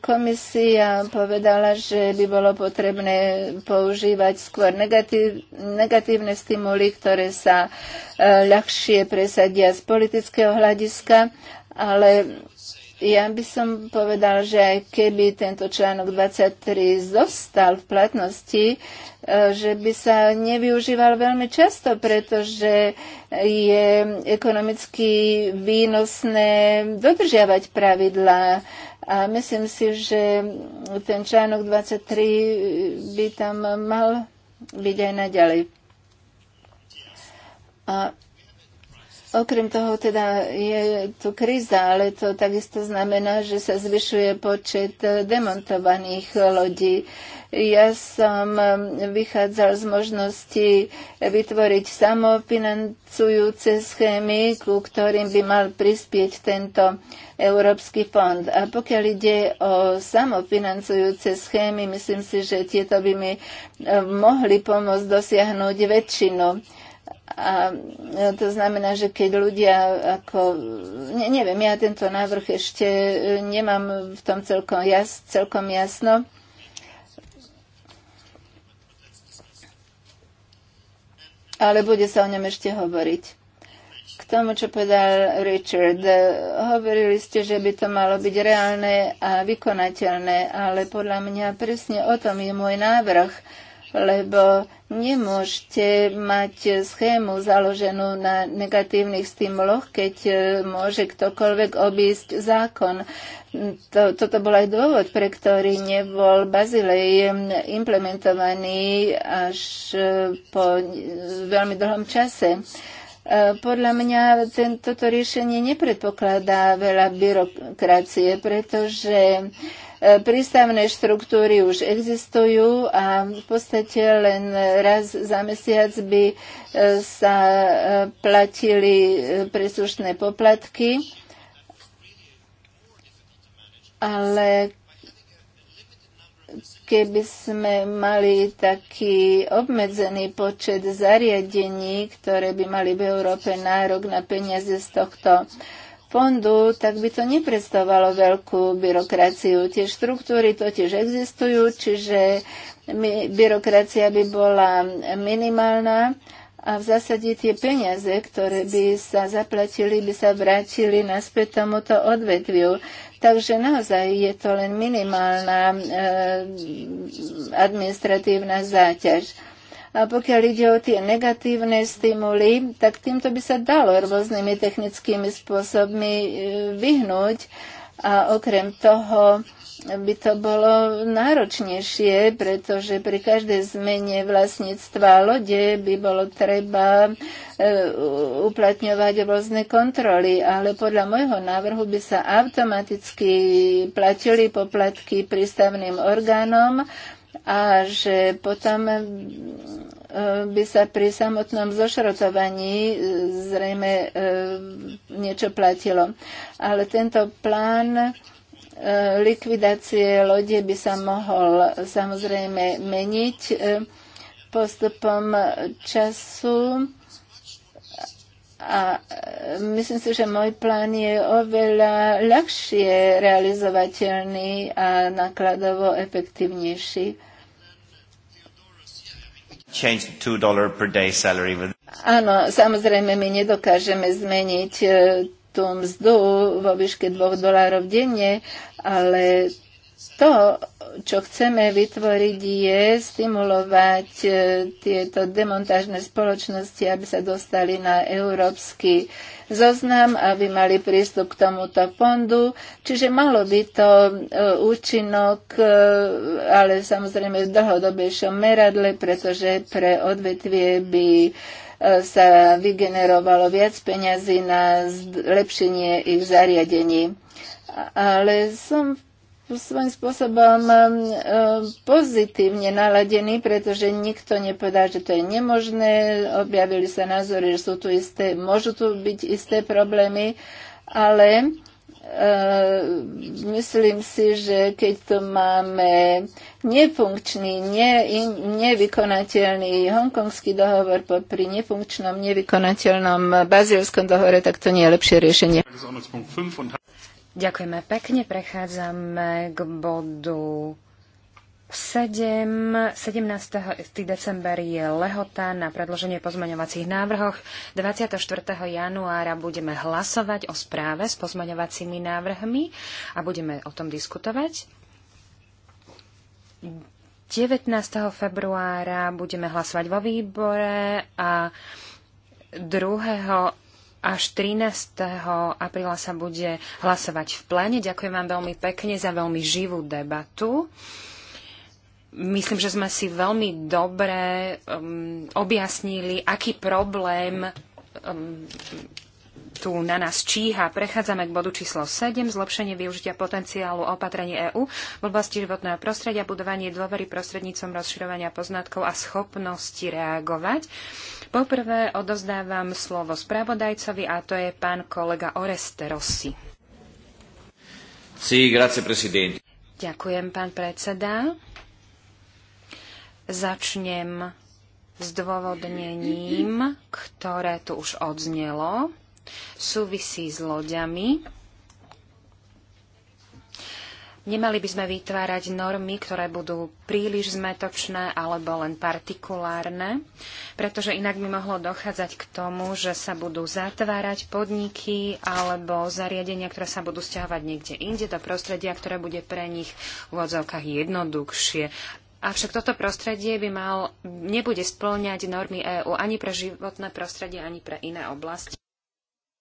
komisia povedala, že by bolo potrebné používať skôr negatív, negatívne stimuly, ktoré sa e, ľahšie presadia z politického hľadiska, ale ja by som povedal, že aj keby tento článok 23 zostal v platnosti, e, že by sa nevyužíval veľmi často, pretože je ekonomicky výnosné dodržiavať pravidlá. A myslím si, že ten článok 23 by tam mal byť aj naďalej. A Okrem toho teda je tu kríza, ale to takisto znamená, že sa zvyšuje počet e, demontovaných lodí. Ja som e, vychádzal z možnosti vytvoriť samofinancujúce schémy, ku ktorým by mal prispieť tento Európsky fond. A pokiaľ ide o samofinancujúce schémy, myslím si, že tieto by mi e, mohli pomôcť dosiahnuť väčšinu a to znamená, že keď ľudia ako... Ne, neviem, ja tento návrh ešte nemám v tom celkom, jas, celkom jasno. Ale bude sa o ňom ešte hovoriť. K tomu, čo povedal Richard, hovorili ste, že by to malo byť reálne a vykonateľné, ale podľa mňa presne o tom je môj návrh lebo nemôžete mať schému založenú na negatívnych stimuloch, keď e, môže ktokoľvek obísť zákon. To, toto bol aj dôvod, pre ktorý nebol Bazilej implementovaný až e, po e, veľmi dlhom čase. Podľa mňa toto riešenie nepredpokladá veľa byrokracie, pretože Prístavné štruktúry už existujú a v podstate len raz za mesiac by e, sa e, platili e, príslušné poplatky, ale keby sme mali taký obmedzený počet zariadení, ktoré by mali v Európe nárok na peniaze z tohto fondu, tak by to nepredstavovalo veľkú byrokraciu. Tie štruktúry totiž existujú, čiže byrokracia by bola minimálna a v zásade tie peniaze, ktoré by sa zaplatili, by sa vrátili naspäť tomuto odvetviu. Takže naozaj je to len minimálna e, administratívna záťaž. A pokiaľ ide o tie negatívne stimuly, tak týmto by sa dalo rôznymi technickými spôsobmi e, vyhnúť. A okrem toho by to bolo náročnejšie, pretože pri každej zmene vlastníctva lode by bolo treba e, uplatňovať rôzne kontroly, ale podľa môjho návrhu by sa automaticky platili poplatky prístavným orgánom a že potom e, by sa pri samotnom zošrotovaní e, zrejme e, niečo platilo. Ale tento plán likvidácie lode by sa mohol samozrejme meniť postupom času a e, myslím si, že môj plán je oveľa ľahšie realizovateľný a nakladovo efektívnejší. Áno, samozrejme, my nedokážeme zmeniť e, tú mzdu vo výške 2 dolárov denne, ale to, čo chceme vytvoriť, je stimulovať e, tieto demontážne spoločnosti, aby sa dostali na európsky zoznam, aby mali prístup k tomuto fondu. Čiže malo by to e, účinok, e, ale samozrejme v dlhodobejšom meradle, pretože pre odvetvie by sa vygenerovalo viac peňazí na zlepšenie ich zariadení ale som v svojím spôsobom um, um, pozitívne naladení, pretože nikto nepovedal, že to je nemožné. Objavili sa názory, že sú tu isté, môžu tu byť isté problémy, ale uh, myslím si, že keď tu máme nefunkčný, ne, nevykonateľný hongkongský dohovor popri nefunkčnom, nevykonateľnom bazilskom dohovore, tak to nie je lepšie riešenie. Ďakujeme pekne. Prechádzame k bodu 7. 17. december je lehota na predloženie pozmaňovacích návrhoch. 24. januára budeme hlasovať o správe s pozmaňovacími návrhmi a budeme o tom diskutovať. 19. februára budeme hlasovať vo výbore a 2 až 13. apríla sa bude hlasovať v pláne. Ďakujem vám veľmi pekne za veľmi živú debatu. Myslím, že sme si veľmi dobre um, objasnili, aký problém um, tu na nás číha. Prechádzame k bodu číslo 7, zlepšenie využitia potenciálu opatrení EÚ v oblasti životného prostredia, budovanie dôvery prostrednícom rozširovania poznatkov a schopnosti reagovať. Poprvé odozdávam slovo spravodajcovi a to je pán kolega Oreste Rossi. Sí, grazie, presidente. Ďakujem, pán predseda. Začnem s dôvodnením, ktoré tu už odznelo. Súvisí s loďami Nemali by sme vytvárať normy, ktoré budú príliš zmetočné alebo len partikulárne, pretože inak by mohlo dochádzať k tomu, že sa budú zatvárať podniky alebo zariadenia, ktoré sa budú stiahovať niekde inde do prostredia, ktoré bude pre nich v odzovkách jednoduchšie. Avšak toto prostredie by mal, nebude splňať normy EÚ ani pre životné prostredie, ani pre iné oblasti.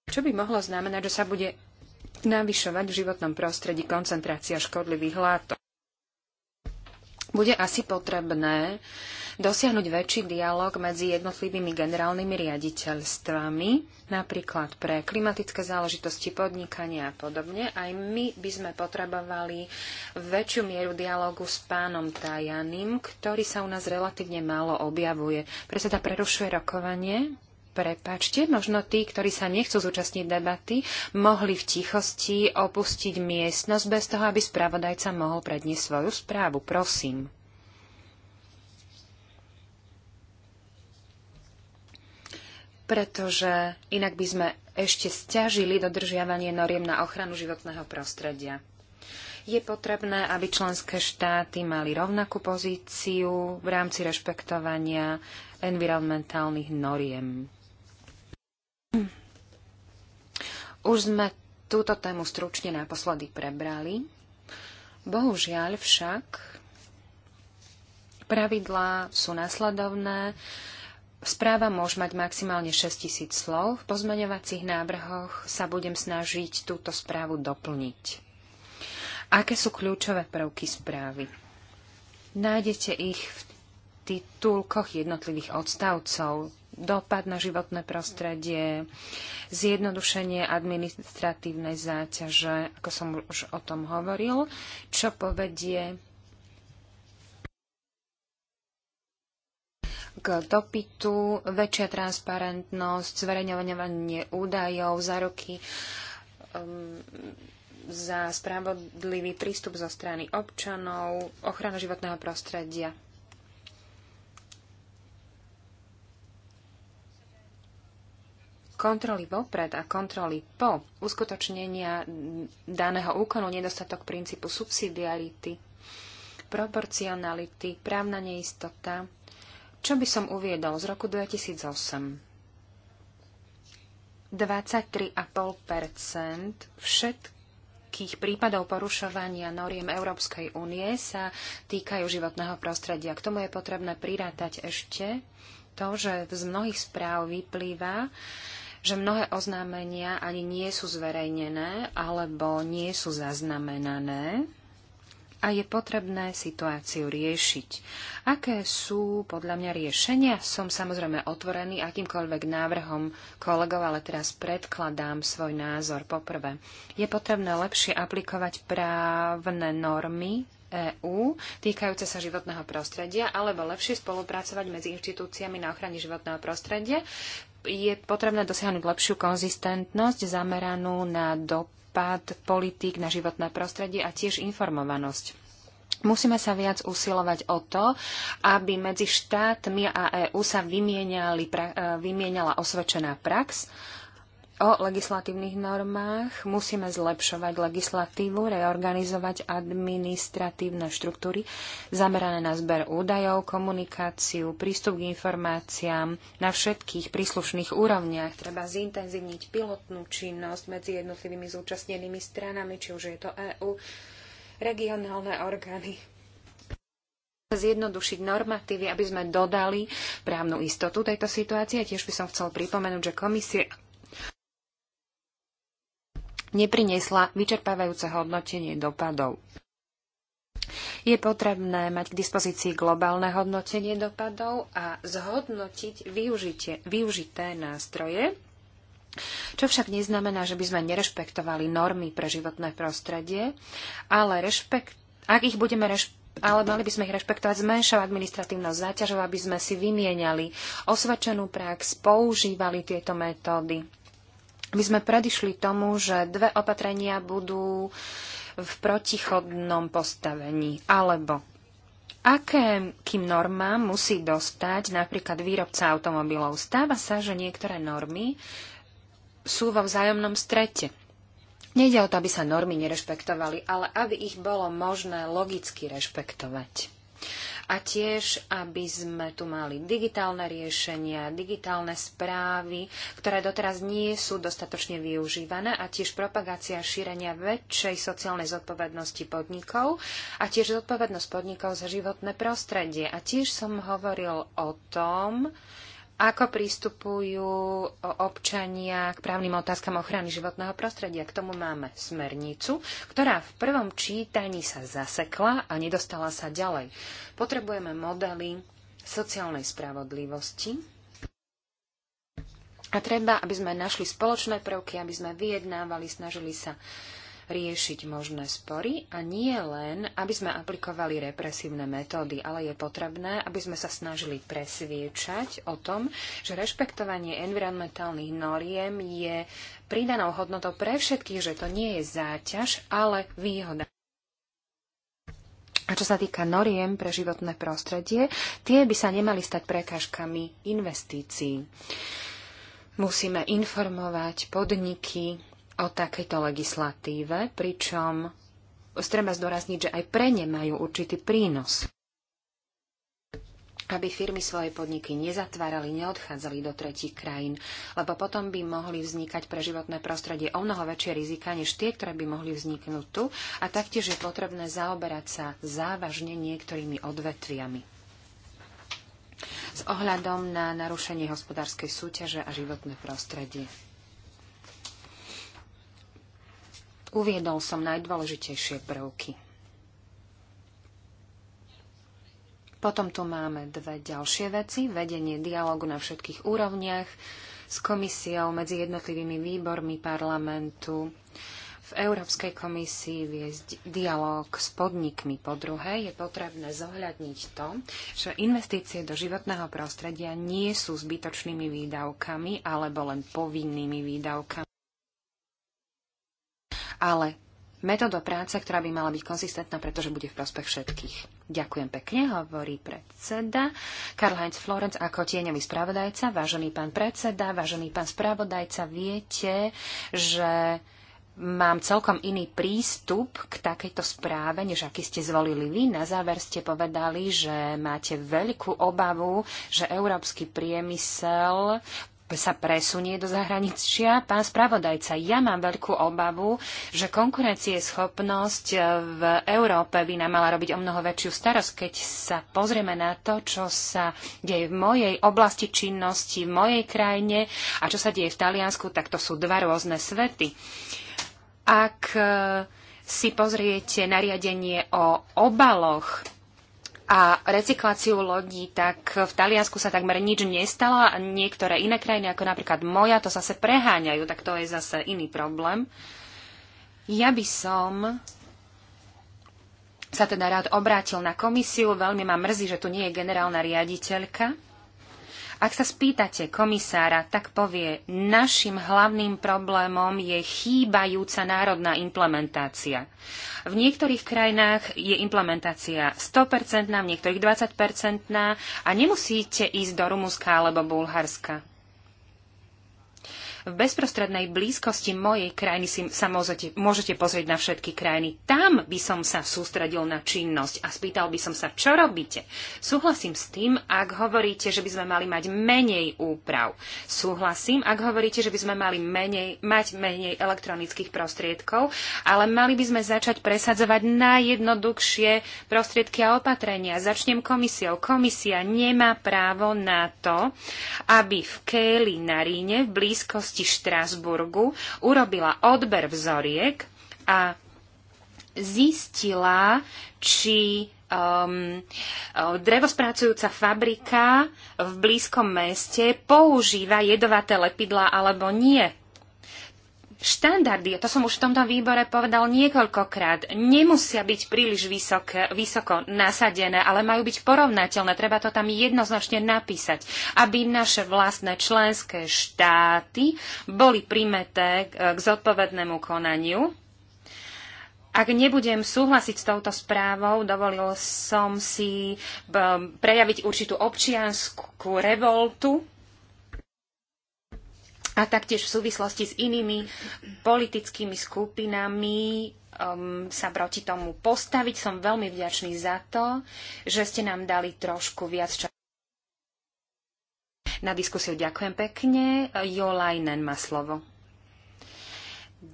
Čo by mohlo znamenať, že sa bude navyšovať v životnom prostredí koncentrácia škodlivých látok. Bude asi potrebné dosiahnuť väčší dialog medzi jednotlivými generálnymi riaditeľstvami, napríklad pre klimatické záležitosti, podnikania a podobne. Aj my by sme potrebovali väčšiu mieru dialogu s pánom Tajaným, ktorý sa u nás relatívne málo objavuje. Predseda prerušuje rokovanie. Prepačte, možno tí, ktorí sa nechcú zúčastniť debaty, mohli v tichosti opustiť miestnosť bez toho, aby spravodajca mohol predniesť svoju správu. Prosím. Pretože inak by sme ešte stiažili dodržiavanie noriem na ochranu životného prostredia. Je potrebné, aby členské štáty mali rovnakú pozíciu v rámci rešpektovania environmentálnych noriem. Už sme túto tému stručne naposledy prebrali. Bohužiaľ však pravidlá sú následovné. Správa môže mať maximálne 6000 slov. V pozmeňovacích návrhoch sa budem snažiť túto správu doplniť. Aké sú kľúčové prvky správy? Nájdete ich v titulkoch jednotlivých odstavcov dopad na životné prostredie, zjednodušenie administratívnej záťaže, ako som už o tom hovoril, čo povedie k dopytu, väčšia transparentnosť, zverejňovanie údajov, záruky um, za spravodlivý prístup zo strany občanov, ochrana životného prostredia. kontroly vopred a kontroly po uskutočnenia daného úkonu, nedostatok princípu subsidiarity, proporcionality, právna neistota, čo by som uviedol z roku 2008. 23,5 všetkých prípadov porušovania noriem Európskej únie sa týkajú životného prostredia. K tomu je potrebné prirátať ešte to, že z mnohých správ vyplýva, že mnohé oznámenia ani nie sú zverejnené alebo nie sú zaznamenané a je potrebné situáciu riešiť. Aké sú podľa mňa riešenia? Som samozrejme otvorený akýmkoľvek návrhom kolegov, ale teraz predkladám svoj názor. Poprvé, je potrebné lepšie aplikovať právne normy EÚ týkajúce sa životného prostredia, alebo lepšie spolupracovať medzi inštitúciami na ochrane životného prostredia, je potrebné dosiahnuť lepšiu konzistentnosť zameranú na dopad politík na životné prostredie a tiež informovanosť. Musíme sa viac usilovať o to, aby medzi štátmi a EÚ sa e, vymieniala osvedčená prax, o legislatívnych normách. Musíme zlepšovať legislatívu, reorganizovať administratívne štruktúry zamerané na zber údajov, komunikáciu, prístup k informáciám na všetkých príslušných úrovniach. Treba zintenzívniť pilotnú činnosť medzi jednotlivými zúčastnenými stranami, či už je to EÚ, regionálne orgány, zjednodušiť normatívy, aby sme dodali právnu istotu tejto situácie. Tiež by som chcel pripomenúť, že komisie nepriniesla vyčerpávajúce hodnotenie dopadov. Je potrebné mať k dispozícii globálne hodnotenie dopadov a zhodnotiť využite, využité nástroje, čo však neznamená, že by sme nerešpektovali normy pre životné prostredie, ale rešpekt, ak ich budeme rešpektovať, ale mali by sme ich rešpektovať zmenšou administratívnou záťažou, aby sme si vymieniali osvedčenú prax, používali tieto metódy by sme predišli tomu, že dve opatrenia budú v protichodnom postavení. Alebo aké kým normám musí dostať napríklad výrobca automobilov? Stáva sa, že niektoré normy sú vo vzájomnom strete. Nejde o to, aby sa normy nerešpektovali, ale aby ich bolo možné logicky rešpektovať a tiež, aby sme tu mali digitálne riešenia, digitálne správy, ktoré doteraz nie sú dostatočne využívané a tiež propagácia šírenia väčšej sociálnej zodpovednosti podnikov a tiež zodpovednosť podnikov za životné prostredie. A tiež som hovoril o tom, ako pristupujú občania k právnym otázkam ochrany životného prostredia? K tomu máme smernicu, ktorá v prvom čítaní sa zasekla a nedostala sa ďalej. Potrebujeme modely sociálnej spravodlivosti. A treba, aby sme našli spoločné prvky, aby sme vyjednávali, snažili sa uh, riešiť možné spory a nie len, aby sme aplikovali represívne metódy, ale je potrebné, aby sme sa snažili presviečať o tom, že rešpektovanie environmentálnych noriem je pridanou hodnotou pre všetkých, že to nie je záťaž, ale výhoda. A čo sa týka noriem pre životné prostredie, tie by sa nemali stať prekážkami investícií. Musíme informovať podniky o takejto legislatíve, pričom treba zdôrazniť, že aj pre ne majú určitý prínos aby firmy svoje podniky nezatvárali, neodchádzali do tretich krajín, lebo potom by mohli vznikať pre životné prostredie o mnoho väčšie rizika než tie, ktoré by mohli vzniknúť tu a taktiež je potrebné zaoberať sa závažne niektorými odvetviami s ohľadom na narušenie hospodárskej súťaže a životné prostredie. Uviedol som najdôležitejšie prvky. Potom tu máme dve ďalšie veci. Vedenie dialogu na všetkých úrovniach s komisiou medzi jednotlivými výbormi parlamentu. V Európskej komisii viesť dialog s podnikmi. Po druhé, je potrebné zohľadniť to, že investície do životného prostredia nie sú zbytočnými výdavkami alebo len povinnými výdavkami ale metóda práce, ktorá by mala byť konzistentná, pretože bude v prospech všetkých. Ďakujem pekne, hovorí predseda. Karl-Heinz Florenc ako tieňový spravodajca, vážený pán predseda, vážený pán spravodajca, viete, že mám celkom iný prístup k takejto správe, než aký ste zvolili vy. Na záver ste povedali, že máte veľkú obavu, že európsky priemysel sa presunie do zahraničia. Pán spravodajca, ja mám veľkú obavu, že konkurencieschopnosť eh, v Európe by nám mala robiť o mnoho väčšiu starosť, keď sa pozrieme na to, čo sa deje v mojej oblasti činnosti, v mojej krajine a čo sa deje v Taliansku, tak to sú dva rôzne svety. Ak eh, si pozriete nariadenie o obaloch, a recykláciu lodí, tak v Taliansku sa takmer nič nestalo a niektoré iné krajiny, ako napríklad moja, to zase preháňajú, tak to je zase iný problém. Ja by som sa teda rád obrátil na komisiu. Veľmi ma mrzí, že tu nie je generálna riaditeľka. Ak sa spýtate komisára, tak povie, našim hlavným problémom je chýbajúca národná implementácia. V niektorých krajinách je implementácia 100%, v niektorých 20% a nemusíte ísť do Rumúnska alebo Bulharska. V bezprostrednej blízkosti mojej krajiny si sa môžete, môžete pozrieť na všetky krajiny. Tam by som sa sústredil na činnosť a spýtal by som sa, čo robíte. Súhlasím s tým, ak hovoríte, že by sme mali mať menej úprav. Súhlasím, ak hovoríte, že by sme mali menej, mať menej elektronických prostriedkov, ale mali by sme začať presadzovať najjednoduchšie prostriedky a opatrenia. Začnem komisiou. Komisia nemá právo na to, aby v Kéli na Ríne v blízkosti oblasti Štrásburgu urobila odber vzoriek a zistila, či um, drevospracujúca fabrika v blízkom meste používa jedovaté lepidla alebo nie. Štandardy, to som už v tomto výbore povedal niekoľkokrát, nemusia byť príliš vysok, vysoko nasadené, ale majú byť porovnateľné. Treba to tam jednoznačne napísať, aby naše vlastné členské štáty boli primeté k zodpovednému konaniu. Ak nebudem súhlasiť s touto správou, dovolil som si prejaviť určitú občianskú revoltu a taktiež v súvislosti s inými politickými skupinami um, sa proti tomu postaviť. Som veľmi vďačný za to, že ste nám dali trošku viac času. Na diskusiu ďakujem pekne. Jolajnen má slovo.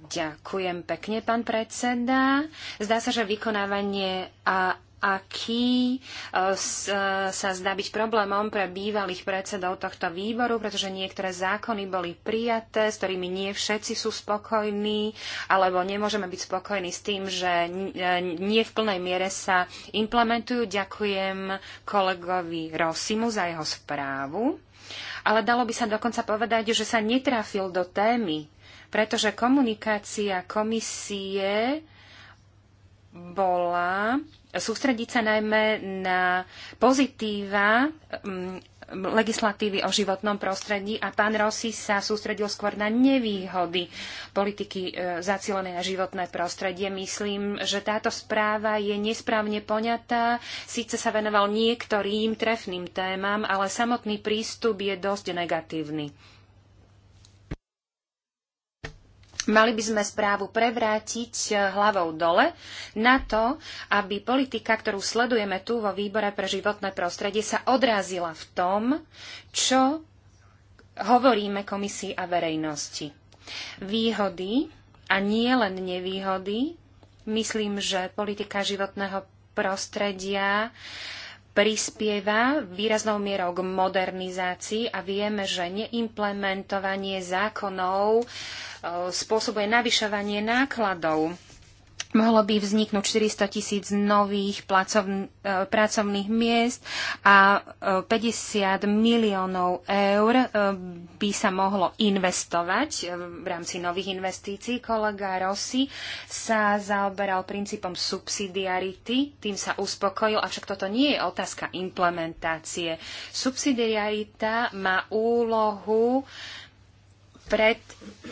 Ďakujem pekne, pán predseda. Zdá sa, že vykonávanie a aký e, e, sa zdá byť problémom pre bývalých predsedov tohto výboru, pretože niektoré zákony boli prijaté, s ktorými nie všetci sú spokojní, alebo nemôžeme byť spokojní s tým, že e, nie v plnej miere sa implementujú. Ďakujem kolegovi Rosimu za jeho správu. Ale dalo by sa dokonca povedať, že sa netrafil do témy, pretože komunikácia komisie bola sústrediť sa najmä na pozitíva mm, legislatívy o životnom prostredí a pán Rossi sa sústredil skôr na nevýhody politiky e, zacielenej na životné prostredie. Myslím, že táto správa je nesprávne poňatá. Síce sa venoval niektorým trefným témam, ale samotný prístup je dosť negatívny. Mali by sme správu prevrátiť eh, hlavou dole na to, aby politika, ktorú sledujeme tu vo výbore pre životné prostredie, sa odrazila v tom, čo hovoríme komisii a verejnosti. Výhody a nie len nevýhody, myslím, že politika životného prostredia prispieva výraznou mierou k modernizácii a vieme, že neimplementovanie zákonov spôsobuje navyšovanie nákladov. Mohlo by vzniknúť 400 tisíc nových e, pracovných miest a 50 e, miliónov eur e, by sa mohlo investovať v rámci nových investícií. Kolega Rossi sa zaoberal princípom subsidiarity, tým sa uspokojil, avšak toto nie je otázka implementácie. Subsidiarita má úlohu pred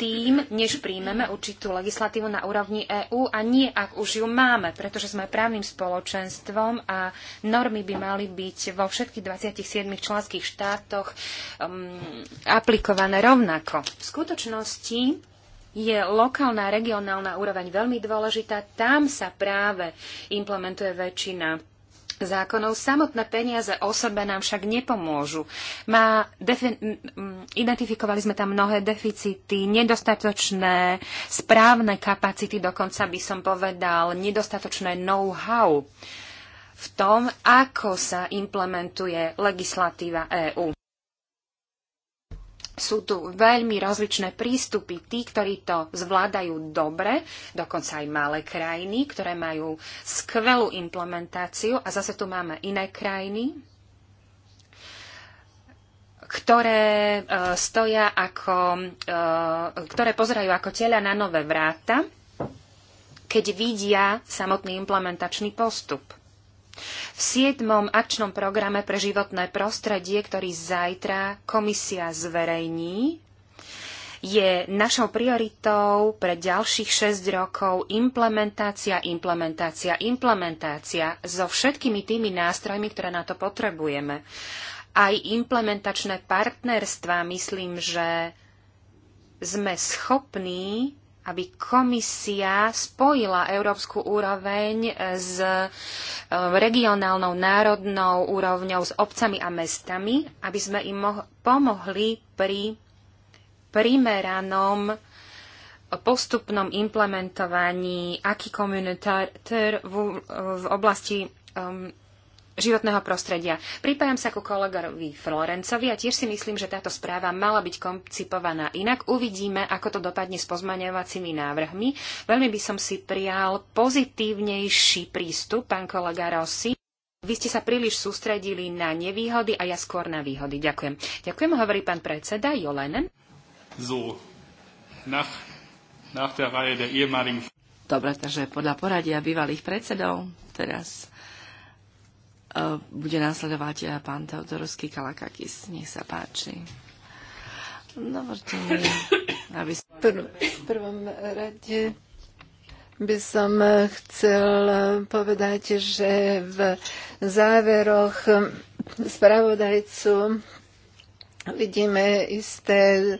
tým, než príjmeme určitú legislatívu na úrovni EÚ a nie ak už ju máme, pretože sme právnym spoločenstvom a normy by mali byť vo všetkých 27 členských štátoch um, aplikované rovnako. V skutočnosti je lokálna a regionálna úroveň veľmi dôležitá. Tam sa práve implementuje väčšina zákonov. Samotné peniaze o sebe nám však nepomôžu. Má identifikovali sme tam mnohé deficity, nedostatočné správne kapacity, dokonca by som povedal, nedostatočné know-how v tom, ako sa implementuje legislatíva EÚ sú tu veľmi rozličné prístupy. Tí, ktorí to zvládajú dobre, dokonca aj malé krajiny, ktoré majú skvelú implementáciu a zase tu máme iné krajiny, ktoré e, stoja ako, e, ktoré pozerajú ako tela na nové vráta, keď vidia samotný implementačný postup siedmom akčnom programe pre životné prostredie, ktorý zajtra komisia zverejní, je našou prioritou pre ďalších 6 rokov implementácia, implementácia, implementácia so všetkými tými nástrojmi, ktoré na to potrebujeme. Aj implementačné partnerstva, myslím, že sme schopní aby komisia spojila európsku úroveň s eh, regionálnou, národnou úrovňou, s obcami a mestami, aby sme im pomohli pri primeranom postupnom implementovaní aký komunitár v, v oblasti um, životného prostredia. Pripájam sa ku kolegovi Florencovi a tiež si myslím, že táto správa mala byť koncipovaná inak. Uvidíme, ako to dopadne s pozmaňovacími návrhmi. Veľmi by som si prijal pozitívnejší prístup, pán kolega Rossi. Vy ste sa príliš sústredili na nevýhody a ja skôr na výhody. Ďakujem. Ďakujem, hovorí pán predseda Jolenen. So, nach, nach der Reihe der ehemaligen... Dobre, takže podľa poradia bývalých predsedov teraz Eh, bude následovať eh, pán Teodorovský Kalakakis. Nech sa páči. Dovolte mi, aby som... Prv, v prvom rade by som eh, chcel povedať, že v záveroch spravodajcu vidíme isté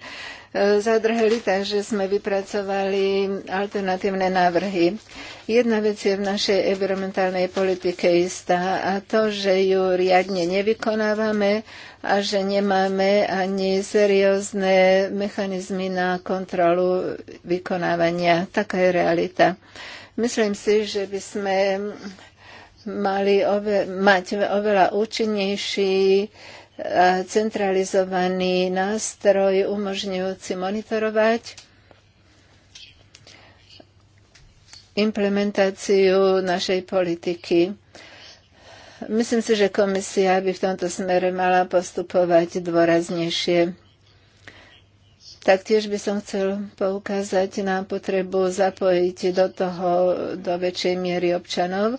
zadrhli, takže sme vypracovali alternatívne návrhy. Jedna vec je v našej environmentálnej politike istá a to, že ju riadne nevykonávame a že nemáme ani seriózne mechanizmy na kontrolu vykonávania. Taká je realita. Myslím si, že by sme mali ove- mať oveľa účinnejší centralizovaný nástroj umožňujúci monitorovať implementáciu našej politiky. Myslím si, že komisia by v tomto smere mala postupovať dôraznejšie. Taktiež by som chcel poukázať na potrebu zapojiť do toho do väčšej miery občanov,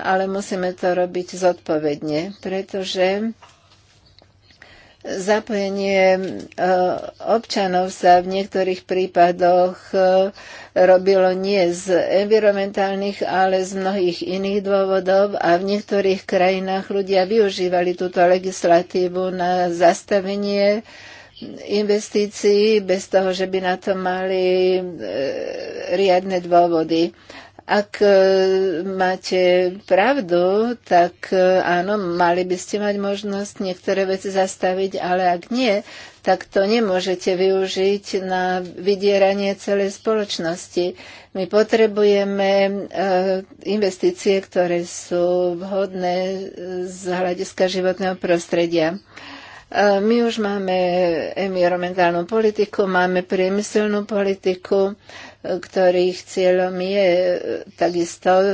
ale musíme to robiť zodpovedne, pretože Zapojenie e, občanov sa v niektorých prípadoch e, robilo nie z environmentálnych, ale z mnohých iných dôvodov a v niektorých krajinách ľudia využívali túto legislatívu na zastavenie investícií bez toho, že by na to mali e, riadne dôvody. Ak e, máte pravdu, tak e, áno, mali by ste mať možnosť niektoré veci zastaviť, ale ak nie, tak to nemôžete využiť na vydieranie celej spoločnosti. My potrebujeme e, investície, ktoré sú vhodné z hľadiska životného prostredia. My už máme environmentálnu politiku, máme priemyselnú politiku, ktorých cieľom je e, takisto e,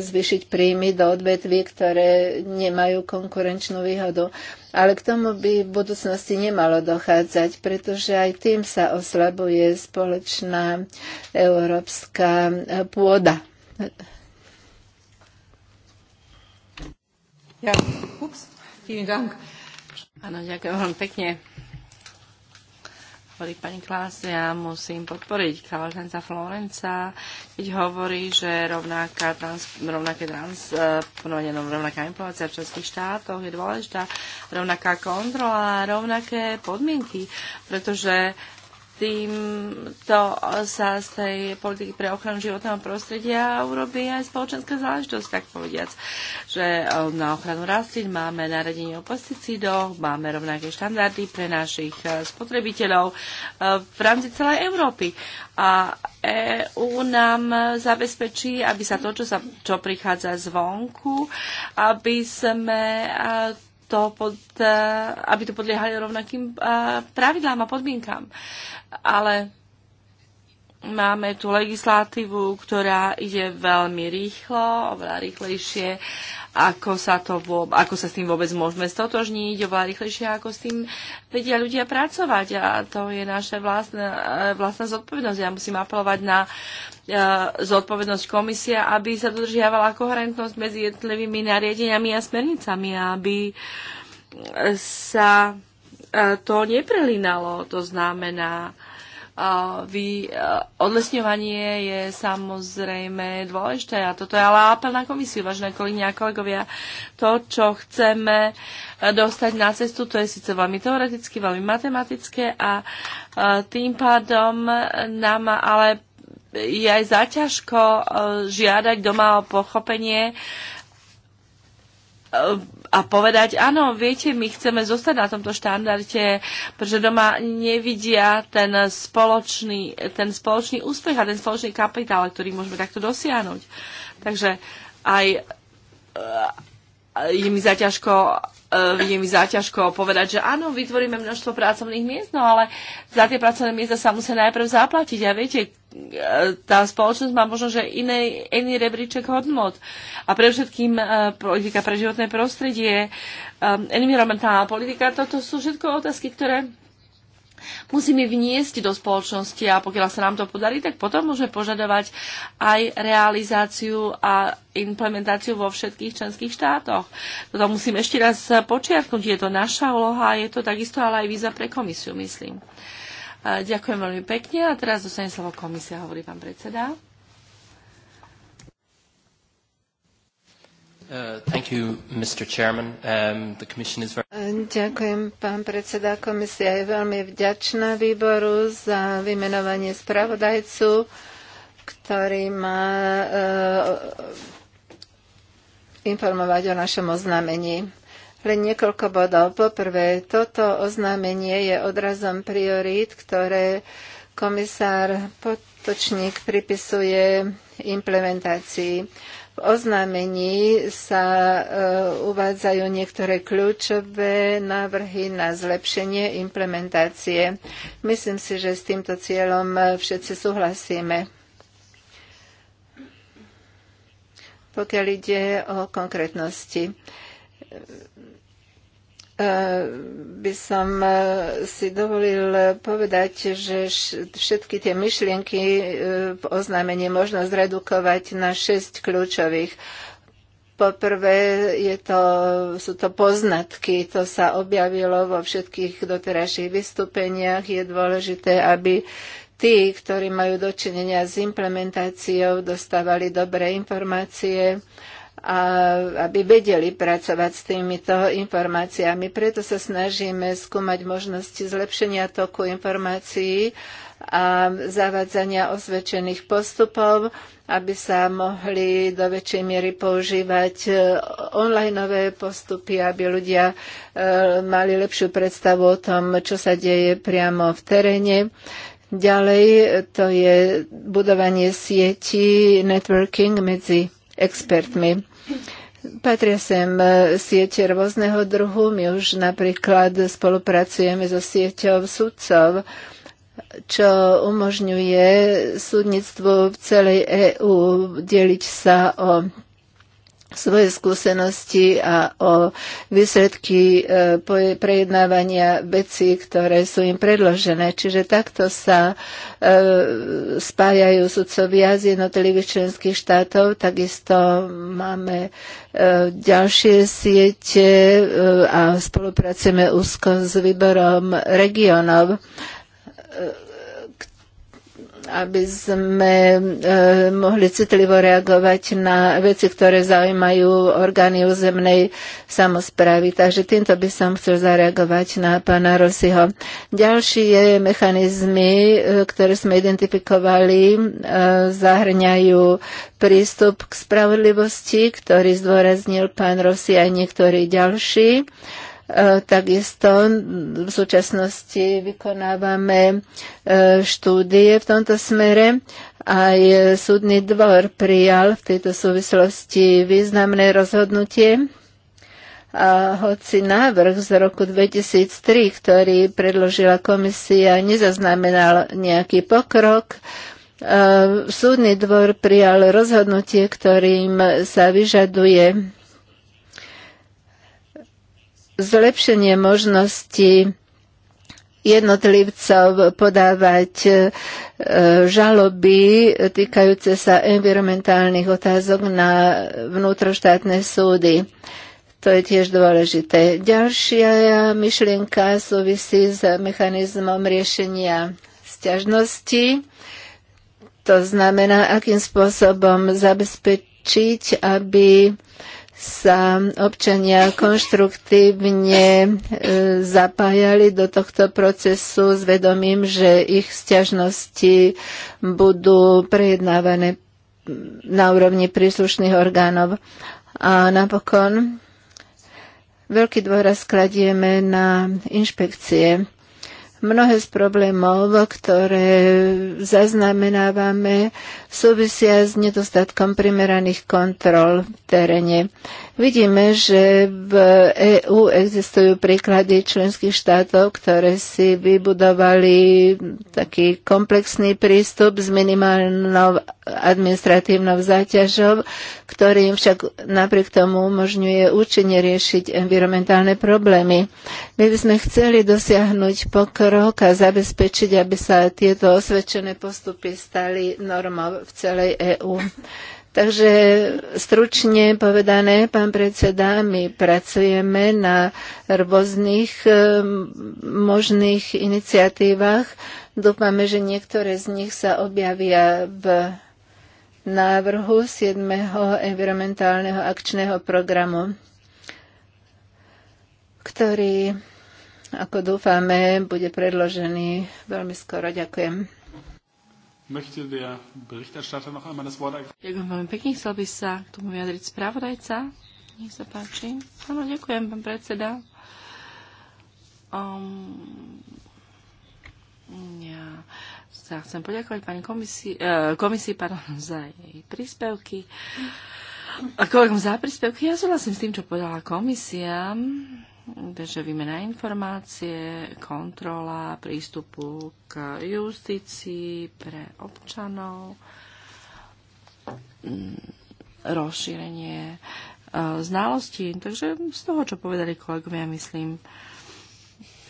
zvyšiť príjmy do odvetví, ktoré nemajú konkurenčnú výhodu. Ale k tomu by v budúcnosti nemalo dochádzať, pretože aj tým sa oslabuje spoločná európska e, pôda. Ja, ups, tým Dank. Áno, ďakujem veľmi pekne hovorí pani Klás, ja musím podporiť Kaltenza Florenca, keď hovorí, že rovnaká trans, rovnaké trans, e, ponovne no, rovnaká implementácia v českých štátoch je dôležitá, rovnaká kontrola, rovnaké podmienky, pretože týmto sa z tej politiky pre ochranu životného prostredia urobí aj spoločenská záležitosť, tak povediac, že um, na ochranu rastlín máme naradenie o pesticídoch, máme rovnaké štandardy pre našich uh, spotrebiteľov uh, v rámci celej Európy. A EU nám zabezpečí, aby sa to, čo, sa, čo prichádza zvonku, aby sme uh, to pod, eh, aby to podliehali rovnakým eh, pravidlám a podmienkám. Ale Máme tu legislatívu, ktorá ide veľmi rýchlo, oveľa rýchlejšie, ako sa, to vo, ako sa s tým vôbec môžeme stotožniť, oveľa rýchlejšie, ako s tým vedia ľudia pracovať. A to je naša vlastná, e, vlastná zodpovednosť. Ja musím apelovať na e, zodpovednosť komisia, aby sa dodržiavala koherentnosť medzi jednotlivými nariadeniami a smernicami, aby sa e, to neprelinalo. To znamená, vy, odlesňovanie je samozrejme dôležité a toto je ale apel na komisiu, vážené kolegyne a kolegovia. To, čo chceme e, dostať na cestu, to je síce veľmi teoretické, veľmi matematické a tým pádom nám ale je aj zaťažko e, žiadať doma o pochopenie a povedať, áno, viete, my chceme zostať na tomto štandarte, pretože doma nevidia ten spoločný, ten spoločný úspech a ten spoločný kapitál, ktorý môžeme takto dosiahnuť. Takže aj e, je mi zaťažko e, je mi zaťažko povedať, že áno, vytvoríme množstvo pracovných miest, no ale za tie pracovné miesta sa musia najprv zaplatiť. A viete, tá spoločnosť má možno, že iné, iný rebríček hodnot. A pre všetkým e, politika pre životné prostredie, e, environmentálna politika, toto sú všetko otázky, ktoré musíme vniesť do spoločnosti a pokiaľ sa nám to podarí, tak potom môžeme požadovať aj realizáciu a implementáciu vo všetkých členských štátoch. Toto musím ešte raz počiarknúť, je to naša úloha, je to takisto ale aj víza pre komisiu, myslím. Ďakujem veľmi pekne a teraz dostane slovo komisia, hovorí pán predseda. Uh, um, uh, ďakujem, pán predseda. Komisia je veľmi vďačná výboru za vymenovanie spravodajcu, ktorý má uh, informovať o našom oznámení. Len niekoľko bodov. Poprvé, toto oznámenie je odrazom priorít, ktoré komisár Potočník pripisuje implementácii. V oznámení sa e, uvádzajú niektoré kľúčové návrhy na zlepšenie implementácie. Myslím si, že s týmto cieľom e, všetci súhlasíme. Pokiaľ ide o konkrétnosti by som e, si dovolil povedať, že všetky tie myšlienky e, v oznámení možno zredukovať na šesť kľúčových. Poprvé je to, sú to poznatky, to sa objavilo vo všetkých doterajších vystúpeniach. Je dôležité, aby tí, ktorí majú dočinenia s implementáciou, dostávali dobré informácie a aby vedeli pracovať s týmito informáciami. Preto sa snažíme skúmať možnosti zlepšenia toku informácií a zavádzania osvedčených postupov, aby sa mohli do väčšej miery používať e, onlineové postupy, aby ľudia e, mali lepšiu predstavu o tom, čo sa deje priamo v teréne. Ďalej e, to je budovanie sieti, networking medzi expertmi. Patria sem e, siete rôzneho druhu. My už napríklad spolupracujeme so sieťou sudcov, čo umožňuje súdnictvu v celej EÚ deliť sa o svoje skúsenosti a o výsledky e, prejednávania vecí, ktoré sú im predložené. Čiže takto sa e, spájajú sudcovia z jednotlivých členských štátov. Takisto máme e, ďalšie siete a spolupracujeme úzko s výborom regionov aby sme e, mohli citlivo reagovať na veci, ktoré zaujímajú orgány územnej samozprávy. Takže týmto by som chcel zareagovať na pána Rosiho. Ďalšie mechanizmy, e, ktoré sme identifikovali, e, zahrňajú prístup k spravodlivosti, ktorý zdôraznil pán Rosi a niektorí ďalší E, takisto v súčasnosti vykonávame e, štúdie v tomto smere. Aj súdny dvor prijal v tejto súvislosti významné rozhodnutie. A hoci návrh z roku 2003, ktorý predložila komisia, nezaznamenal nejaký pokrok, e, súdny dvor prijal rozhodnutie, ktorým sa vyžaduje zlepšenie možnosti jednotlivcov podávať e, žaloby týkajúce sa environmentálnych otázok na vnútroštátne súdy. To je tiež dôležité. Ďalšia myšlienka súvisí s mechanizmom riešenia sťažnosti. To znamená, akým spôsobom zabezpečiť, aby uh, sa občania konštruktívne e, zapájali do tohto procesu s vedomím, že ich sťažnosti budú prejednávané na úrovni príslušných orgánov. A napokon veľký dôraz kladieme na inšpekcie. Mnohé z problémov, ktoré zaznamenávame, súvisia s nedostatkom primeraných kontrol v teréne. Vidíme, že v EÚ existujú príklady členských štátov, ktoré si vybudovali taký komplexný prístup s minimálnou administratívnou záťažou, ktorý im však napriek tomu umožňuje účinne riešiť environmentálne problémy. My by sme chceli dosiahnuť pokrok a zabezpečiť, aby sa tieto osvedčené postupy stali normou v celej EÚ. Takže stručne povedané, pán predseda, my pracujeme na rôznych e, možných iniciatívach. Dúfame, že niektoré z nich sa objavia v návrhu 7. environmentálneho akčného programu, ktorý, ako dúfame, bude predložený veľmi skoro. Ďakujem. Möchte der Berichterstatter noch einmal das Wort ergreifen? Ďakujem veľmi pekne. Chcel by sa k tomu vyjadriť spravodajca. Nech sa páči. Áno, ďakujem, pán predseda. Ehm, ja sa chcem poďakovať pani komisii, e, komisii pardon, *laughs* za jej príspevky. A kolegom za príspevky. Ja súhlasím s tým, čo povedala komisia. Takže výmena informácie, kontrola prístupu k justícii pre občanov, mm, rozšírenie e, znalostí. Takže z toho, čo povedali kolegovia, myslím,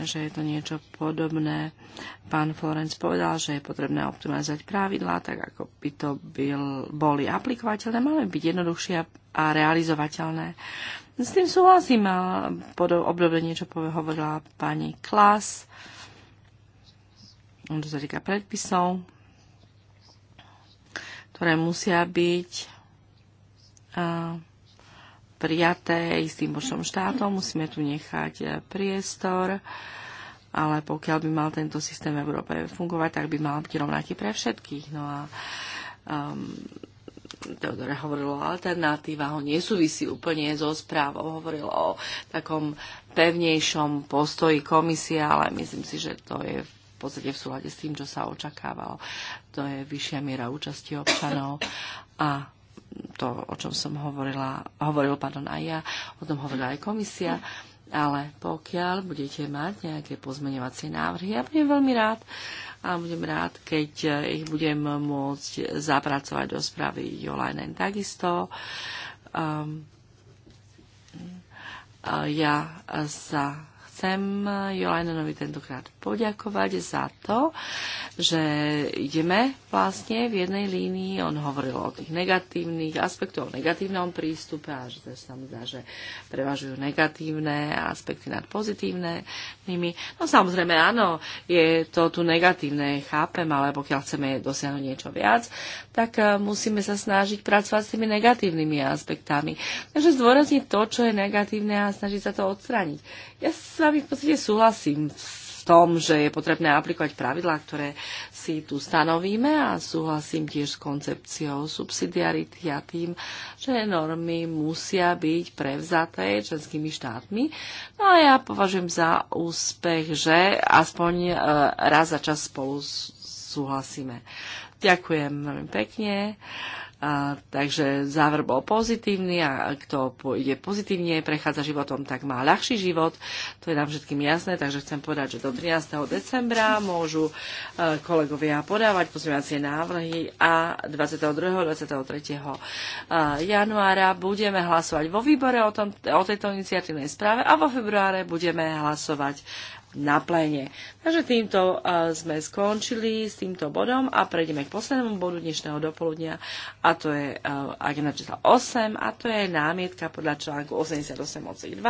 že je to niečo podobné. Pán Florenc povedal, že je potrebné optimalizovať pravidlá, tak ako by to byl, boli aplikovateľné, mali byť jednoduchšie a realizovateľné. S tým súhlasím a obdobne niečo hovorila pani Klas, to sa týka predpisov, ktoré musia byť prijaté istým počtom štátom. Musíme tu nechať e, priestor, ale pokiaľ by mal tento systém v Európe fungovať, tak by mal byť rovnaký pre všetkých. No a um, Teodora hovoril o alternatíva, ho nesúvisí úplne so správou, hovoril o takom pevnejšom postoji komisie, ale myslím si, že to je v podstate v súlade s tým, čo sa očakávalo. To je vyššia miera účasti občanov a to, o čom som hovorila, hovoril pardon, aj ja, o tom hovorila aj komisia, ale pokiaľ budete mať nejaké pozmeňovacie návrhy, ja budem veľmi rád, uh, a budem rád, keď eh, ich budem môcť zapracovať do správy Jolajnen takisto. Um, ja sa chcem Jolajnenovi tentokrát poďakovať za to, že ideme vlastne v jednej línii. On hovoril o tých negatívnych aspektoch, o negatívnom prístupe a že sa mi zdá, že prevažujú negatívne aspekty nad pozitívnymi. No samozrejme, áno, je to tu negatívne, chápem, ale pokiaľ chceme dosiahnuť niečo viac, tak eh, musíme sa snažiť pracovať s tými negatívnymi aspektami. Takže zdôrazniť to, čo je negatívne a snažiť sa to odstrániť. Ja s vami v podstate súhlasím s tom, že je potrebné aplikovať pravidlá, ktoré si tu stanovíme a súhlasím tiež s koncepciou subsidiarity a tým, že normy musia byť prevzaté členskými štátmi. No a ja považujem za úspech, že aspoň e, raz za čas spolu súhlasíme. Ďakujem veľmi pekne. A, takže záver bol pozitívny a kto ide pozitívne, prechádza životom, tak má ľahší život. To je nám všetkým jasné, takže chcem povedať, že do 13. decembra môžu e, kolegovia podávať pozmeňovacie návrhy a 22. 23. E, januára budeme hlasovať vo výbore o, tom, o tejto iniciatívnej správe a vo februáre budeme hlasovať na pléne. Takže týmto eh, sme skončili s týmto bodom a prejdeme k poslednému bodu dnešného dopoludnia a to je eh, agenda čísla 8 a to je námietka podľa článku 88 odsek 2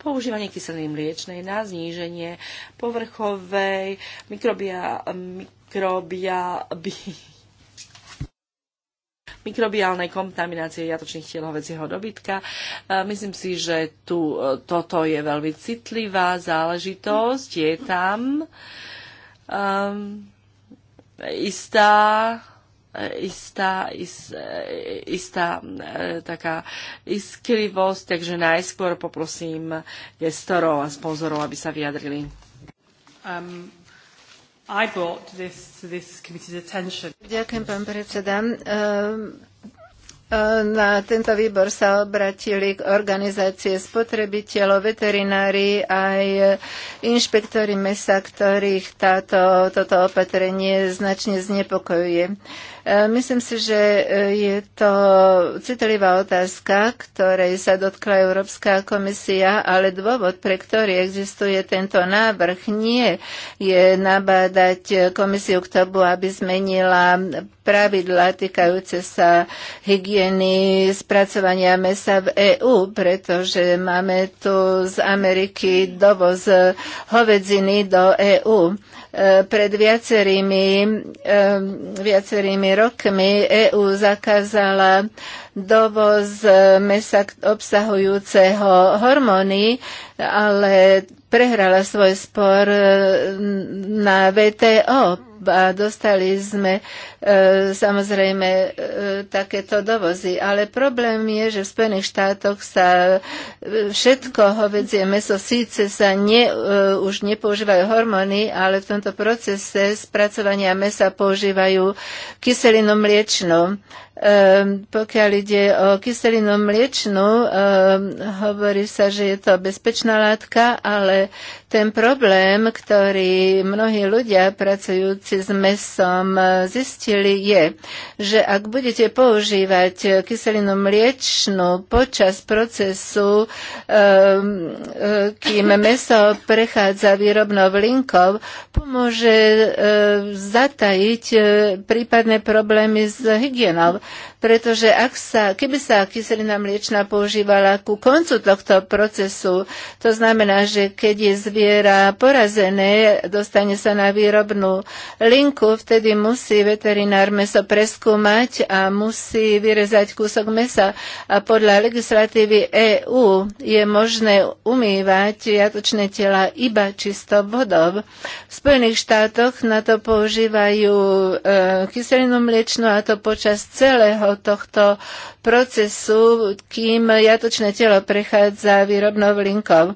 používanie kyseliny mliečnej na zníženie povrchovej mikrobia, mikrobia by, mikrobiálnej kontaminácie jatočných tiel dobytka. E, myslím si, že tu, e, toto je veľmi citlivá záležitosť. Je tam um, istá istá, ist, e, istá taká iskrivosť, takže najskôr poprosím gestorov a sponzorov, aby sa vyjadrili. Um, i brought this to this committee's attention. Ďakujem, pán predseda. Ehm, ehm, na tento výbor sa obratili k organizácie spotrebiteľov, veterinári aj inšpektori mesa, ktorých táto, toto opatrenie značne znepokojuje. Uh, E, myslím si, že e, je to citlivá otázka, ktorej sa dotkla Európska komisia, ale dôvod, pre ktorý existuje tento návrh, nie je nabádať komisiu k tomu, aby zmenila pravidla týkajúce sa hygieny spracovania mesa v EÚ, pretože máme tu z Ameriky dovoz hovedziny do EÚ. Pred viacerými, eh, viacerými rokmi EÚ zakázala dovoz mesa obsahujúceho hormóny, ale prehrala svoj spor eh, na VTO a dostali sme e, samozrejme e, takéto dovozy. Ale problém je, že v Spojených štátoch sa e, všetko hovedzie meso, síce sa ne, e, už nepoužívajú hormóny, ale v tomto procese spracovania mesa používajú kyselinu mliečnú e, pokiaľ ide o kyselinu mliečnú, e, hovorí sa, že je to bezpečná látka, ale ten problém, ktorý mnohí ľudia pracujúci s mesom zistili, je, že ak budete používať kyselinu mliečnú počas procesu, ehm, e, kým meso prechádza výrobnou linkou, pomôže e, zatajiť e, prípadné problémy s hygienou. Pretože ak sa, keby sa kyselina mliečna používala ku koncu tohto procesu, to znamená, že keď je zvier zviera porazené dostane sa na výrobnú linku, vtedy musí veterinár meso preskúmať a musí vyrezať kúsok mesa. A podľa legislatívy EÚ je možné umývať jatočné tela iba čisto vodou. V Spojených štátoch na to používajú e, kyselinu mliečnú a to počas celého tohto procesu, kým jatočné telo prechádza výrobnou linkou.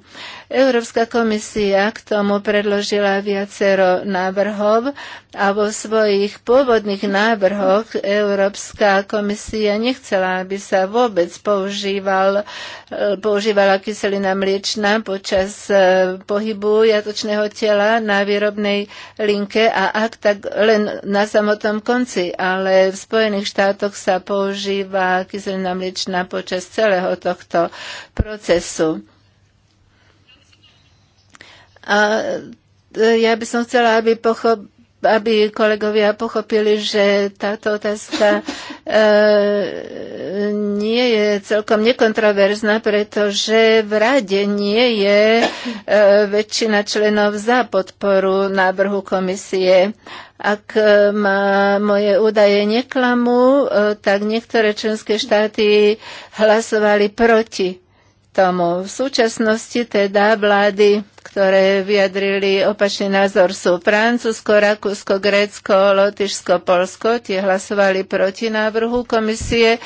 Európska komisia k tomu predložila viacero návrhov a vo svojich pôvodných návrhoch Európska komisia nechcela, aby sa vôbec používal, e, používala kyselina mliečna počas e, pohybu jatočného tela na výrobnej linke a ak tak len na samotnom konci, ale v Spojených štátoch sa používa kyselina mliečna počas celého tohto procesu. A e, ja by som chcela, aby pochopila, aby kolegovia pochopili, že táto otázka e, nie je celkom nekontroverzná, pretože v rade nie je e, väčšina členov za podporu návrhu komisie. Ak e, ma moje údaje neklamú, e, tak niektoré členské štáty hlasovali proti tomu. V súčasnosti teda vlády ktoré vyjadrili opačný názor, sú Francúzsko, Rakúsko, Grécko, Lotyšsko, Polsko. Tie hlasovali proti návrhu komisie.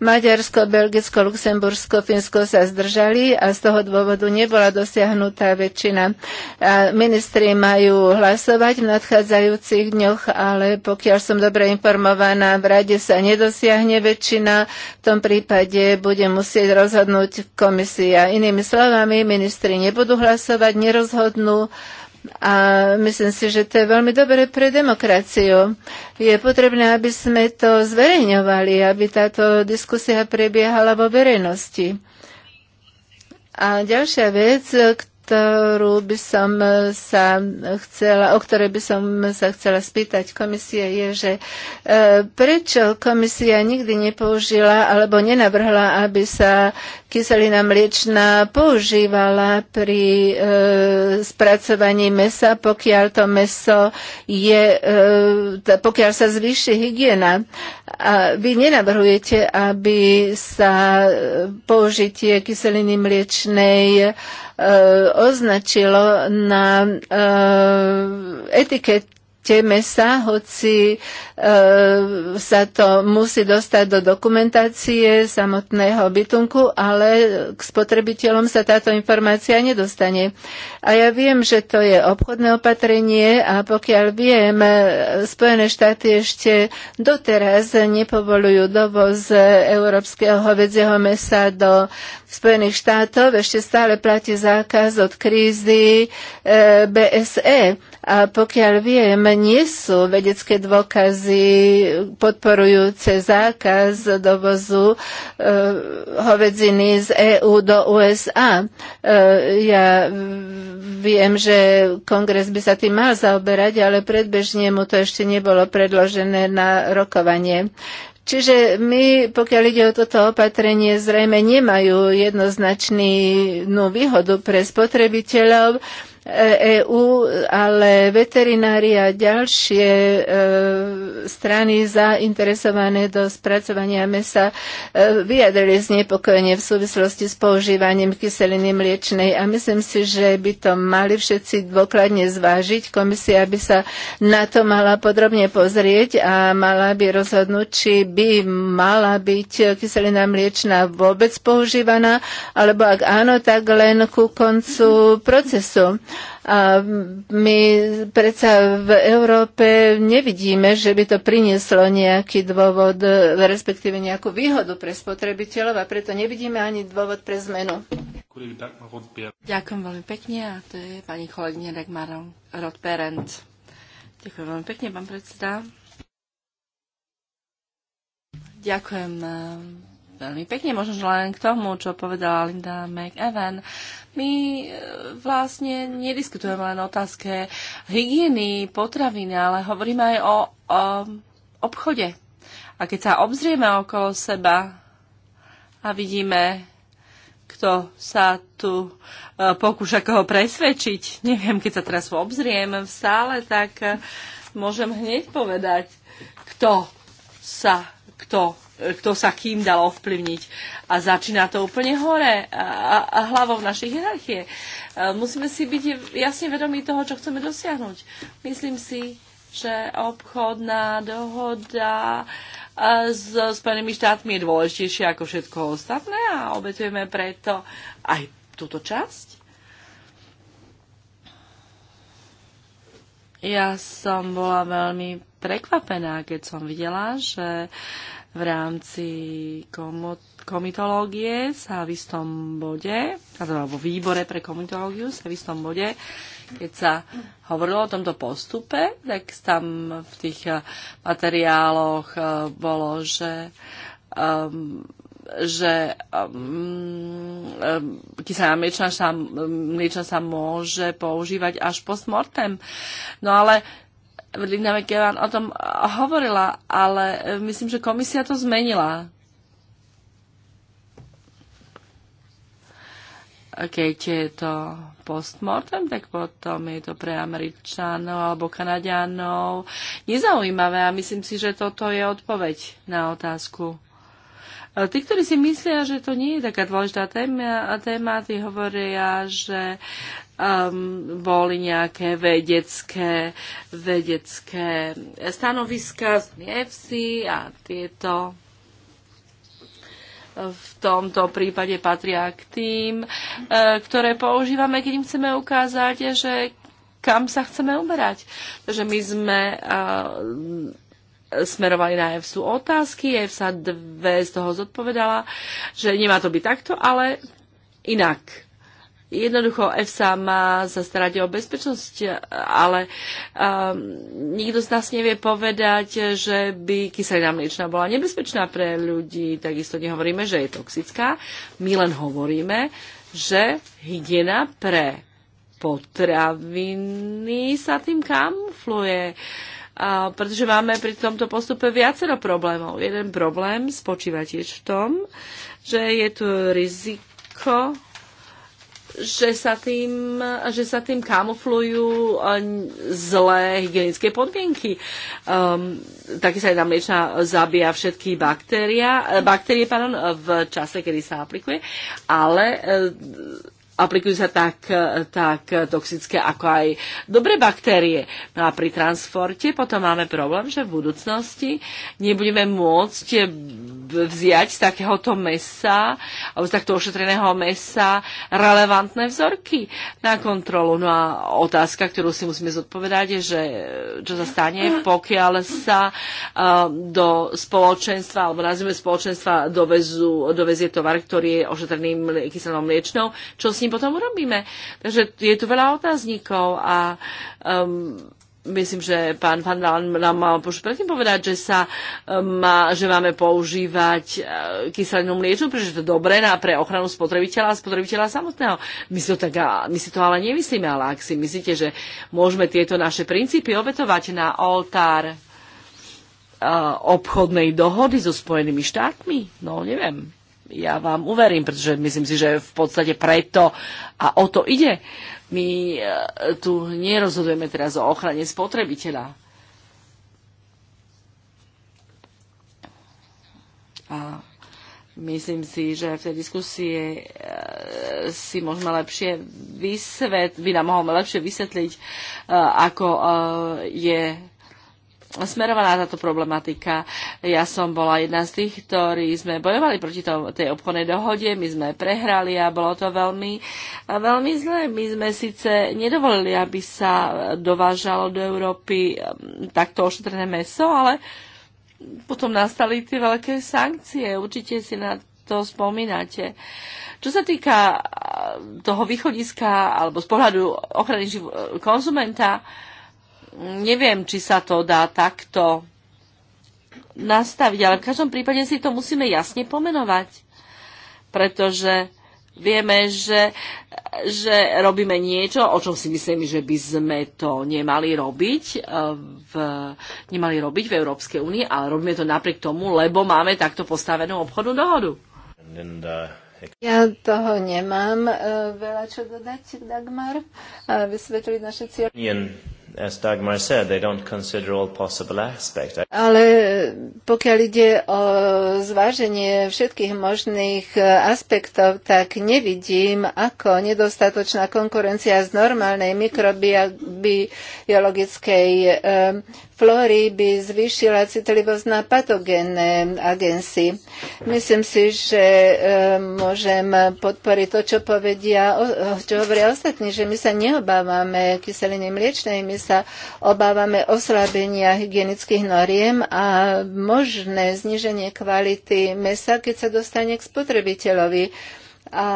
Maďarsko, Belgicko, Luxembursko, Finsko sa zdržali a z toho dôvodu nebola dosiahnutá väčšina. A ministri majú hlasovať v nadchádzajúcich dňoch, ale pokiaľ som dobre informovaná, v rade sa nedosiahne väčšina. V tom prípade bude musieť rozhodnúť komisia. Inými slovami, ministri nebudú hlasovať, nerozhodnú a myslím si, že to je veľmi dobré pre demokraciu. Je potrebné, aby sme to zverejňovali, aby táto diskusia prebiehala vo verejnosti. A ďalšia vec, ktorú by som sa chcela, o ktorej by som sa chcela spýtať komisie, je, že e, prečo komisia nikdy nepoužila alebo nenavrhla, aby sa kyselina mliečná používala pri e, spracovaní mesa, pokiaľ to meso je, e, pokiaľ sa zvýši hygiena. A vy nenavrhujete, aby sa e, použitie kyseliny mliečnej e, označilo na e, etiket Tie sa, hoci e, sa to musí dostať do dokumentácie samotného bytunku, ale k spotrebiteľom sa táto informácia nedostane. A ja viem, že to je obchodné opatrenie a pokiaľ viem, e, Spojené štáty ešte doteraz nepovolujú dovoz európskeho hovedzieho mesa do Spojených štátov. Ešte stále platí zákaz od krízy e, BSE a pokiaľ viem, nie sú vedecké dôkazy podporujúce zákaz dovozu uh, hovedziny z EÚ do USA. Uh, e, ja viem, že kongres by sa tým mal zaoberať, ale predbežne mu to ešte nebolo predložené na rokovanie. Čiže my, pokiaľ ide o toto opatrenie, zrejme nemajú jednoznačnú výhodu pre spotrebiteľov, EÚ, e ale veterinári a ďalšie e, strany zainteresované do spracovania mesa e, vyjadrili znepokojenie v súvislosti s používaním kyseliny mliečnej a myslím si, že by to mali všetci dôkladne zvážiť. Komisia by sa na to mala podrobne pozrieť a mala by rozhodnúť, či by mala byť kyselina mliečna vôbec používaná, alebo ak áno, tak len ku koncu procesu. A my predsa v Európe nevidíme, že by to prinieslo nejaký dôvod, respektíve nejakú výhodu pre spotrebiteľov a preto nevidíme ani dôvod pre zmenu. Ďakujem veľmi pekne a to je pani kolegyňa Dagmar Rodperent. Ďakujem veľmi pekne, pán predseda. Ďakujem veľmi pekne, možno len k tomu, čo povedala Linda McEwen. My e, vlastne nediskutujeme len o otázke hygieny, potraviny, ale hovoríme aj o, o obchode. A keď sa obzrieme okolo seba a vidíme, kto sa tu e, pokúša koho presvedčiť, neviem, keď sa teraz obzriem v sále, tak e, môžem hneď povedať, kto sa kto kto sa kým dal ovplyvniť. A začína to úplne hore a, a, a hlavou našej hierarchie. E, musíme si byť jasne vedomí toho, čo chceme dosiahnuť. Myslím si, že obchodná dohoda e, s Spojenými štátmi je dôležitejšia ako všetko ostatné a obetujeme preto aj túto časť. Ja som bola veľmi prekvapená, keď som videla, že uh, v rámci komitológie sa v istom bode, alebo výbore pre komitológiu sa v istom bode, keď sa hovorilo o tomto postupe, tak tam v tých eh, materiáloch eh, bolo, že um, že um, ehm, ehm, kyselá mliečna sa, mliečna sa môže používať až postmortem. No ale Lina McEwan o tom hovorila, ale e, myslím, že komisia to zmenila. Keď je to postmortem, tak potom je to pre Američanov alebo Kanadianov nezaujímavé a myslím si, že toto je odpoveď na otázku. E, tí, ktorí si myslia, že to nie je taká dôležitá téma, téma tí hovoria, že um, boli nejaké vedecké, vedecké stanoviska z EFSI a tieto v tomto prípade patria k tým, e, ktoré používame, keď im chceme ukázať, že kam sa chceme uberať. Takže my sme e, smerovali na EFSU otázky, EFSA dve z toho zodpovedala, že nemá to byť takto, ale inak Jednoducho EFSA má sa starať o bezpečnosť, ale um, nikto z nás nevie povedať, že by kyselina mliečna bola nebezpečná pre ľudí. Takisto nehovoríme, že je toxická. My len hovoríme, že hygiena pre potraviny sa tým kamufluje. A, pretože máme pri tomto postupe viacero problémov. Jeden problém spočíva tiež v tom, že je tu riziko že sa tým, že sa tým kamuflujú eh, zlé hygienické podmienky. Um, ehm, taký sa jedna mliečna zabíja všetky baktéria, eh, baktérie pardon, v čase, kedy sa aplikuje, ale uh, aplikujú sa tak, e, tak toxické ako aj dobré baktérie. No a pri transporte potom máme problém, že v budúcnosti nebudeme môcť e, vziať z takéhoto mesa alebo z takto ošetreného mesa relevantné vzorky na kontrolu. No a otázka, ktorú si musíme zodpovedať, je, že čo sa stane, pokiaľ sa e, do spoločenstva alebo nazvime spoločenstva dovezu, dovezie tovar, ktorý je ošetrený kyselnou mliečnou, čo si tým potom urobíme? Takže je tu veľa otáznikov a um, myslím, že pán Van Dalen nám mal už predtým povedať, že, sa um, má, že máme používať uh, kyselinu mliečnú, pretože to je dobré na, pre ochranu spotrebiteľa a spotrebiteľa samotného. My si, to tak, my si to ale nemyslíme, ale ak si myslíte, že môžeme tieto naše princípy obetovať na oltár uh, obchodnej dohody so Spojenými štátmi, no neviem ja vám uverím, pretože myslím si, že v podstate preto a o to ide. My e, tu nerozhodujeme teraz o ochrane spotrebiteľa. A myslím si, že v tej diskusie e, si môžeme lepšie vysvetliť, by nám mohol lepšie vysvetliť, e, ako je smerovaná táto problematika. Ja som bola jedna z tých, ktorí sme bojovali proti to, tej obchodnej dohode, my sme prehrali a bolo to veľmi, veľmi zlé. My sme síce nedovolili, aby sa dovážalo do Európy um, takto ošetrené meso, ale potom nastali tie veľké sankcie. Určite si na to spomínate. Čo sa týka uh, toho východiska alebo z pohľadu ochrany uh, konzumenta, neviem, či sa to dá takto nastaviť, ale v každom prípade si to musíme jasne pomenovať, pretože vieme, že, že robíme niečo, o čom si myslím, že by sme to nemali robiť eh, v, nemali robiť v Európskej únii, ale robíme to napriek tomu, lebo máme takto postavenú obchodnú dohodu. Ja toho nemám eh, veľa čo dodať, Dagmar, a vysvetliť naše cieľe. Ale pokiaľ ide o zváženie všetkých možných aspektov, tak nevidím, ako nedostatočná konkurencia z normálnej mikrobiologickej flóry by zvýšila citlivosť na patogénne agensy. Myslím si, že e, môžem podporiť to, čo povedia, čo hovoria ostatní, že my sa neobávame kyseliny mliečnej, my sa obávame oslabenia hygienických noriem a možné zniženie kvality mesa, keď sa dostane k spotrebiteľovi. A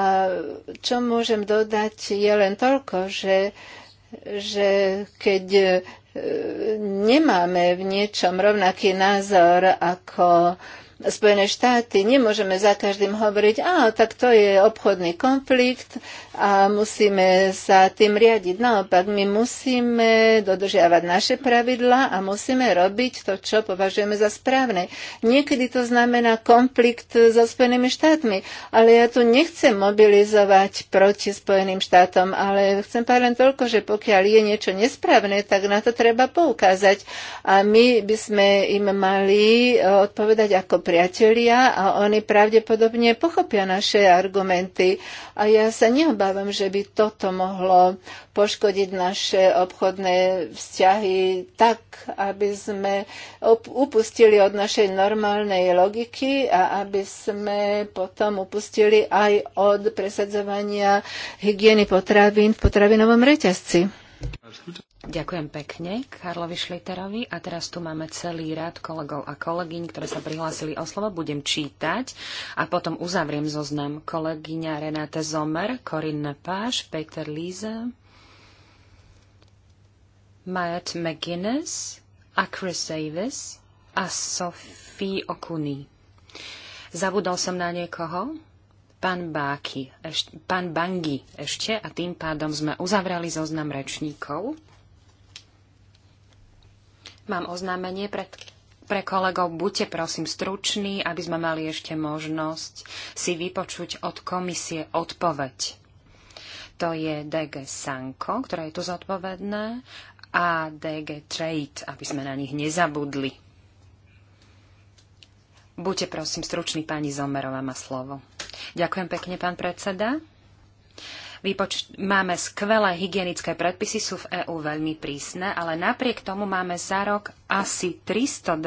čo môžem dodať je len toľko, že že keď nemáme v niečom rovnaký názor ako Spojené štáty, nemôžeme za každým hovoriť, a tak to je obchodný konflikt a musíme sa tým riadiť. Naopak, my musíme dodržiavať naše pravidla a musíme robiť to, čo považujeme za správne. Niekedy to znamená konflikt so Spojenými štátmi, ale ja tu nechcem mobilizovať proti Spojeným štátom, ale chcem povedať len toľko, že pokiaľ je niečo nesprávne, tak na to treba poukázať. A my by sme im mali eh, odpovedať ako priatelia a oni pravdepodobne pochopia naše argumenty. A ja sa neobávam, že by toto mohlo poškodiť naše obchodné vzťahy tak, aby sme upustili od našej normálnej logiky a aby sme potom upustili aj od presadzovania hygieny potravín v potravinovom reťazci. Ďakujem pekne Karlovi Šliterovi a teraz tu máme celý rad kolegov a kolegyň, ktoré sa prihlásili o slovo. Budem čítať a potom uzavriem zoznam. Kolegyňa Renáte Zomer, Corinne Páš, Peter Líze, Matt McGuinness a Chris Davis a Sophie Okuny. Zabudol som na niekoho? Pán, Báky, ešte, pán Bangi ešte a tým pádom sme uzavrali zoznam rečníkov. Mám oznámenie pre, pre kolegov. Buďte prosím struční, aby sme mali ešte možnosť si vypočuť od komisie odpoveď. To je DG Sanko, ktoré je tu zodpovedné, a DG Trade, aby sme na nich nezabudli. Buďte prosím struční, pani Zomerová má slovo. Ďakujem pekne, pán predseda. Výpoč- máme skvelé hygienické predpisy, sú v EÚ veľmi prísne, ale napriek tomu máme za rok asi 320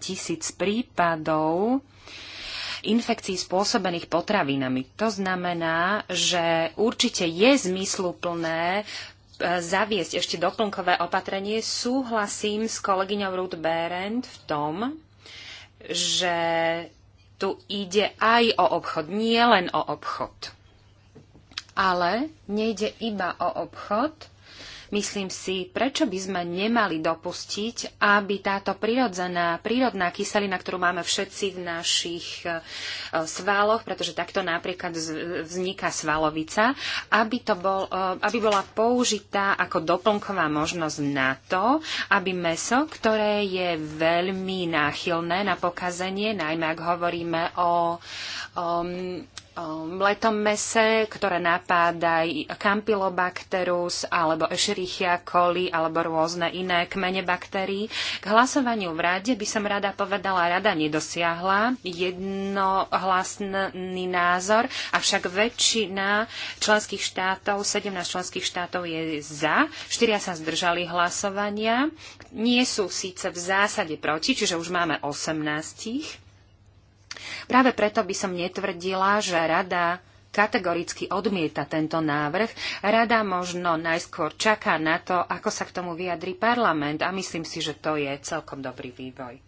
tisíc prípadov infekcií spôsobených potravinami. To znamená, že určite je zmysluplné e, zaviesť ešte doplnkové opatrenie. Súhlasím s kolegyňou Ruth Berend v tom, že tu ide aj o obchod, nie len o obchod. Ale nejde iba o obchod. Myslím si, prečo by sme nemali dopustiť, aby táto prirodzená, prírodná kyselina, ktorú máme všetci v našich e, svaloch, pretože takto napríklad vzniká svalovica, aby, to bol, e, aby bola použitá ako doplnková možnosť na to, aby meso, ktoré je veľmi náchylné na pokazenie, najmä ak hovoríme o, o Um, letom mese, ktoré napáda Campylobacterus alebo Escherichia coli alebo rôzne iné kmene baktérií. K hlasovaniu v rade by som rada povedala, rada nedosiahla jednohlasný názor, avšak väčšina členských štátov, 17 členských štátov je za, 4 sa zdržali hlasovania, nie sú síce v zásade proti, čiže už máme 18 Práve preto by som netvrdila, že rada kategoricky odmieta tento návrh. Rada možno najskôr čaká na to, ako sa k tomu vyjadri parlament a myslím si, že to je celkom dobrý vývoj.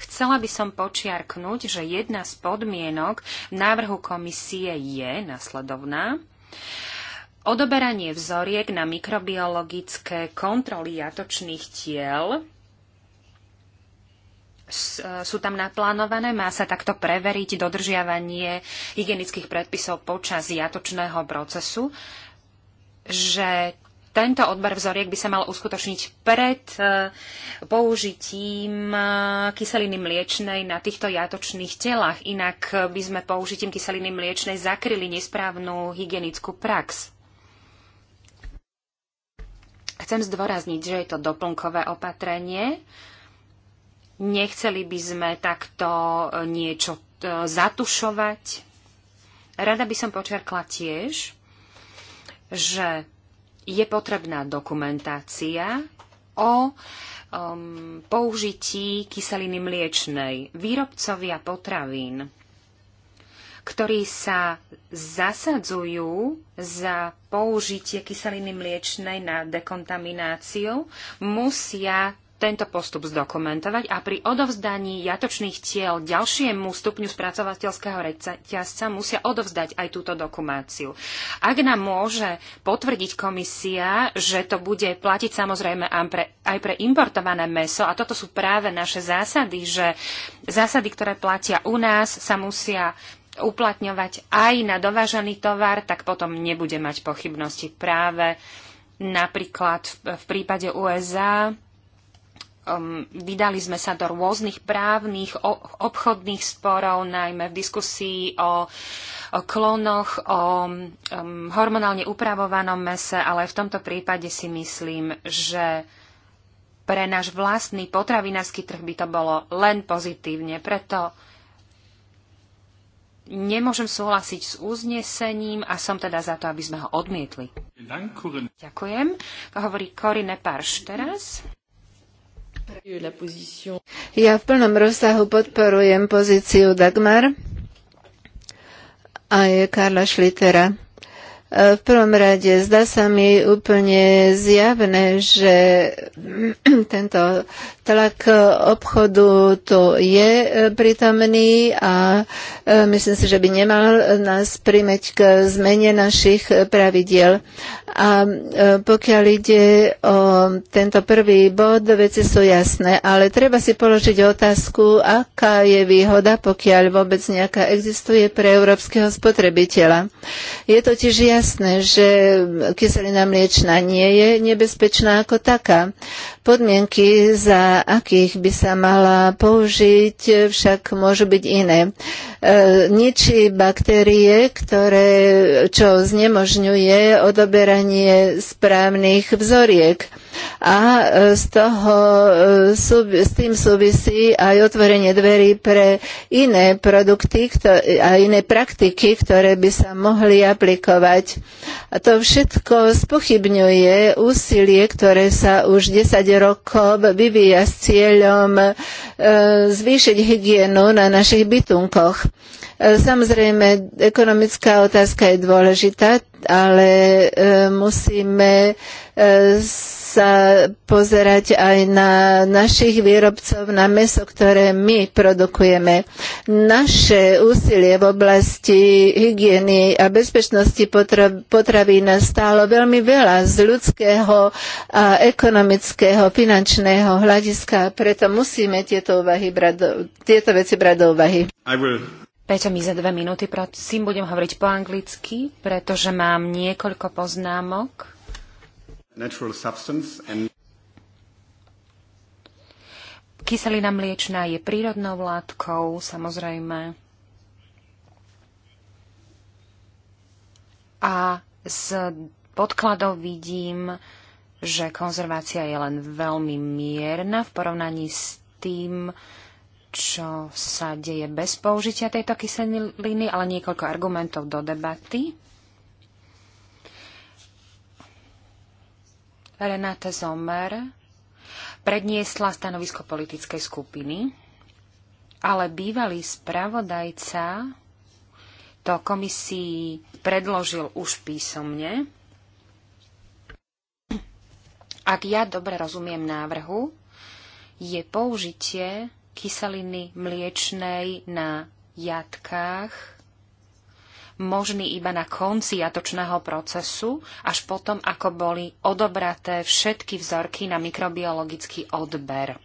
Chcela by som počiarknúť, že jedna z podmienok návrhu komisie je nasledovná. Odoberanie vzoriek na mikrobiologické kontroly jatočných tiel E, sú tam naplánované, má sa takto preveriť dodržiavanie hygienických predpisov počas jatočného procesu, že tento odber vzoriek by sa mal uskutočniť pred e, použitím e, kyseliny mliečnej na týchto jatočných telách. Inak by sme použitím kyseliny mliečnej zakryli nesprávnu hygienickú prax. Chcem zdôrazniť, že je to doplnkové opatrenie, Nechceli by sme takto e, niečo e, zatušovať. Rada by som počerkla tiež, že je potrebná dokumentácia o um, použití kyseliny mliečnej. Výrobcovia potravín, ktorí sa zasadzujú za použitie kyseliny mliečnej na dekontamináciu, musia tento postup zdokumentovať a pri odovzdaní jatočných tiel ďalšiemu stupňu spracovateľského reťazca musia odovzdať aj túto dokumentáciu. Ak nám môže potvrdiť komisia, že to bude platiť samozrejme aj pre, aj pre importované meso, a toto sú práve naše zásady, že zásady, ktoré platia u nás, sa musia uplatňovať aj na dovážaný tovar, tak potom nebude mať pochybnosti práve napríklad v, v prípade USA um, vydali sme sa do rôznych právnych, o, obchodných sporov, najmä v diskusii o, o klonoch, o um, hormonálne upravovanom mese, ale v tomto prípade si myslím, že pre náš vlastný potravinársky trh by to bolo len pozitívne. Preto nemôžem súhlasiť s uznesením a som teda za to, aby sme ho odmietli. Ďakujem. Hovorí Korine Parš teraz. Ja v plnom rozsahu podporujem pozíciu Dagmar aj Karla Schlittera E, v prvom rade zdá sa mi úplne zjavné, že *clears throat* tento tlak obchodu tu je e, prítomný a e, myslím si, že by nemal nás primeť k zmene našich pravidiel. A pokiaľ ide o tento prvý bod, veci sú jasné, ale treba si položiť otázku, aká je výhoda, pokiaľ vôbec nejaká existuje pre európskeho spotrebiteľa. Je totiž jasné, jasné, že kyselina mliečna nie je nebezpečná ako taká. Podmienky, za akých by sa mala použiť, však môžu byť iné. E, ničí baktérie, ktoré, čo znemožňuje odoberanie správnych vzoriek a e, z toho, e, s tým súvisí aj otvorenie dverí pre iné produkty a iné praktiky, ktoré by sa mohli aplikovať. A to všetko spochybňuje úsilie, ktoré sa už 10 rokov vyvíja s cieľom e, zvýšiť hygienu na našich bytunkoch. Samozrejme, ekonomická otázka je dôležitá, ale musíme sa pozerať aj na našich výrobcov, na meso, ktoré my produkujeme. Naše úsilie v oblasti hygieny a bezpečnosti nás stálo veľmi veľa z ľudského a ekonomického, finančného hľadiska, preto musíme tieto, uvahy brať do, tieto veci brať do úvahy. Peťa, mi za dve minúty, prosím, budem hovoriť po anglicky, pretože mám niekoľko poznámok natural substance and Kyselina mliečná je prírodnou látkou, samozrejme. A z podkladov vidím, že konzervácia je len veľmi mierna v porovnaní s tým, čo sa deje bez použitia tejto kyseliny, ale niekoľko argumentov do debaty. Renate Sommer predniesla stanovisko politickej skupiny, ale bývalý spravodajca to komisii predložil už písomne. Ak ja dobre rozumiem návrhu, je použitie kyseliny mliečnej na jatkách možný iba na konci jatočného procesu, až potom, ako boli odobraté všetky vzorky na mikrobiologický odber.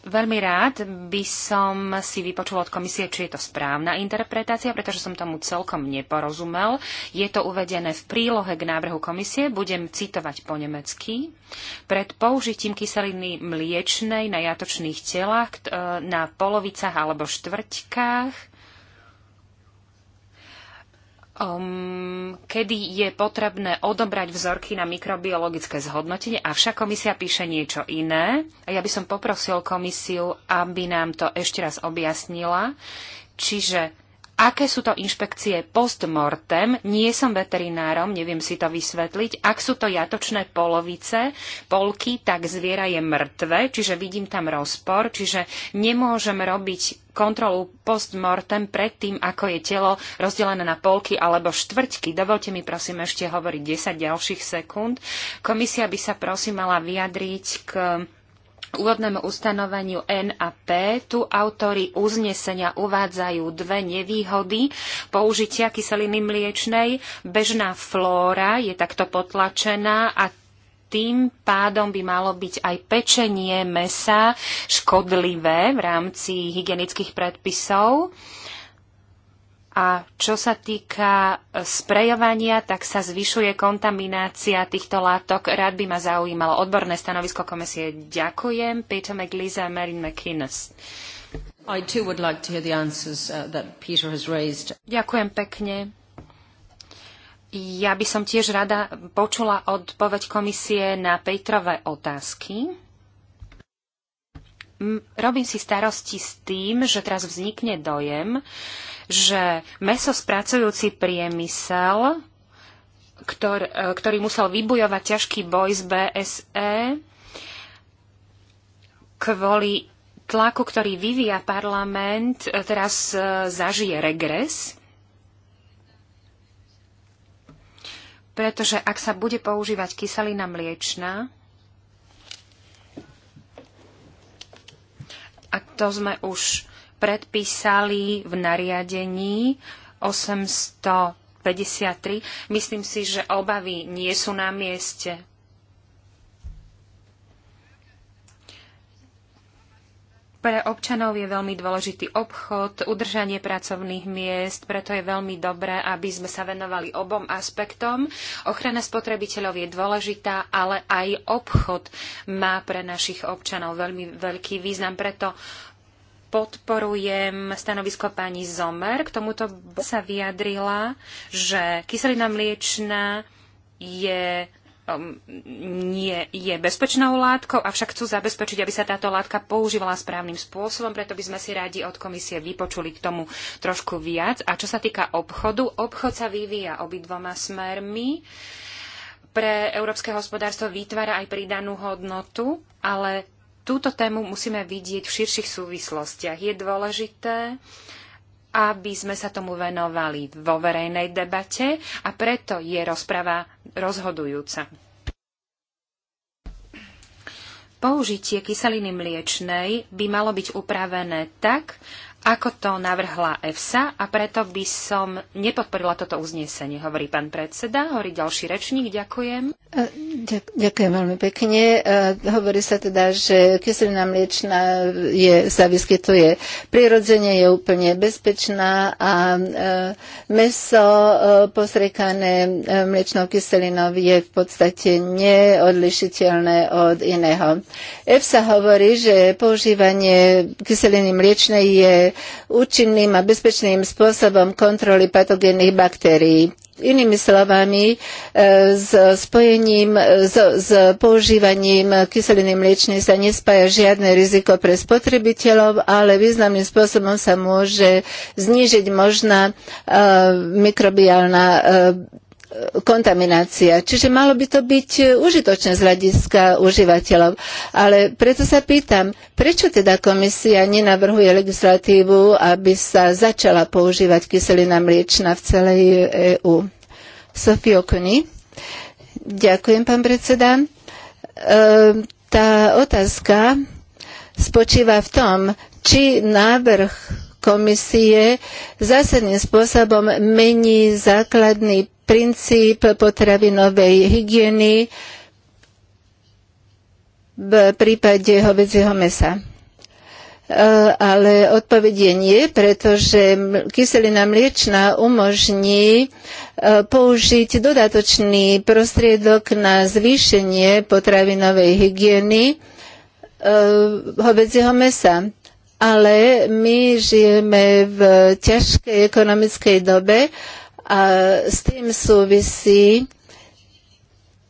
Veľmi rád by som si vypočul od komisie, či je to správna interpretácia, pretože som tomu celkom neporozumel. Je to uvedené v prílohe k návrhu komisie, budem citovať po nemecky. Pred použitím kyseliny mliečnej na jatočných telách e, na polovicách alebo štvrťkách um, kedy je potrebné odobrať vzorky na mikrobiologické zhodnotenie, avšak komisia píše niečo iné. A ja by som poprosil komisiu, aby nám to ešte raz objasnila. Čiže aké sú to inšpekcie postmortem. Nie som veterinárom, neviem si to vysvetliť. Ak sú to jatočné polovice, polky, tak zviera je mŕtve, čiže vidím tam rozpor, čiže nemôžem robiť kontrolu postmortem pred tým, ako je telo rozdelené na polky alebo štvrťky. Dovolte mi prosím ešte hovoriť 10 ďalších sekúnd. Komisia by sa prosím mala vyjadriť k úvodnému ustanoveniu N a P. Tu autory uznesenia uvádzajú dve nevýhody použitia kyseliny mliečnej. Bežná flóra je takto potlačená a tým pádom by malo byť aj pečenie mesa škodlivé v rámci hygienických predpisov. A čo sa týka e, sprejovania, tak sa zvyšuje kontaminácia týchto látok. Rád by ma zaujímalo odborné stanovisko komisie. Ďakujem. Peter McLeese a Marin McInnes. I too would like to hear the answers uh, that Peter has raised. Ďakujem pekne. Ja by som tiež rada počula odpoveď komisie na Petrové otázky. Mm, robím si starosti s tým, že teraz vznikne dojem, že mesospracujúci priemysel, ktor, e, ktorý musel vybojovať ťažký boj z BSE kvôli tlaku, ktorý vyvíja parlament, e, teraz e, zažije regres. Pretože ak sa bude používať kyselina mliečna, a to sme už predpísali v nariadení 853. Myslím si, že obavy nie sú na mieste. Pre občanov je veľmi dôležitý obchod, udržanie pracovných miest, preto je veľmi dobré, aby sme sa venovali obom aspektom. Ochrana spotrebiteľov je dôležitá, ale aj obchod má pre našich občanov veľmi veľký význam, preto uh, podporujem stanovisko pani Zomer. K tomuto sa vyjadrila, že kyselina mliečna je um, nie je bezpečnou látkou, avšak chcú zabezpečiť, aby sa táto látka používala správnym spôsobom, preto by sme si radi od komisie vypočuli k tomu trošku viac. A čo sa týka obchodu, obchod sa vyvíja obidvoma smermi. Pre európske hospodárstvo vytvára aj pridanú hodnotu, ale túto tému musíme vidieť v širších súvislostiach. Je dôležité, aby sme sa tomu venovali vo verejnej debate a preto je rozprava rozhodujúca. Použitie kyseliny mliečnej by malo byť upravené tak, ako to navrhla EFSA a preto by som nepodporila toto uznesenie, hovorí pán predseda, hovorí ďalší rečník, ďakujem. E, ďakujem veľmi pekne. E, hovorí sa teda, že kyselina mliečna je, sa vyskytuje prirodzene, je úplne bezpečná a e, meso posriekané mliečnou kyselinou je v podstate neodlišiteľné od iného. EFSA hovorí, že používanie kyseliny mliečnej je účinným a bezpečným spôsobom kontroly patogénnych baktérií. Inými slovami, e, s spojením, e, s, s používaním kyseliny mliečnej sa nespája žiadne riziko pre spotrebiteľov, ale významným spôsobom sa môže znížiť možná uh, mikrobiálna uh, kontaminácia. Čiže malo by to byť e, užitočné z hľadiska užívateľov. Ale preto sa pýtam, prečo teda komisia nenavrhuje legislatívu, aby sa začala používať kyselina mliečna v celej EÚ? Sofio Kuni. Ďakujem, pán predseda. E, tá otázka spočíva v tom, či návrh komisie zásadným spôsobom mení základný princíp potravinovej hygieny v prípade hovedzieho mesa e, ale odpovedie nie, pretože kyselina mliečna umožní e, použiť dodatočný prostriedok na zvýšenie potravinovej hygieny e, hovedzieho mesa. Ale my žijeme v ťažkej ekonomickej dobe a s tým súvisí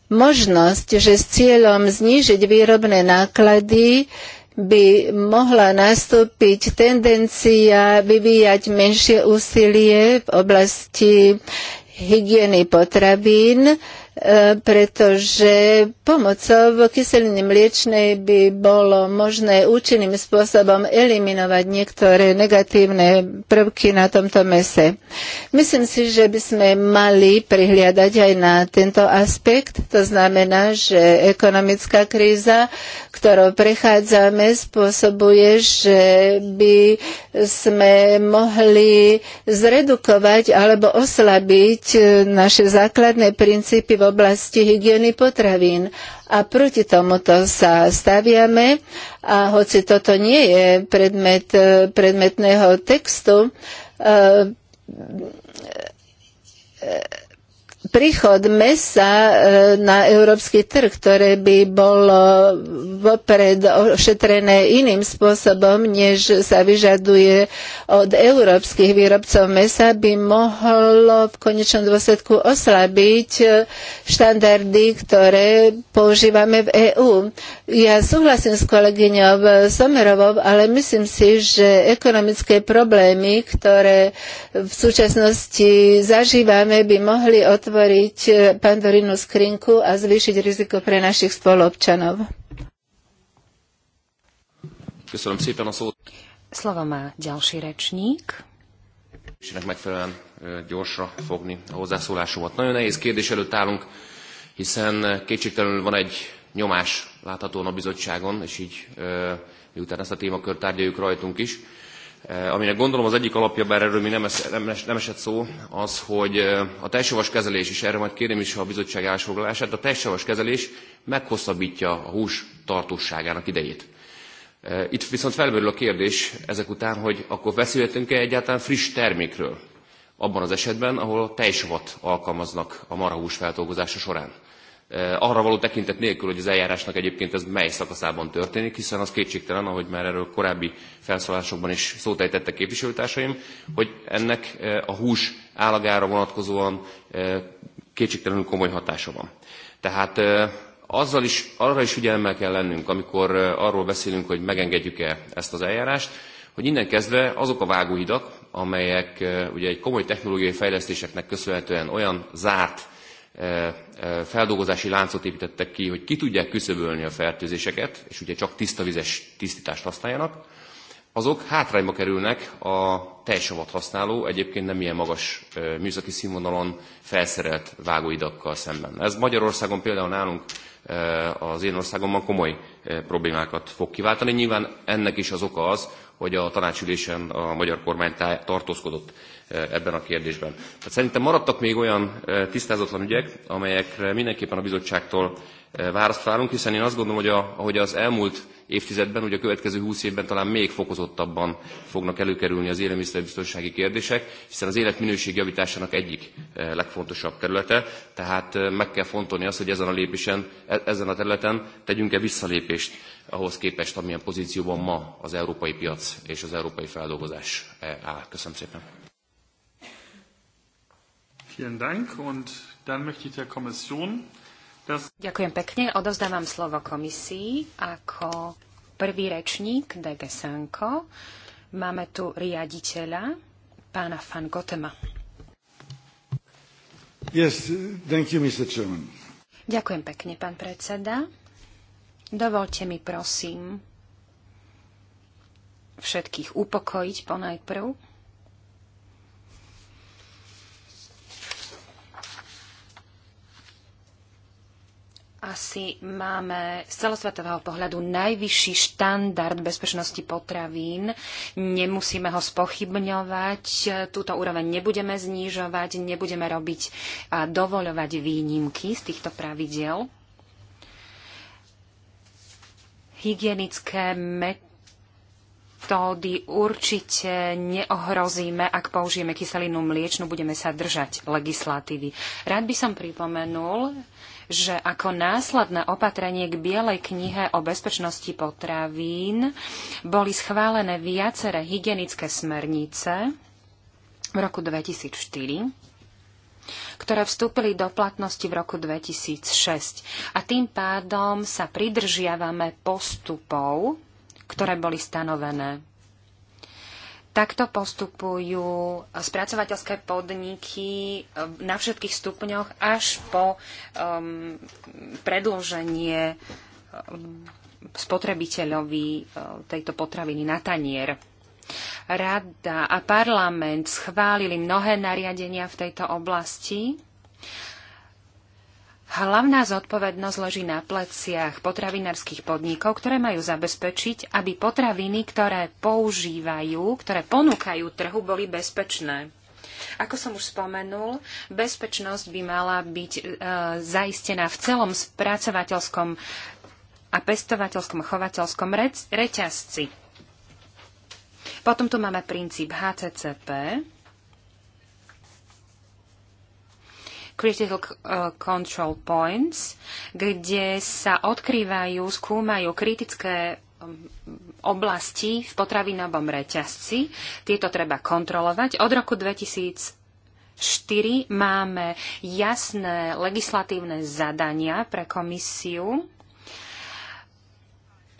možnosť, že s cieľom znížiť výrobné náklady by mohla nastúpiť tendencia vyvíjať menšie úsilie v oblasti hygieny potravín, E, pretože pomocou kyseliny mliečnej by bolo možné účinným spôsobom eliminovať niektoré negatívne prvky na tomto mese. Myslím si, že by sme mali prihliadať aj na tento aspekt. To znamená, že ekonomická kríza, ktorou prechádzame, spôsobuje, že by sme mohli zredukovať alebo oslabiť naše základné princípy vo oblasti hygieny potravín. A proti tomuto sa staviame a hoci toto nie je predmet e, predmetného textu, e, e, príchod mesa e, na európsky trh, ktoré by bolo vopred ošetrené iným spôsobom, než sa vyžaduje od európskych výrobcov mesa, by mohlo v konečnom dôsledku oslabiť štandardy, ktoré používame v EÚ. Ja súhlasím s kolegyňou Somerovou, ale myslím si, že ekonomické problémy, ktoré v súčasnosti zažívame, by mohli otvoriť pandorinu skrinku a zvýšiť riziko pre našich spoluobčanov. Slovo má ďalší rečník. Istenek megfelelően gyorsra fogni a hozzászólásomat. Nagyon nehéz kérdés előtt állunk, hiszen kétségtelenül van egy nyomás láthatóan a bizottságon, és így miután ezt a témakört tárgyaljuk rajtunk is. Aminek gondolom az egyik alapja, bár erről mi nem, es, nem, nem esett szó, az, hogy a testsavas kezelés, és erre majd kérem is a bizottság állásfoglalását, a testsavas kezelés meghosszabbítja a hús tartóságának idejét. Itt viszont felmerül a kérdés ezek után, hogy akkor beszélhetünk-e egyáltalán friss termékről, abban az esetben, ahol a tejsavat alkalmaznak a marhahús feltolgozása során. Eh, arra való tekintet nélkül, hogy az eljárásnak egyébként ez mely szakaszában történik, hiszen az kétségtelen, ahogy már erről korábbi felszólásokban is szótejtettek képviselőtársaim, hogy ennek eh, a hús állagára vonatkozóan eh, kétségtelenül komoly hatása van. Tehát azzal is, arra is figyelemmel kell lennünk, amikor arról beszélünk, hogy megengedjük-e ezt az eljárást, hogy innen kezdve azok a vágóhidak, amelyek ugye egy komoly technológiai fejlesztéseknek köszönhetően olyan zárt feldolgozási láncot építettek ki, hogy ki tudják küszöbölni a fertőzéseket, és ugye csak tiszta vizes tisztítást használjanak, azok hátrányba kerülnek a teljesavat használó, egyébként nem ilyen magas műszaki színvonalon felszerelt vágóidakkal szemben. Ez Magyarországon például nálunk az én országomban komoly problémákat fog kiváltani. Nyilván ennek is az oka az, hogy a tanácsülésen a magyar kormány tartózkodott. Eh, ebben a kérdésben. Tehát szerintem maradtak még olyan eh, tisztázatlan ügyek, amelyekre mindenképpen a bizottságtól eh, választ várunk, hiszen én azt gondolom, hogy a, ahogy az elmúlt évtizedben, ugye a következő húsz évben talán még fokozottabban fognak előkerülni az élelmiszerbiztonsági kérdések, hiszen az életminőség javításának egyik legfontosabb területe, tehát meg kell fontolni azt, hogy ezen a, lépésen, e, ezen a területen tegyünk-e visszalépést ahhoz képest, amilyen pozícióban ma az európai piac és az európai feldolgozás áll. Köszönöm szépen. Ďakujem pekne. Odovzdávam slovo komisii ako prvý rečník DG Sanko. Máme tu riaditeľa, pána Van Gotema. Yes, thank you, Mr. Chairman. Ďakujem pekne, pán predseda. Dovolte mi, prosím, všetkých upokojiť ponajprv asi máme z celosvetového pohľadu najvyšší štandard bezpečnosti potravín. Nemusíme ho spochybňovať, túto úroveň nebudeme znižovať, nebudeme robiť a dovoľovať výnimky z týchto pravidel. Hygienické metódy určite neohrozíme, ak použijeme kyselinu mliečnu, budeme sa držať legislatívy. Rád by som pripomenul, že ako následné opatrenie k Bielej knihe o bezpečnosti potravín boli schválené viaceré hygienické smernice v roku 2004 ktoré vstúpili do platnosti v roku 2006. A tým pádom sa pridržiavame postupov, ktoré boli stanovené. Takto postupujú spracovateľské podniky eh, na všetkých stupňoch až po um, ehm, predloženie um, ehm, spotrebiteľovi um, tejto potraviny na tanier. Rada a parlament schválili mnohé nariadenia v tejto oblasti Hlavná zodpovednosť leží na pleciach potravinárskych podnikov, ktoré majú zabezpečiť, aby potraviny, ktoré používajú, ktoré ponúkajú trhu, boli bezpečné. Ako som už spomenul, bezpečnosť by mala byť e, zaistená v celom spracovateľskom a pestovateľskom chovateľskom reťazci. Potom tu máme princíp HCCP, Critical uh, Control Points, kde sa odkrývajú, skúmajú kritické um, oblasti v potravinovom reťazci. Tieto treba kontrolovať. Od roku 2000 4 máme jasné legislatívne zadania pre komisiu.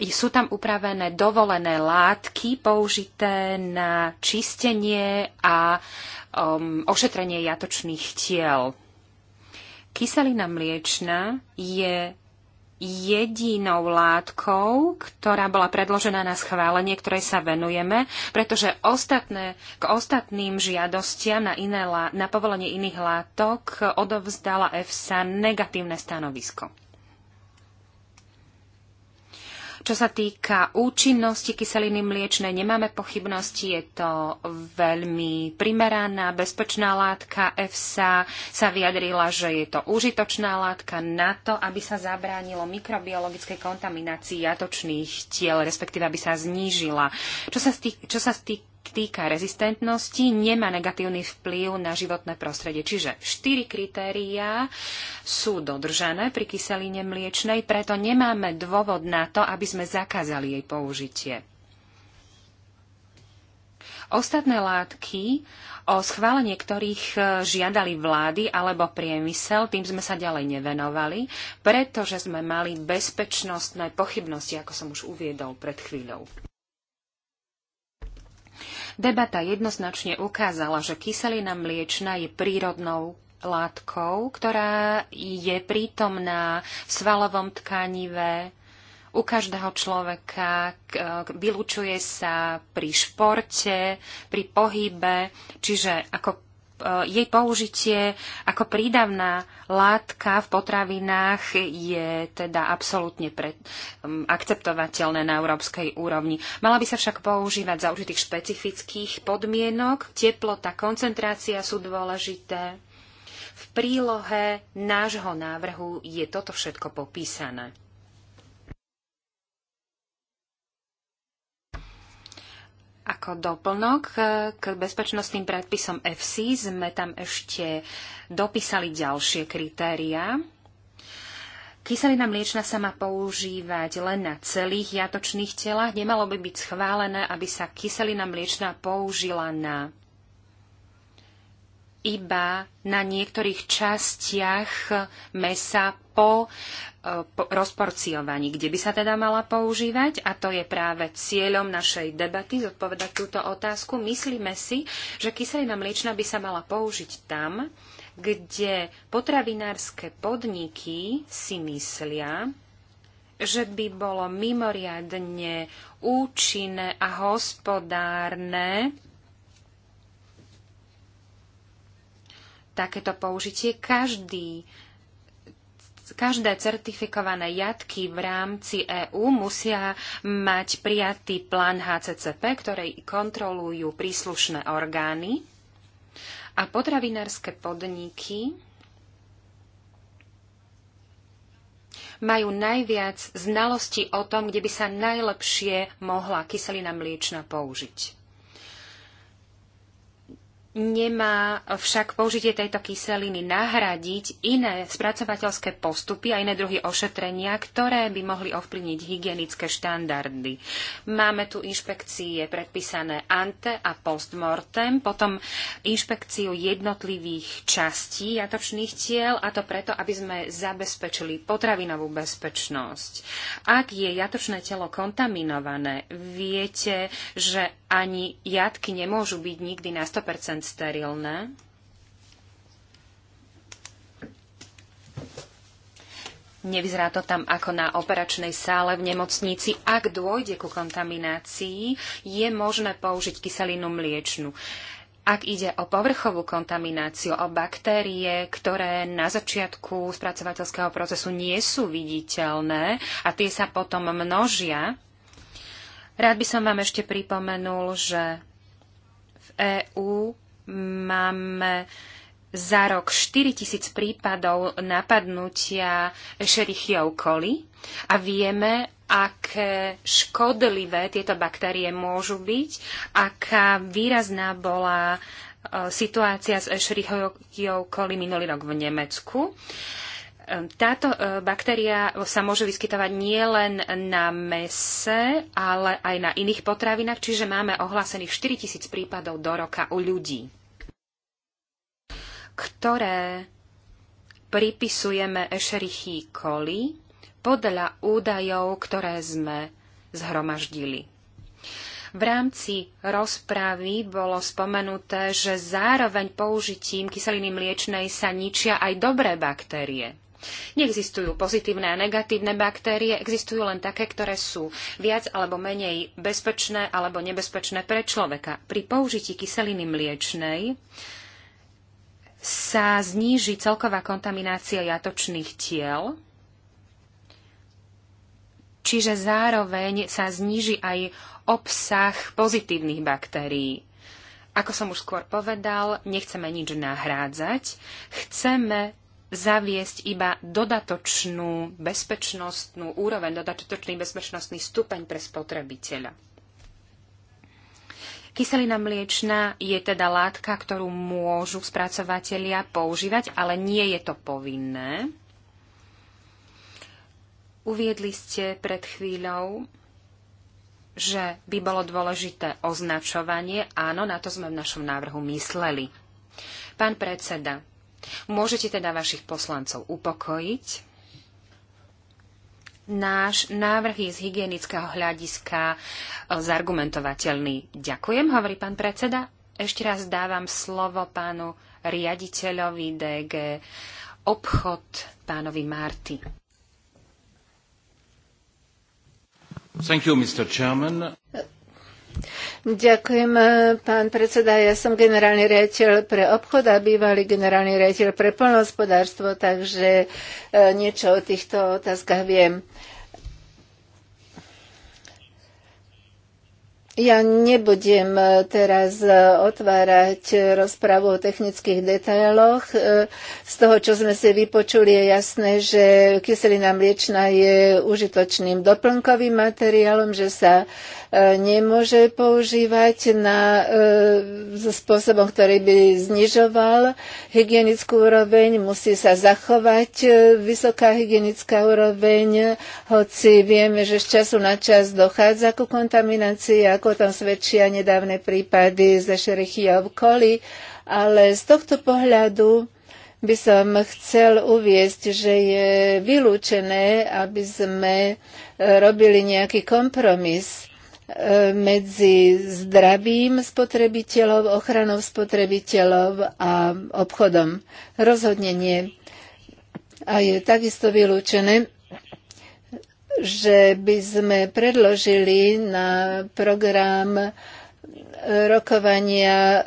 Sú tam upravené dovolené látky použité na čistenie a um, ošetrenie jatočných tiel. Kyselina mliečna je jedinou látkou, ktorá bola predložená na schválenie, ktorej sa venujeme, pretože ostatné, k ostatným žiadostiam na, iné, na povolenie iných látok odovzdala EFSA negatívne stanovisko. Čo sa týka účinnosti kyseliny mliečnej, nemáme pochybnosti, je to veľmi primeraná, bezpečná látka. EFSA sa vyjadrila, že je to užitočná látka na to, aby sa zabránilo mikrobiologickej kontaminácii jatočných tiel, respektíve aby sa znížila. Čo sa, stý, čo sa stý, týka rezistentnosti, nemá negatívny vplyv na životné prostredie. Čiže štyri kritériá sú dodržané pri kyseline mliečnej, preto nemáme dôvod na to, aby sme zakázali jej použitie. Ostatné látky, o schválenie ktorých e, žiadali vlády alebo priemysel, tým sme sa ďalej nevenovali, pretože sme mali bezpečnostné pochybnosti, ako som už uviedol pred chvíľou. Debata jednoznačne ukázala, že kyselina mliečna je prírodnou látkou, ktorá je prítomná v svalovom tkanive u každého človeka, vylúčuje sa pri športe, pri pohybe, čiže ako Eh, jej použitie ako prídavná látka v potravinách je teda absolútne pre, um, akceptovateľné na európskej úrovni. Mala by sa však používať za určitých špecifických podmienok. Teplota, koncentrácia sú dôležité. V prílohe nášho návrhu je toto všetko popísané. Ako doplnok k bezpečnostným predpisom FC sme tam ešte dopísali ďalšie kritéria. Kyselina mliečna sa má používať len na celých jatočných telách. Nemalo by byť schválené, aby sa kyselina mliečna použila na iba na niektorých častiach mesa po, e, po rozporciovaní, kde by sa teda mala používať a to je práve cieľom našej debaty zodpovedať túto otázku. Myslíme si, že kyselina mliečna by sa mala použiť tam, kde potravinárske podniky si myslia, že by bolo mimoriadne účinné a hospodárne takéto použitie. Každý, každé certifikované jatky v rámci EÚ musia mať prijatý plán HCCP, ktorý kontrolujú príslušné orgány a potravinárske podniky majú najviac znalosti o tom, kde by sa najlepšie mohla kyselina mliečna použiť nemá však použitie tejto kyseliny nahradiť iné spracovateľské postupy a iné druhy ošetrenia, ktoré by mohli ovplyvniť hygienické štandardy. Máme tu inšpekcie predpísané ante a postmortem, potom inšpekciu jednotlivých častí jatočných tiel a to preto, aby sme zabezpečili potravinovú bezpečnosť. Ak je jatočné telo kontaminované, viete, že ani jatky nemôžu byť nikdy na 100% sterilné. Nevyzerá to tam ako na operačnej sále v nemocnici. Ak dôjde ku kontaminácii, je možné použiť kyselinu mliečnu. Ak ide o povrchovú kontamináciu, o baktérie, ktoré na začiatku spracovateľského procesu nie sú viditeľné a tie sa potom množia, Rád by som vám ešte pripomenul, že v EÚ máme za rok 4000 prípadov napadnutia šerichiov koli a vieme, aké škodlivé tieto baktérie môžu byť, aká výrazná bola e, situácia s Escherichiou koli minulý rok v Nemecku. Táto e, baktéria sa môže vyskytovať nielen na mese, ale aj na iných potravinách, čiže máme ohlásených 4000 prípadov do roka u ľudí, ktoré pripisujeme ešerichí koli podľa údajov, ktoré sme zhromaždili. V rámci rozpravy bolo spomenuté, že zároveň použitím kyseliny mliečnej sa ničia aj dobré baktérie. Neexistujú pozitívne a negatívne baktérie, existujú len také, ktoré sú viac alebo menej bezpečné alebo nebezpečné pre človeka. Pri použití kyseliny mliečnej sa zníži celková kontaminácia jatočných tiel, čiže zároveň sa zníži aj obsah pozitívnych baktérií. Ako som už skôr povedal, nechceme nič nahrádzať, chceme zaviesť iba dodatočnú bezpečnostnú úroveň, dodatočný bezpečnostný stupeň pre spotrebiteľa. Kyselina mliečna je teda látka, ktorú môžu spracovatelia používať, ale nie je to povinné. Uviedli ste pred chvíľou, že by bolo dôležité označovanie. Áno, na to sme v našom návrhu mysleli. Pán predseda, Môžete teda vašich poslancov upokojiť. Náš návrh je z hygienického hľadiska e, zargumentovateľný. Ďakujem, hovorí pán predseda. Ešte raz dávam slovo pánu riaditeľovi DG obchod, pánovi Marty. Thank you, Mr. Chairman. E, Ďakujem, pán predseda. Ja som generálny riaditeľ pre obchod a bývalý generálny riaditeľ pre plnohospodárstvo, takže e, niečo o týchto otázkach viem. Ja nebudem e, teraz otvárať rozprávu o technických detailoch. E, z toho, čo sme si vypočuli, je jasné, že kyselina mliečna je užitočným doplnkovým materiálom, že sa nemôže používať na e, spôsobom, ktorý by znižoval hygienickú úroveň. Musí sa zachovať e, vysoká hygienická úroveň, hoci vieme, že z času na čas dochádza ku kontaminácii, ako tam svedčia nedávne prípady ze šerichy a okolí, ale z tohto pohľadu by som chcel uviesť, že je vylúčené, aby sme e, robili nejaký kompromis medzi zdravím spotrebiteľov, ochranou spotrebiteľov a obchodom. Rozhodne nie. A je takisto vylúčené, že by sme predložili na program rokovania e,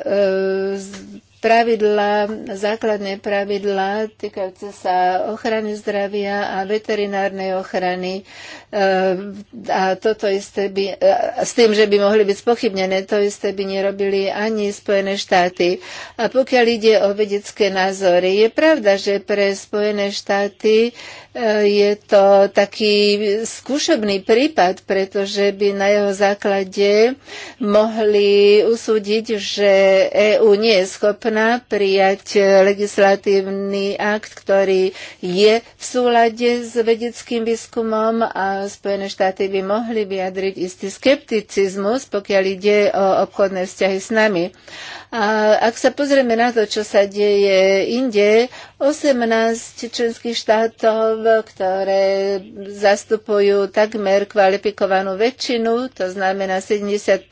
pravidlá, základné pravidlá týkajúce sa ochrany zdravia a veterinárnej ochrany eh, a toto isté by, eh, s tým, že by mohli byť spochybnené, to isté by nerobili ani Spojené štáty. A pokiaľ ide o vedecké názory, je pravda, že pre Spojené štáty je to taký skúšobný prípad, pretože by na jeho základe mohli usúdiť, že EÚ nie je schopná prijať legislatívny akt, ktorý je v súlade s vedeckým výskumom a Spojené štáty by mohli vyjadriť istý skepticizmus, pokiaľ ide o obchodné vzťahy s nami. A ak sa pozrieme na to, čo sa deje inde, 18 členských štátov, ktoré zastupujú takmer kvalifikovanú väčšinu, to znamená 70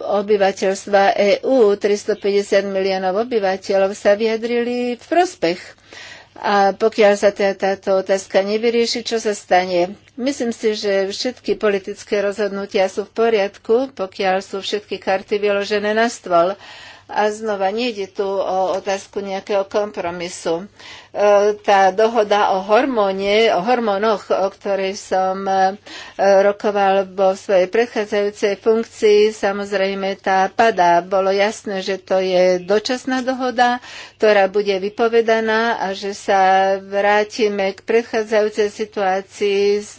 obyvateľstva EÚ, 350 miliónov obyvateľov, sa vyjadrili v prospech a pokiaľ sa tá, táto otázka nevyrieši, čo sa stane? Myslím si, že všetky politické rozhodnutia sú v poriadku, pokiaľ sú všetky karty vyložené na stôl. Uh, a znova, nejde tu o otázku nejakého kompromisu. E, tá dohoda o hormóne, o hormónoch, o ktorej som e, rokoval vo svojej predchádzajúcej funkcii, samozrejme tá padá. Bolo jasné, že to je dočasná dohoda, ktorá bude vypovedaná a že sa vrátime k predchádzajúcej situácii s,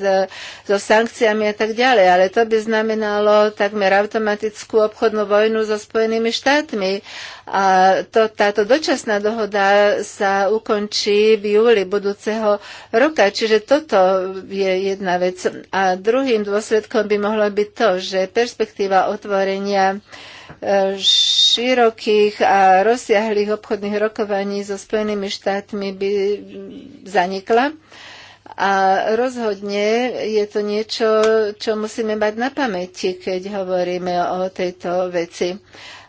so sankciami a tak ďalej. Ale to by znamenalo takmer automatickú obchodnú vojnu so Spojenými štátmi a to, táto dočasná dohoda sa ukončí v júli budúceho roka, čiže toto je jedna vec. A druhým dôsledkom by mohlo byť to, že perspektíva otvorenia e, širokých a rozsiahlých obchodných rokovaní so Spojenými štátmi by zanikla. A rozhodne je to niečo, čo musíme mať na pamäti, keď hovoríme o tejto veci.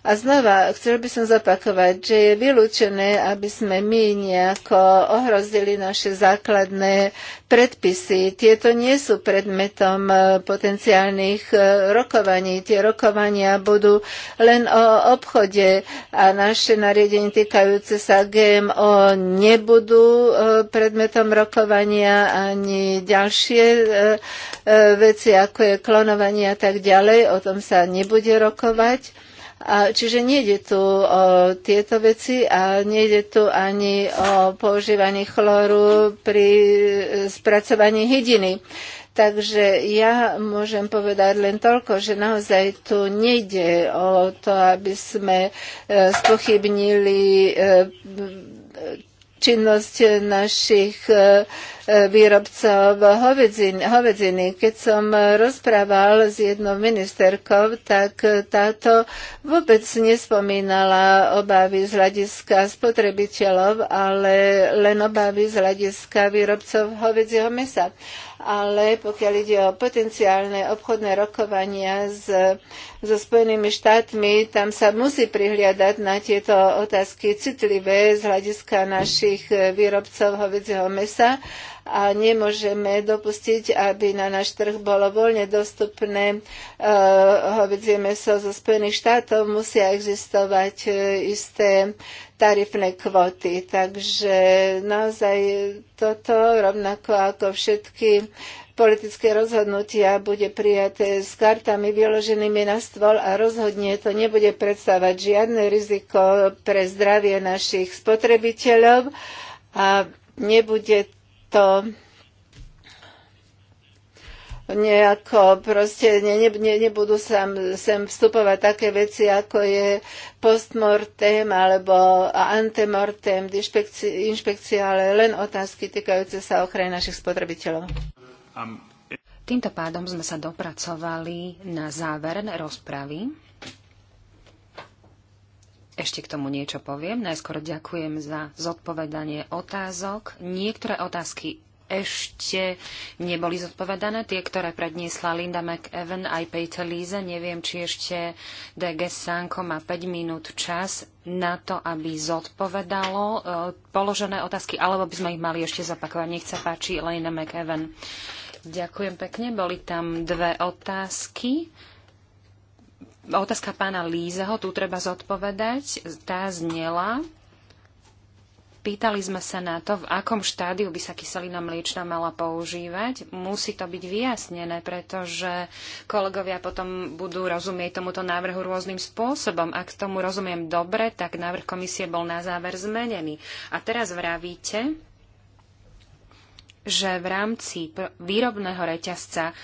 A znova, chcel by som zopakovať, že je vylúčené, aby sme my nejako ohrozili naše základné predpisy. Tieto nie sú predmetom e, potenciálnych e, rokovaní. Tie rokovania budú len o obchode a naše nariadenie týkajúce sa GMO nebudú e, predmetom rokovania ani ďalšie veci, ako je klonovanie a tak ďalej. O tom sa nebude rokovať. A, čiže nejde tu o tieto veci a nejde tu ani o používanie chloru pri spracovaní hydiny. Takže ja môžem povedať len toľko, že naozaj tu nejde o to, aby sme e, spochybnili e, činnosť našich e, E, výrobcov hovedziny. hovedziny. Keď som rozprával s jednou ministerkou, tak táto vôbec nespomínala obavy z hľadiska spotrebiteľov, ale len obavy z hľadiska výrobcov hovedzieho mesa ale pokiaľ ide o potenciálne obchodné rokovania s, so Spojenými štátmi, tam sa musí prihliadať na tieto otázky citlivé z hľadiska našich výrobcov hovedzieho mesa a nemôžeme dopustiť, aby na náš trh bolo voľne dostupné e, hovedzie meso zo Spojených štátov, musia existovať e, isté tarifné kvóty. Takže naozaj toto, rovnako ako všetky politické rozhodnutia bude prijaté s kartami vyloženými na stôl a rozhodne to nebude predstavať žiadne riziko pre zdravie našich spotrebiteľov a nebude to nejako proste ne, ne, nebudú sem, sem vstupovať také veci, ako je postmortem alebo antemortem, inšpekcia, inšpekcia, ale len otázky týkajúce sa ochrany našich spotrebiteľov. Týmto pádom sme sa dopracovali na záver rozpravy. Ešte k tomu niečo poviem. Najskôr ďakujem za zodpovedanie otázok. Niektoré otázky ešte neboli zodpovedané, tie, ktoré predniesla Linda McEwen aj Peter Lise. Neviem, či ešte DG Sanko má 5 minút čas na to, aby zodpovedalo e, položené otázky, alebo by sme ich mali ešte zopakovať. Nech sa páči, Linda McEwen. Ďakujem pekne. Boli tam dve otázky Otázka pána Lízeho, tu treba zodpovedať. Tá znela. Pýtali sme sa na to, v akom štádiu by sa kyselina mliečna mala používať. Musí to byť vyjasnené, pretože kolegovia potom budú rozumieť tomuto návrhu rôznym spôsobom. Ak tomu rozumiem dobre, tak návrh komisie bol na záver zmenený. A teraz vravíte, že v rámci výrobného reťazca,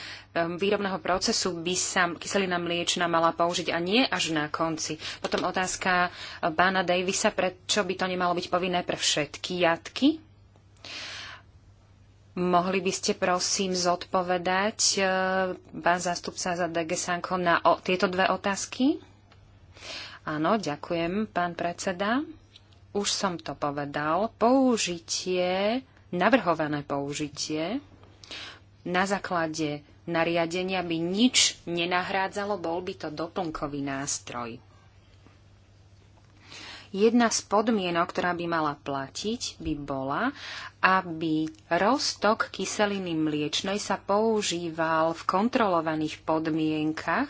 výrobného procesu by sa kyselina mliečna mala použiť a nie až na konci. Potom otázka eh, pána Davisa, prečo by to nemalo byť povinné pre všetky jatky? Mohli by ste prosím zodpovedať, eh, pán zástupca za DG Sanko, na o, tieto dve otázky? Áno, ďakujem, pán predseda. Už som to povedal. Použitie navrhované použitie na základe nariadenia by nič nenahrádzalo, bol by to doplnkový nástroj. Jedna z podmienok, ktorá by mala platiť, by bola, aby roztok kyseliny mliečnej sa používal v kontrolovaných podmienkach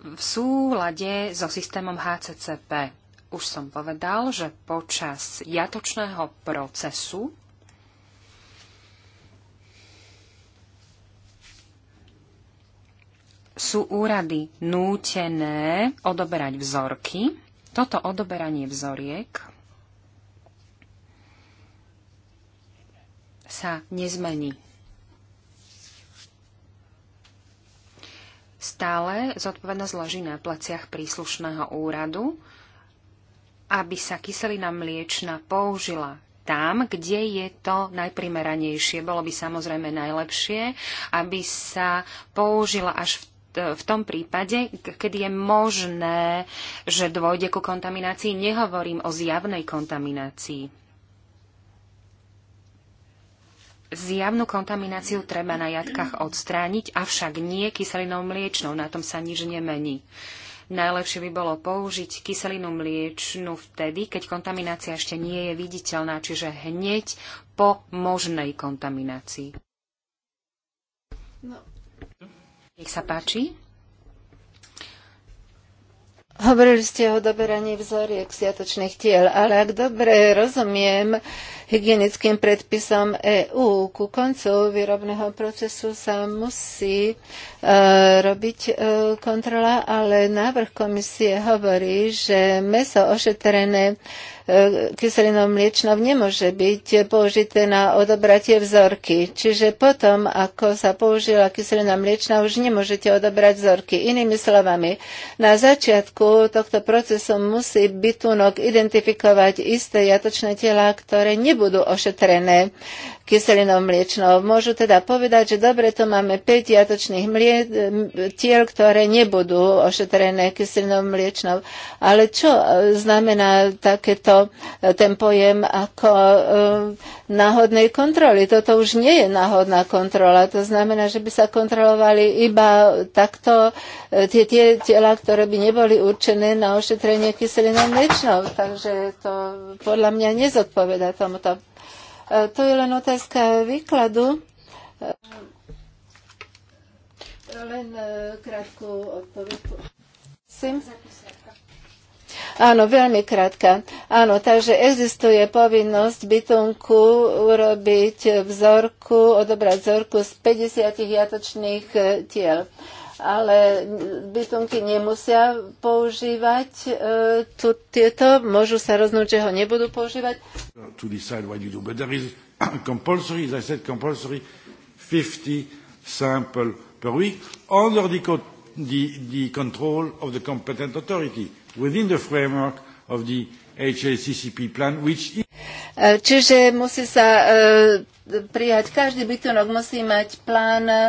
v súlade so systémom HCCP už som povedal, že počas jatočného procesu sú úrady nútené odoberať vzorky. Toto odoberanie vzoriek sa nezmení. Stále zodpovednosť leží na pleciach príslušného úradu, aby sa kyselina mliečna použila tam, kde je to najprimeranejšie. Bolo by samozrejme najlepšie, aby sa použila až v e, v tom prípade, kedy je možné, že dôjde ku kontaminácii, nehovorím o zjavnej kontaminácii. Zjavnú kontamináciu treba na jatkách odstrániť, avšak nie kyselinou mliečnou, na tom sa nič nemení. Uh, Najlepšie by bolo použiť kyselinu mliečnu vtedy, keď kontaminácia ešte nie je viditeľná, čiže hneď po možnej kontaminácii. No. Nech sa páči. Hovorili ste o doberaní vzoriek siatočných tiel, ale ak dobre rozumiem, hygienickým predpisom EÚ. Ku koncu výrobného procesu sa musí e, robiť e, kontrola, ale návrh komisie hovorí, že meso ošetrené e, E, kyselinou mliečnou nemôže byť použité na odobratie vzorky. Čiže potom, ako sa použila kyselina mliečna, už nemôžete odobrať vzorky. Inými slovami, na začiatku tohto procesu musí bytunok identifikovať isté jatočné tela, ktoré nebudú ošetrené kyselinou mliečnou. Môžu teda povedať, že dobre, tu máme 5 jatočných mlie, tiel, ktoré nebudú ošetrené kyselinou mliečnou. Ale čo e, znamená takéto e, ten pojem ako e, náhodnej kontroly? Toto už nie je náhodná kontrola. To znamená, že by sa kontrolovali iba takto tie, tie tela, ktoré by neboli určené na ošetrenie kyselinou mliečnou. Takže to podľa mňa nezodpoveda tomuto. E, to je len otázka výkladu. E, len e, krátku odpoveď. Sim? Áno, veľmi krátka. Áno, takže existuje povinnosť bytunku urobiť vzorku, odobrať vzorku z 50 jatočných tiel ale bytunky nemusia používať e, tu, tieto, môžu sa rozhodnúť, že ho nebudú používať. To decide what you do, but there is *coughs* compulsory, as I said, compulsory 50 sample per week under the, co the, the control of the competent authority within the framework of the HACCP plan, which is... E, čiže musí sa e, prijať, každý bytunok musí mať plán e,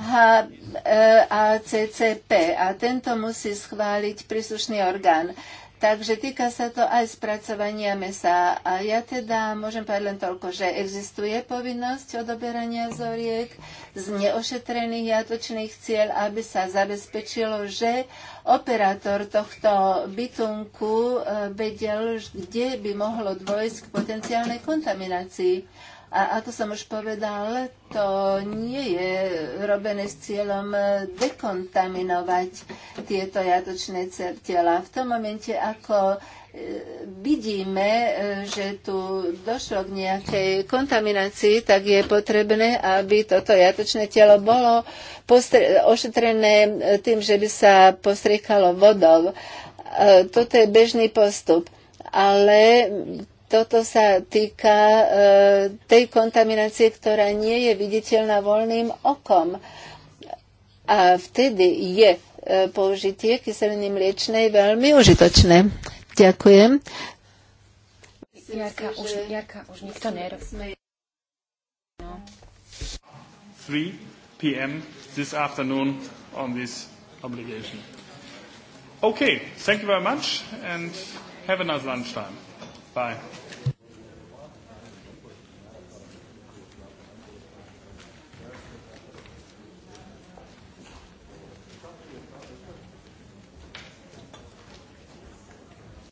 HACCP e a tento musí schváliť príslušný orgán. Takže týka sa to aj spracovania mesa. A ja teda môžem povedať len toľko, že existuje povinnosť odoberania zoriek z neošetrených jatočných cieľ, aby sa zabezpečilo, že operátor tohto bytunku e, vedel, kde by mohlo dôjsť k potenciálnej kontaminácii. A ako som už povedal, to nie je robené s cieľom dekontaminovať tieto jatočné tela. V tom momente, ako e, vidíme, e, že tu došlo k nejakej kontaminácii, tak je potrebné, aby toto jatočné telo bolo ošetrené e, tým, že by sa postriekalo vodou. Toto je bežný postup ale toto sa týka e, tej kontaminácie, ktorá nie je viditeľná voľným okom. A vtedy je e, použitie kyseliny mliečnej veľmi užitočné. Ďakujem. Jarka, už, Jarka, už nikto No. 3 p.m. this afternoon on this obligation. Okay, thank you very much and have a nice lunchtime. Bye.